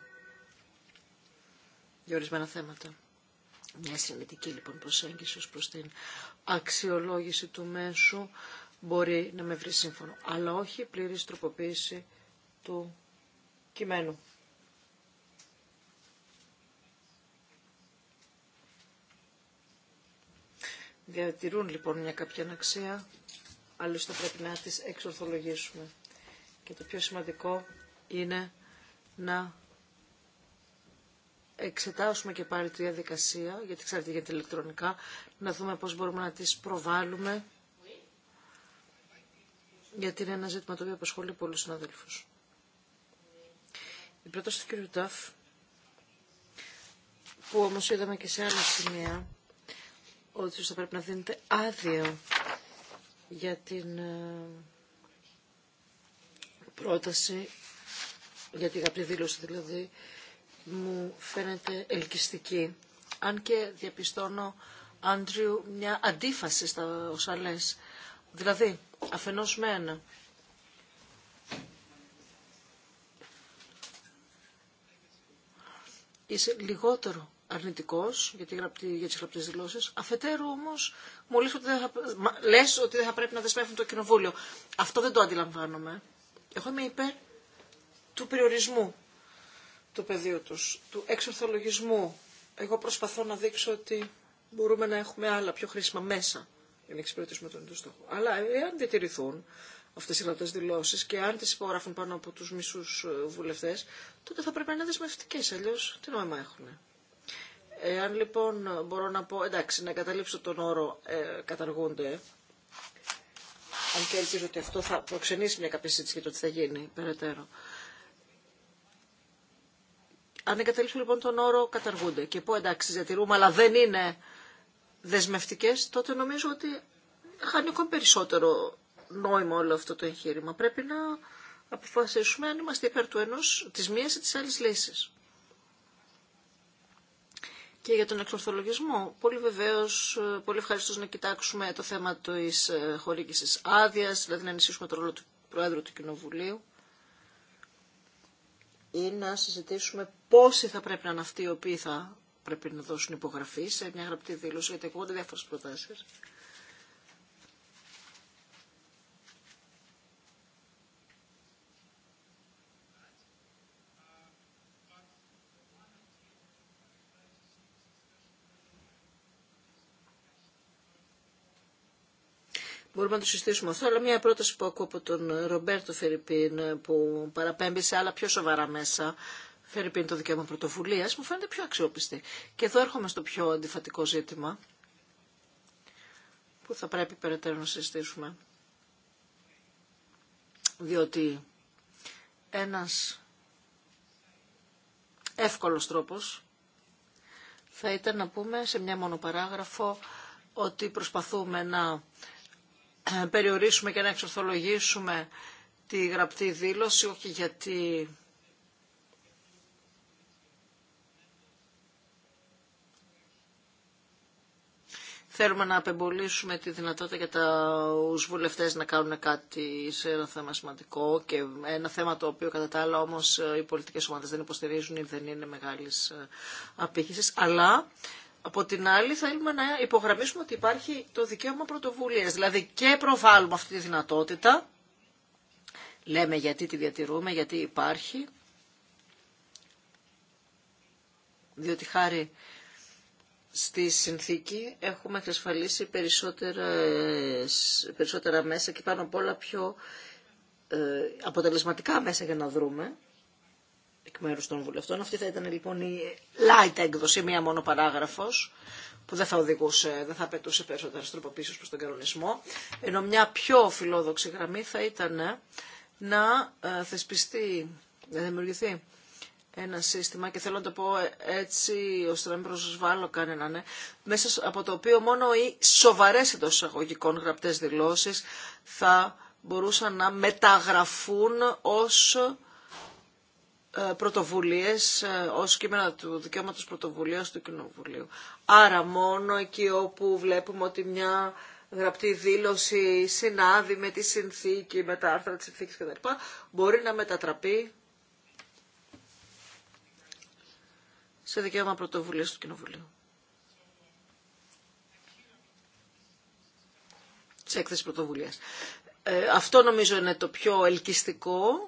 για ορισμένα θέματα. Μια συνετική λοιπόν προσέγγιση ως προς την αξιολόγηση του μέσου μπορεί να με βρει σύμφωνο, αλλά όχι πλήρης τροποποίηση του κειμένου. Διατηρούν λοιπόν μια κάποια αναξία, άλλωστε πρέπει να τις εξορθολογήσουμε. Και το πιο σημαντικό είναι να εξετάσουμε και πάλι τη διαδικασία, γιατί ξέρετε γίνεται ηλεκτρονικά, να δούμε πώς μπορούμε να τις προβάλλουμε, γιατί είναι ένα ζήτημα το οποίο απασχολεί πολλούς συναδέλφους. Η πρόταση του κ. Ταφ, που όμως είδαμε και σε άλλα σημεία, ότι θα πρέπει να δίνετε άδειο για την ε, πρόταση, για την αγαπητή δήλωση δηλαδή, μου φαίνεται ελκυστική. Αν και διαπιστώνω, Άντριου, μια αντίφαση στα όσα λες. Δηλαδή, αφενός με ένα, είσαι λιγότερο αρνητικό για, τι γραπτή, για τις δηλώσεις. Αφετέρου όμω μόλι ότι, δεν θα, πρέπει να δεσμεύουν το κοινοβούλιο. Αυτό δεν το αντιλαμβάνομαι. Εγώ είμαι υπέρ του περιορισμού του πεδίου του, του εξορθολογισμού. Εγώ προσπαθώ να δείξω ότι μπορούμε να έχουμε άλλα πιο χρήσιμα μέσα για να εξυπηρετήσουμε τον ίδιο στόχο. Αλλά εάν διατηρηθούν αυτέ οι γραπτέ δηλώσει και αν τι υπογράφουν πάνω από του μισού ε, βουλευτέ, τότε θα πρέπει να είναι δεσμευτικέ. Αλλιώ τι νόημα έχουν. Εάν λοιπόν μπορώ να πω, εντάξει, να καταλήψω τον όρο ε, καταργούνται, αν και ελπίζω ότι αυτό θα προξενήσει μια κάποια συζήτηση για το τι θα γίνει περαιτέρω. Αν εγκαταλείψω λοιπόν τον όρο καταργούνται και πω εντάξει διατηρούμε αλλά δεν είναι δεσμευτικές, τότε νομίζω ότι χάνει ακόμη περισσότερο νόημα όλο αυτό το εγχείρημα. Πρέπει να αποφασίσουμε αν είμαστε υπέρ του ενός, της μίας ή της άλλης λύσης και για τον εξορθολογισμό. Πολύ βεβαίω, ε, πολύ ευχαριστώ να κοιτάξουμε το θέμα τη ε, χορήγηση άδεια, δηλαδή να ενισχύσουμε το ρόλο του Προέδρου του Κοινοβουλίου ή να συζητήσουμε πόσοι θα πρέπει να είναι αυτοί οι οποίοι θα πρέπει να δώσουν υπογραφή σε μια γραπτή δήλωση, γιατί ακούγονται διάφορε προτάσει. μπορούμε να το συστήσουμε αυτό, αλλά μια πρόταση που ακούω από τον Ρομπέρτο Φερρυπίν ε, που παραπέμπει σε άλλα πιο σοβαρά μέσα, Φερρυπίν το δικαίωμα πρωτοβουλία, μου φαίνεται πιο αξιόπιστη. Και εδώ έρχομαι στο πιο αντιφατικό ζήτημα που θα πρέπει περαιτέρω να συζητήσουμε. Διότι ένας εύκολος τρόπος θα ήταν να πούμε σε μια μονοπαράγραφο ότι προσπαθούμε να ε, περιορίσουμε και να εξορθολογήσουμε τη γραπτή δήλωση, όχι γιατί θέλουμε να απεμπολίσουμε τη δυνατότητα για τα βουλευτές να κάνουν κάτι σε ένα θέμα σημαντικό και ένα θέμα το οποίο κατά τα άλλα όμως ε, οι πολιτικές ομάδες δεν υποστηρίζουν ή δεν είναι μεγάλης ε, απήχησης. Αλλά από την άλλη θέλουμε να υπογραμμίσουμε ότι υπάρχει το δικαίωμα πρωτοβουλία. Δηλαδή και προβάλλουμε αυτή τη δυνατότητα, λέμε γιατί τη διατηρούμε, γιατί υπάρχει, διότι χάρη στη συνθήκη έχουμε εξασφαλίσει περισσότερα μέσα και πάνω απ' όλα πιο ε, αποτελεσματικά μέσα για να δρούμε εκ μέρου των βουλευτών. Αυτή θα ήταν λοιπόν η light έκδοση, μία μόνο παράγραφο που δεν θα οδηγούσε, δεν θα απαιτούσε περισσότερε τροποποίησεις προς τον κανονισμό, ενώ μια πιο φιλόδοξη γραμμή θα ήταν ε, να ε, θεσπιστεί, να δημιουργηθεί ένα σύστημα και θέλω να το πω ε, έτσι ώστε να μην προσβάλλω κανέναν, ναι, μέσα από το οποίο μόνο οι σοβαρές εντό εισαγωγικών γραπτές δηλώσεις θα μπορούσαν να μεταγραφούν ως ε, πρωτοβουλίες ε, ως κείμενα του δικαίωματος πρωτοβουλίας του Κοινοβουλίου. Άρα μόνο εκεί όπου βλέπουμε ότι μια γραπτή δήλωση συνάδει με τη συνθήκη, με τα άρθρα της συνθήκης κλπ μπορεί να μετατραπεί σε δικαίωμα πρωτοβουλίας του Κοινοβουλίου. Σε έκθεση πρωτοβουλίας. Ε, αυτό νομίζω είναι το πιο ελκυστικό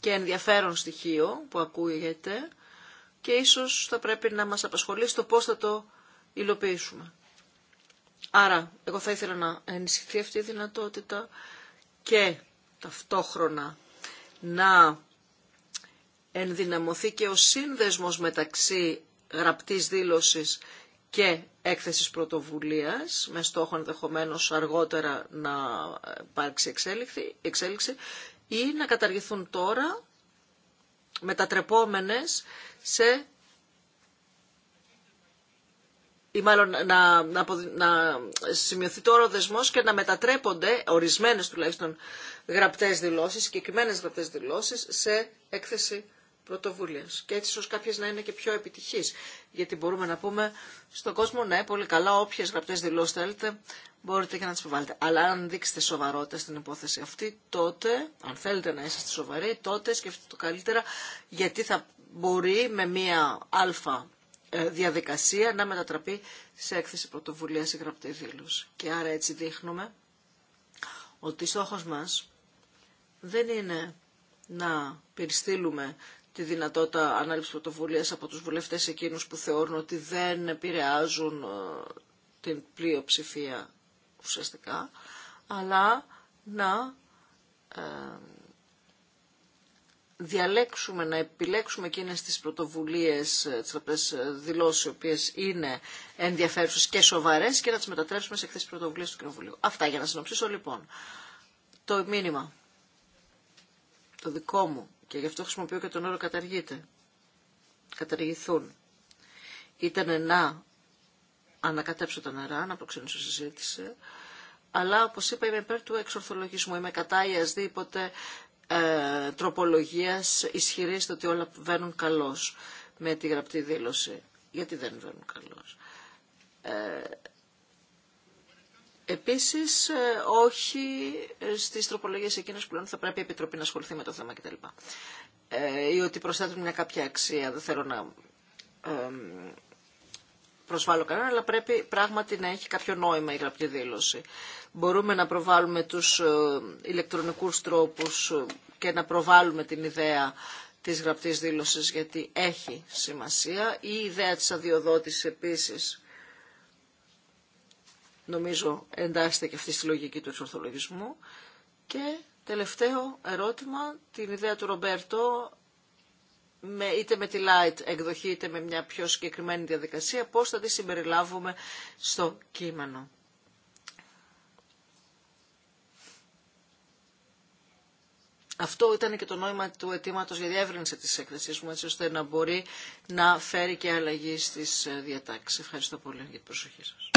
και ενδιαφέρον στοιχείο που ακούγεται και ίσως θα πρέπει να μας απασχολεί στο πώς θα το υλοποιήσουμε. Άρα, εγώ θα ήθελα να ενισχυθεί αυτή η δυνατότητα και ταυτόχρονα να ενδυναμωθεί και ο σύνδεσμος μεταξύ γραπτής δήλωσης και έκθεσης πρωτοβουλίας, με στόχο ενδεχομένω αργότερα να υπάρξει εξέλιξη ή να καταργηθούν τώρα μετατρεπόμενες σε ή μάλλον να, να, να σημειωθεί τώρα ο δεσμός και να μετατρέπονται ορισμένες τουλάχιστον γραπτές δηλώσεις, συγκεκριμένε γραπτές δηλώσεις σε έκθεση πρωτοβουλίας. Και έτσι ίσως κάποιες να είναι και πιο επιτυχείς. Γιατί μπορούμε να πούμε στον κόσμο, ναι, πολύ καλά, όποιες γραπτές δηλώσεις θέλετε, μπορείτε και να τις υποβάλλετε. Αλλά αν δείξετε σοβαρότητα στην υπόθεση αυτή, τότε, αν θέλετε να είσαστε σοβαροί, τότε σκεφτείτε το καλύτερα γιατί θα μπορεί με μία αλφα ε, διαδικασία να μετατραπεί σε έκθεση πρωτοβουλία ή γραπτή δήλωση. Και άρα έτσι δείχνουμε ότι στόχος μας δεν είναι να περιστύλουμε τη δυνατότητα ανάληψης πρωτοβουλία από τους βουλευτές εκείνους που θεωρούν ότι δεν επηρεάζουν ε, την πλειοψηφία ουσιαστικά, αλλά να ε, διαλέξουμε, να επιλέξουμε εκείνες τις πρωτοβουλίες, ε, τις ε, δηλώσεις, οι οποίες είναι ενδιαφέρουσες και σοβαρές και να τις μετατρέψουμε σε εκθέσεις πρωτοβουλίες του Κοινοβουλίου. Αυτά για να συνοψίσω λοιπόν. Το μήνυμα, το δικό μου, και γι' αυτό χρησιμοποιώ και τον όρο καταργείται, καταργηθούν, ήταν να ανακατέψω τα νερά, να προξενήσω συζήτηση, αλλά όπως είπα είμαι υπέρ του εξορθολογισμού, είμαι κατά ιασδήποτε ε, τροπολογίας ισχυρίζεται ότι όλα βαίνουν καλώς με τη γραπτή δήλωση. Γιατί δεν βαίνουν καλώς. Ε, επίσης, ε, όχι στις τροπολογίες εκείνες που λένε ότι θα πρέπει η Επιτροπή να ασχοληθεί με το θέμα κτλ. Ε, ή ότι προσθέτουν μια κάποια αξία. Δεν θέλω να ε, προσβάλλω κανένα, αλλά πρέπει πράγματι να έχει κάποιο νόημα η γραπτή δήλωση. Μπορούμε να προβάλλουμε τους ε, ηλεκτρονικούς τρόπους ε, και να προβάλλουμε την ιδέα της γραπτής δήλωσης γιατί έχει σημασία. Η ιδέα της αδειοδότησης επίσης νομίζω εντάσσεται και αυτή στη λογική του εξορθολογισμού. Και τελευταίο ερώτημα, την ιδέα του Ρομπέρτο με, είτε με τη light εκδοχή είτε με μια πιο συγκεκριμένη διαδικασία πώς θα τη συμπεριλάβουμε στο κείμενο. Αυτό ήταν και το νόημα του αιτήματο για διεύρυνση τη έκθεση μου, έτσι ώστε να μπορεί να φέρει και αλλαγή στι ε, διατάξει. Ευχαριστώ πολύ για την προσοχή σα.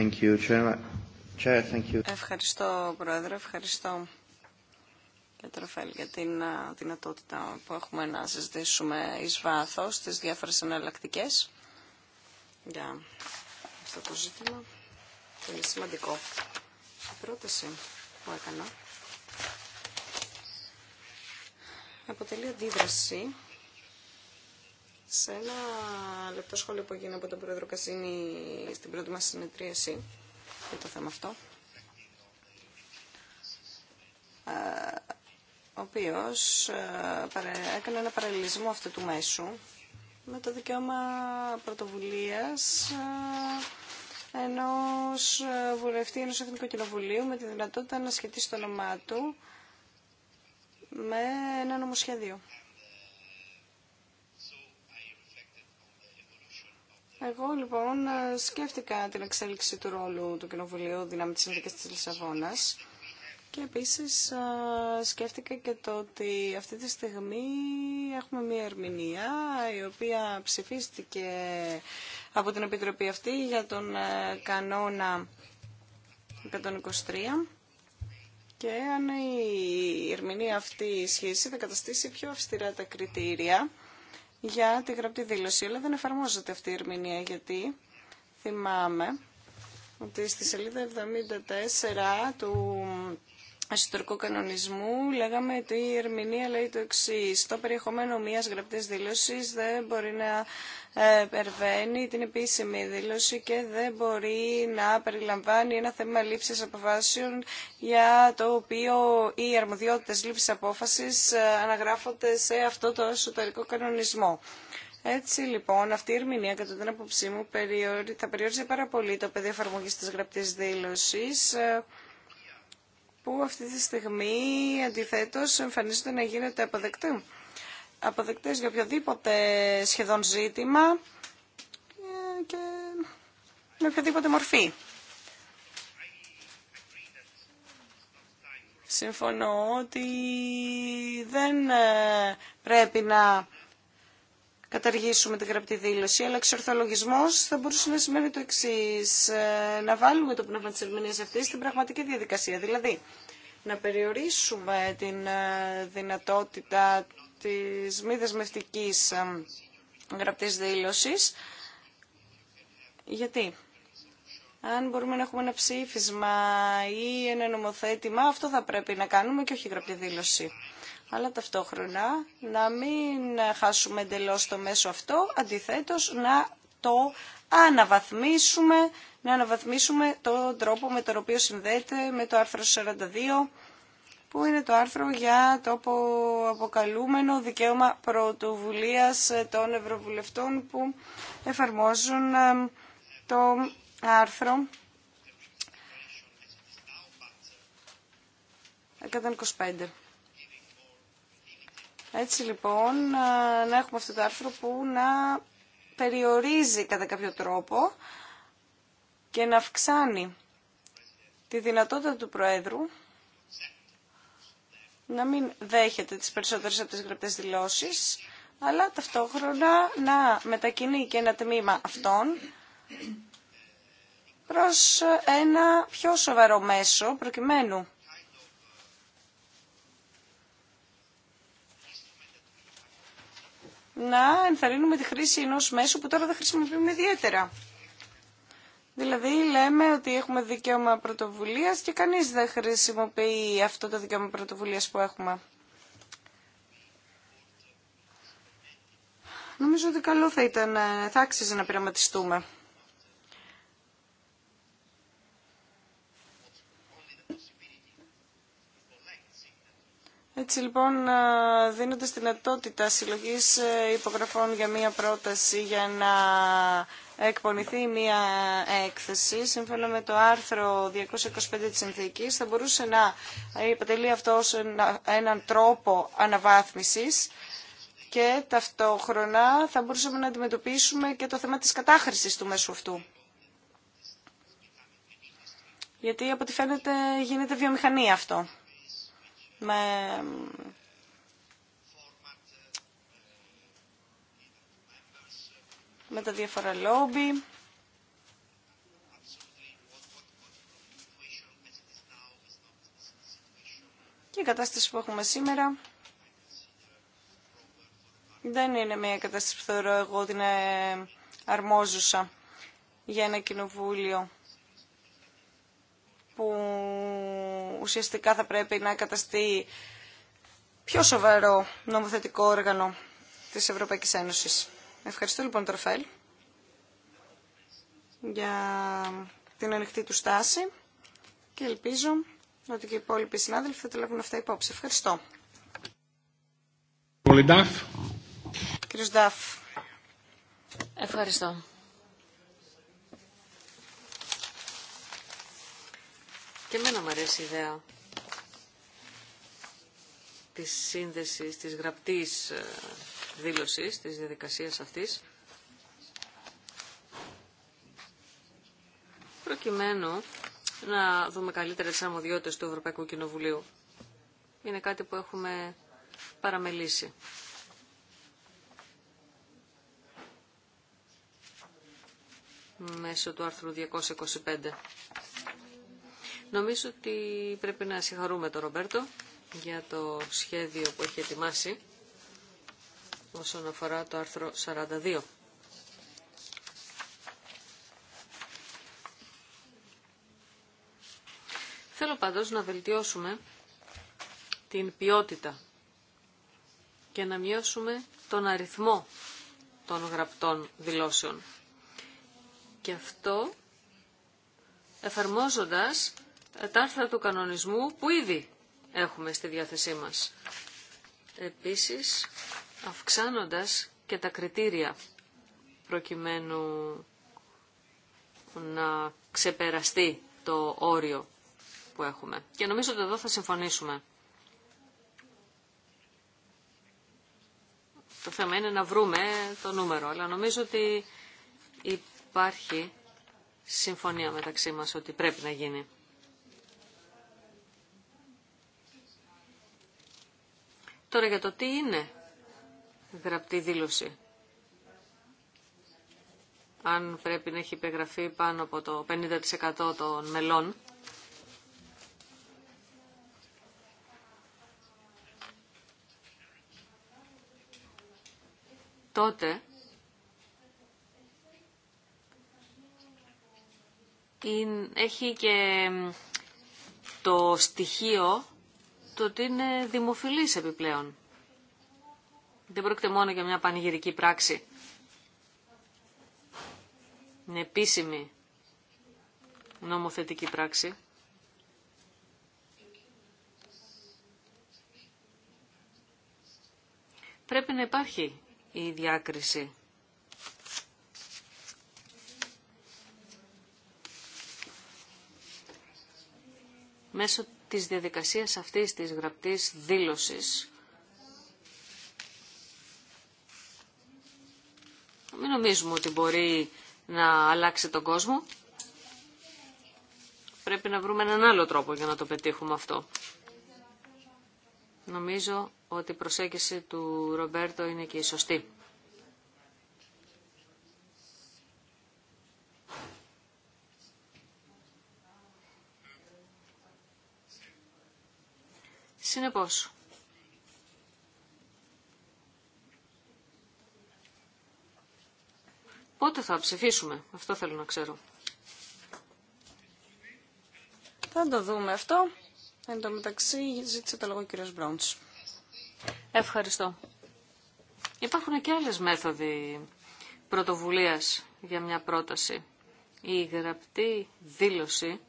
Thank you, Ευχαριστώ, Πρόεδρε. Ευχαριστώ, κύριε για την δυνατότητα που έχουμε να συζητήσουμε εις βάθος τις διάφορες εναλλακτικέ για αυτό το ζήτημα. Είναι σημαντικό. Η πρόταση που έκανα αποτελεί αντίδραση σε ένα λεπτό σχόλιο που έγινε από τον Πρόεδρο Κασίνη στην πρώτη μας συνεδρίαση για το θέμα αυτό, ε, ο οποίος ε, έκανε ένα παραλληλισμό αυτού του μέσου με το δικαίωμα πρωτοβουλίας ε, ενός βουλευτή ενός Εθνικού Κοινοβουλίου με τη δυνατότητα να σχετίσει το όνομά του με ένα νομοσχέδιο. Εγώ λοιπόν ε, σκέφτηκα την εξέλιξη του ρόλου του Κοινοβουλίου δυνάμει της Συνδικής της Λισαβόνας και επίσης ε, σκέφτηκα και το ότι αυτή τη στιγμή έχουμε μία ερμηνεία η οποία ψηφίστηκε από την Επιτροπή αυτή για τον ε, κανόνα 123 και αν η ερμηνεία αυτή ισχύσει θα καταστήσει πιο αυστηρά τα κριτήρια για τη γραπτή δήλωση. Αλλά δεν εφαρμόζεται αυτή η ερμηνεία γιατί θυμάμαι ότι στη σελίδα 74 του εσωτερικού κανονισμού λέγαμε ότι η ερμηνεία λέει το εξή. Το περιεχομένο μια γραπτής δήλωση δεν μπορεί να ε, περβαίνει την επίσημη δήλωση και δεν μπορεί να περιλαμβάνει ένα θέμα λήψη αποφάσεων για το οποίο οι αρμοδιότητε λήψης απόφαση ε, αναγράφονται σε αυτό το εσωτερικό κανονισμό. Έτσι λοιπόν, αυτή η ερμηνεία κατά την άποψή μου θα περιόριζε πάρα πολύ το πεδίο εφαρμογή τη γραπτή δήλωση ε, που αυτή τη στιγμή αντιθέτως εμφανίζεται να γίνεται αποδεκτή. Αποδεκτές για οποιοδήποτε σχεδόν ζήτημα και με οποιαδήποτε μορφή. Συμφωνώ ότι δεν ε, πρέπει να καταργήσουμε την γραπτή δήλωση, αλλά εξορθολογισμό θα μπορούσε να σημαίνει το εξή. Ε, να βάλουμε το πνεύμα τη ερμηνεία αυτή στην πραγματική διαδικασία. Δηλαδή, να περιορίσουμε την ε, δυνατότητα της μη δεσμευτική ε, γραπτής δήλωσης. Γιατί, αν μπορούμε να έχουμε ένα ψήφισμα ή ένα νομοθέτημα, αυτό θα πρέπει να κάνουμε και όχι γραπτή δήλωση αλλά ταυτόχρονα να μην χάσουμε εντελώ το μέσο αυτό, αντιθέτως να το αναβαθμίσουμε, να αναβαθμίσουμε τον τρόπο με τον οποίο συνδέεται με το άρθρο 42, που είναι το άρθρο για το αποκαλούμενο δικαίωμα πρωτοβουλίας των Ευρωβουλευτών που εφαρμόζουν ε, το άρθρο 125. Έτσι λοιπόν ε, να έχουμε αυτό το άρθρο που να περιορίζει κατά κάποιο τρόπο και να αυξάνει τη δυνατότητα του Προέδρου να μην δέχεται τις περισσότερες από τις γραπτές δηλώσεις, αλλά ταυτόχρονα να μετακινεί και ένα τμήμα αυτών προς ένα πιο σοβαρό μέσο προκειμένου να ενθαρρύνουμε τη χρήση ενός μέσου που τώρα δεν χρησιμοποιούμε ιδιαίτερα. Δηλαδή λέμε ότι έχουμε δικαίωμα πρωτοβουλίας και κανείς δεν χρησιμοποιεί αυτό το δικαίωμα πρωτοβουλίας που έχουμε. Νομίζω ότι καλό θα ήταν, ε, θα άξιζε να πειραματιστούμε. Έτσι λοιπόν δίνοντας την δυνατότητα συλλογής ε, υπογραφών για μία πρόταση για να εκπονηθεί μία έκθεση σύμφωνα με το άρθρο 225 της συνθήκης θα μπορούσε να υποτελεί αυτό έναν τρόπο αναβάθμισης και ταυτόχρονα θα μπορούσαμε να αντιμετωπίσουμε και το θέμα της κατάχρησης του μέσου αυτού. Γιατί από ό,τι φαίνεται γίνεται βιομηχανία αυτό με με τα διάφορα λόμπι. Και η κατάσταση που έχουμε σήμερα δεν είναι μια κατάσταση που θεωρώ εγώ ότι είναι αρμόζουσα για ένα κοινοβούλιο που ουσιαστικά θα πρέπει να καταστεί πιο σοβαρό νομοθετικό όργανο της Ευρωπαϊκής Ένωσης. Ευχαριστώ λοιπόν τον Ραφαέλ για την ανοιχτή του στάση και ελπίζω ότι και οι υπόλοιποι συνάδελφοι θα το λάβουν αυτά υπόψη. Ευχαριστώ. Κύριος Ντάφ. Ευχαριστώ. Και εμένα μου αρέσει η ιδέα της σύνδεσης, της γραπτής ε, δήλωσης, της διαδικασίας αυτής, προκειμένου να δούμε καλύτερα τις αρμοδιότητες του Ευρωπαϊκού Κοινοβουλίου. Είναι κάτι που έχουμε παραμελήσει. Μέσω του άρθρου 225. Νομίζω ότι πρέπει να συγχαρούμε τον Ρομπέρτο για το σχέδιο που έχει ετοιμάσει όσον αφορά το άρθρο 42. Θέλω πάντως να βελτιώσουμε την ποιότητα και να μειώσουμε τον αριθμό των γραπτών δηλώσεων. Και αυτό εφαρμόζοντας τα άρθρα του κανονισμού που ήδη έχουμε στη διάθεσή μας. Επίσης, αυξάνοντας και τα κριτήρια προκειμένου να ξεπεραστεί το όριο που έχουμε. Και νομίζω ότι εδώ θα συμφωνήσουμε. Το θέμα είναι να βρούμε το νούμερο, αλλά νομίζω ότι υπάρχει συμφωνία μεταξύ μας ότι πρέπει να γίνει. Τώρα για το τι είναι γραπτή δήλωση. Αν πρέπει να έχει υπεγραφεί πάνω από το 50% των μελών. Τότε έχει και το στοιχείο το ότι είναι δημοφιλής επιπλέον. Δεν πρόκειται μόνο για μια πανηγυρική πράξη. Είναι επίσημη νομοθετική πράξη. Πρέπει να υπάρχει η διάκριση. Μέσω της διαδικασίας αυτής της γραπτής δήλωσης. Μην νομίζουμε ότι μπορεί να αλλάξει τον κόσμο. Πρέπει να βρούμε έναν άλλο τρόπο για να το πετύχουμε αυτό. Νομίζω ότι η προσέγγιση του Ρομπέρτο είναι και η σωστή. Συνεπώς, πότε θα ψηφίσουμε, αυτό θέλω να ξέρω. Θα το δούμε αυτό. Εν τω μεταξύ ζήτησε το λόγο ο κύριος Μπρόντς. Ευχαριστώ. Υπάρχουν και άλλες μέθοδοι πρωτοβουλίας για μια πρόταση. Η γραπτή δήλωση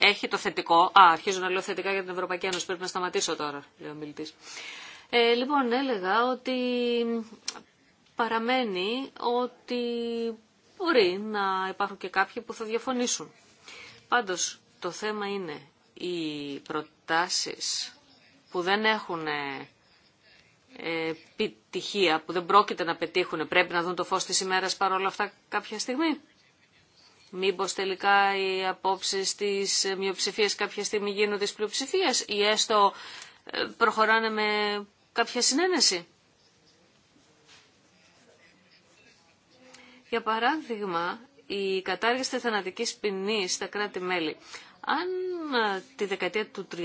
έχει το θετικό. Α, αρχίζω να λέω θετικά για την Ευρωπαϊκή Ένωση. Πρέπει να σταματήσω τώρα, λέει ο μιλητή. Ε, λοιπόν, έλεγα ότι παραμένει ότι μπορεί να υπάρχουν και κάποιοι που θα διαφωνήσουν. Πάντως, το θέμα είναι οι προτάσεις που δεν έχουν ε, επιτυχία, που δεν πρόκειται να πετύχουν, πρέπει να δουν το φως της ημέρας παρόλα αυτά κάποια στιγμή. Μήπως τελικά οι απόψεις της μειοψηφίας κάποια στιγμή γίνονται της πλειοψηφίας ή έστω ε, προχωράνε με κάποια συνένεση. Για παράδειγμα, η κατάργηση της θανατικής ποινής στα κράτη-μέλη. Αν ε, τη δεκαετία του 30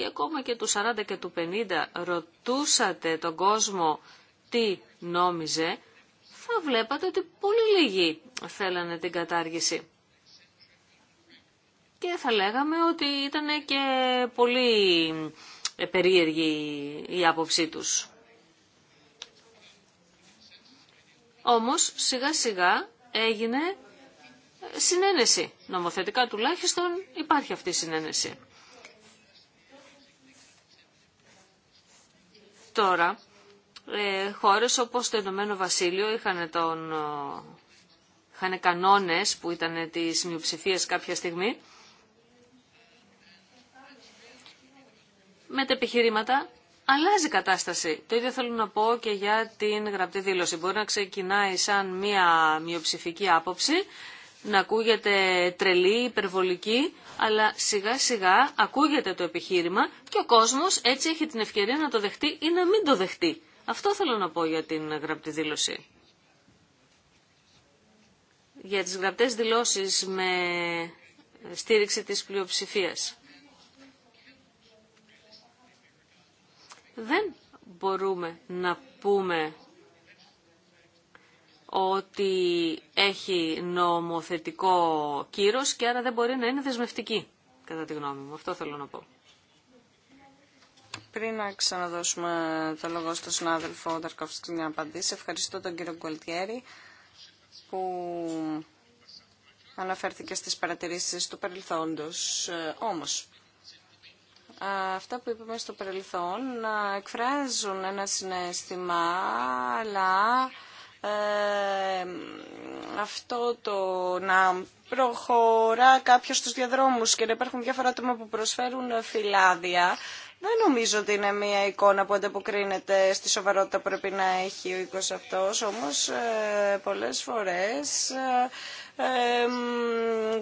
ή ακόμα και του 40 και του 50 ρωτούσατε τον κόσμο τι νόμιζε, θα βλέπατε ότι πολύ λίγοι θέλανε την κατάργηση. Και θα λέγαμε ότι ήταν και πολύ ε, περίεργη η άποψή τους. Όμως σιγά σιγά έγινε ε, συνένεση. Νομοθετικά τουλάχιστον υπάρχει αυτή η συνένεση. Τώρα, ε, χώρες όπως το Ηνωμένο Βασίλειο είχαν τον είχαν κανόνες που ήταν τις μειοψηφία κάποια στιγμή, με τα επιχειρήματα αλλάζει η κατάσταση. Το ίδιο θέλω να πω και για την γραπτή δήλωση. Μπορεί να ξεκινάει σαν μία μειοψηφική άποψη, να ακούγεται τρελή, υπερβολική, αλλά σιγά σιγά ακούγεται το επιχείρημα και ο κόσμος έτσι έχει την ευκαιρία να το δεχτεί ή να μην το δεχτεί. Αυτό θέλω να πω για την γραπτή δήλωση για τις γραπτές δηλώσεις με στήριξη της πλειοψηφίας. Δεν μπορούμε να πούμε ότι έχει νομοθετικό κύρος και άρα δεν μπορεί να είναι δεσμευτική, κατά τη γνώμη μου. Αυτό θέλω να πω. Πριν να ξαναδώσουμε το λόγο στον συνάδελφο Ταρκόφσκι να απαντήσει, ευχαριστώ τον κύριο Γκολτιέρη που αναφέρθηκε στις παρατηρήσεις του παρελθόντος. Ε, όμως, αυτά που είπαμε στο παρελθόν ε, εκφράζουν ένα συνέστημα, αλλά ε, αυτό το να προχωρά κάποιος στους διαδρόμους και να υπάρχουν διάφορα άτομα που προσφέρουν φυλάδια δεν νομίζω ότι είναι μια εικόνα που ανταποκρίνεται στη σοβαρότητα που πρέπει να έχει ο οίκος αυτός, όμως ε, πολλές φορές ε,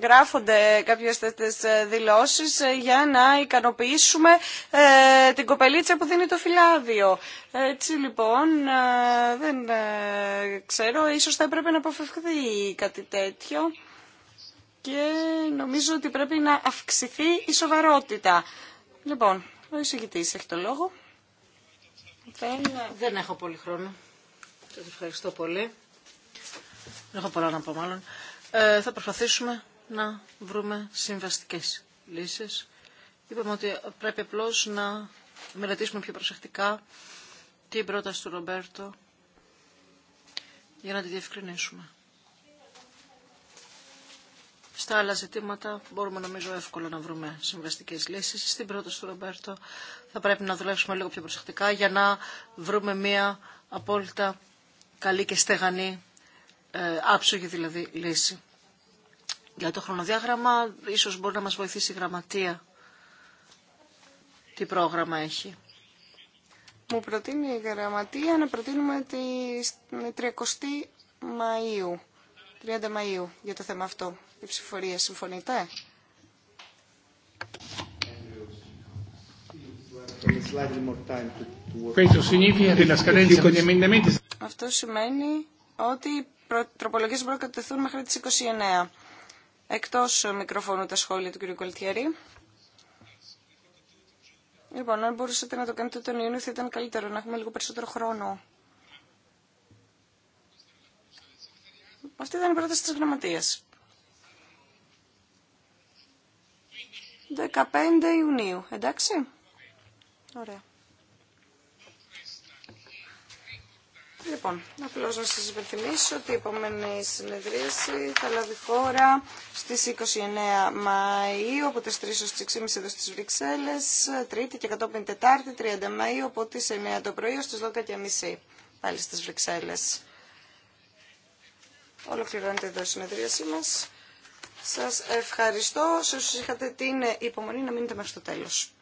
γράφονται κάποιες τέτοιες ε, δηλώσεις για να ικανοποιήσουμε την κοπελίτσα που δίνει το φυλάδιο. Έτσι λοιπόν δεν ξέρω, ίσως θα έπρεπε να αποφευχθεί κάτι τέτοιο και νομίζω ότι πρέπει να αυξηθεί η σοβαρότητα. Λοιπόν, ο εισηγητή έχει το λόγο. Δεν έχω πολύ χρόνο. Σας ευχαριστώ πολύ. Δεν έχω πολλά να πω μάλλον. Ε, θα προσπαθήσουμε να βρούμε συμβαστικές λύσεις. Είπαμε ότι πρέπει απλώ να μελετήσουμε πιο προσεκτικά την πρόταση του Ρομπέρτο για να τη διευκρινίσουμε στα άλλα ζητήματα μπορούμε νομίζω εύκολα να βρούμε συμβαστικέ λύσεις. Στην πρώτη, του Ρομπέρτο θα πρέπει να δουλέψουμε λίγο πιο προσεκτικά για να βρούμε μία απόλυτα καλή και στεγανή, ε, άψογη δηλαδή λύση. Για το χρονοδιάγραμμα ίσως μπορεί να μας βοηθήσει η γραμματεία τι πρόγραμμα έχει. Μου προτείνει η γραμματεία να προτείνουμε τη 30 Μαΐου. 30 Μαΐου για το θέμα αυτό. Η ψηφορία συμφωνείτε. Αυτό σημαίνει ότι οι τροπολογίες μπορούν να κατευθούν μέχρι τις 29. Εκτός μικροφώνου τα σχόλια του κ. Κολτιέρη. Λοιπόν, αν μπορούσατε να το κάνετε τον Ιούνιο θα ήταν καλύτερο να έχουμε λίγο περισσότερο χρόνο. Αυτή ήταν η πρόταση της γραμματείας. 15 Ιουνίου, εντάξει. Ωραία. Λοιπόν, απλώς να σας υπενθυμίσω ότι η επόμενη συνεδρίαση θα λάβει χώρα στις 29 Μαΐου από τις 3 ω τις 6.30 εδώ στις Βρυξέλλες, Τρίτη και κατόπιν Τετάρτη, 30 Μαΐου από τι 9 το πρωί ως τις 12.30 πάλι στις Βρυξέλλες. Ολοκληρώνεται εδώ η συνεδρίασή μας. Σας ευχαριστώ Σε όσους είχατε την υπομονή να μείνετε μέχρι το τέλος.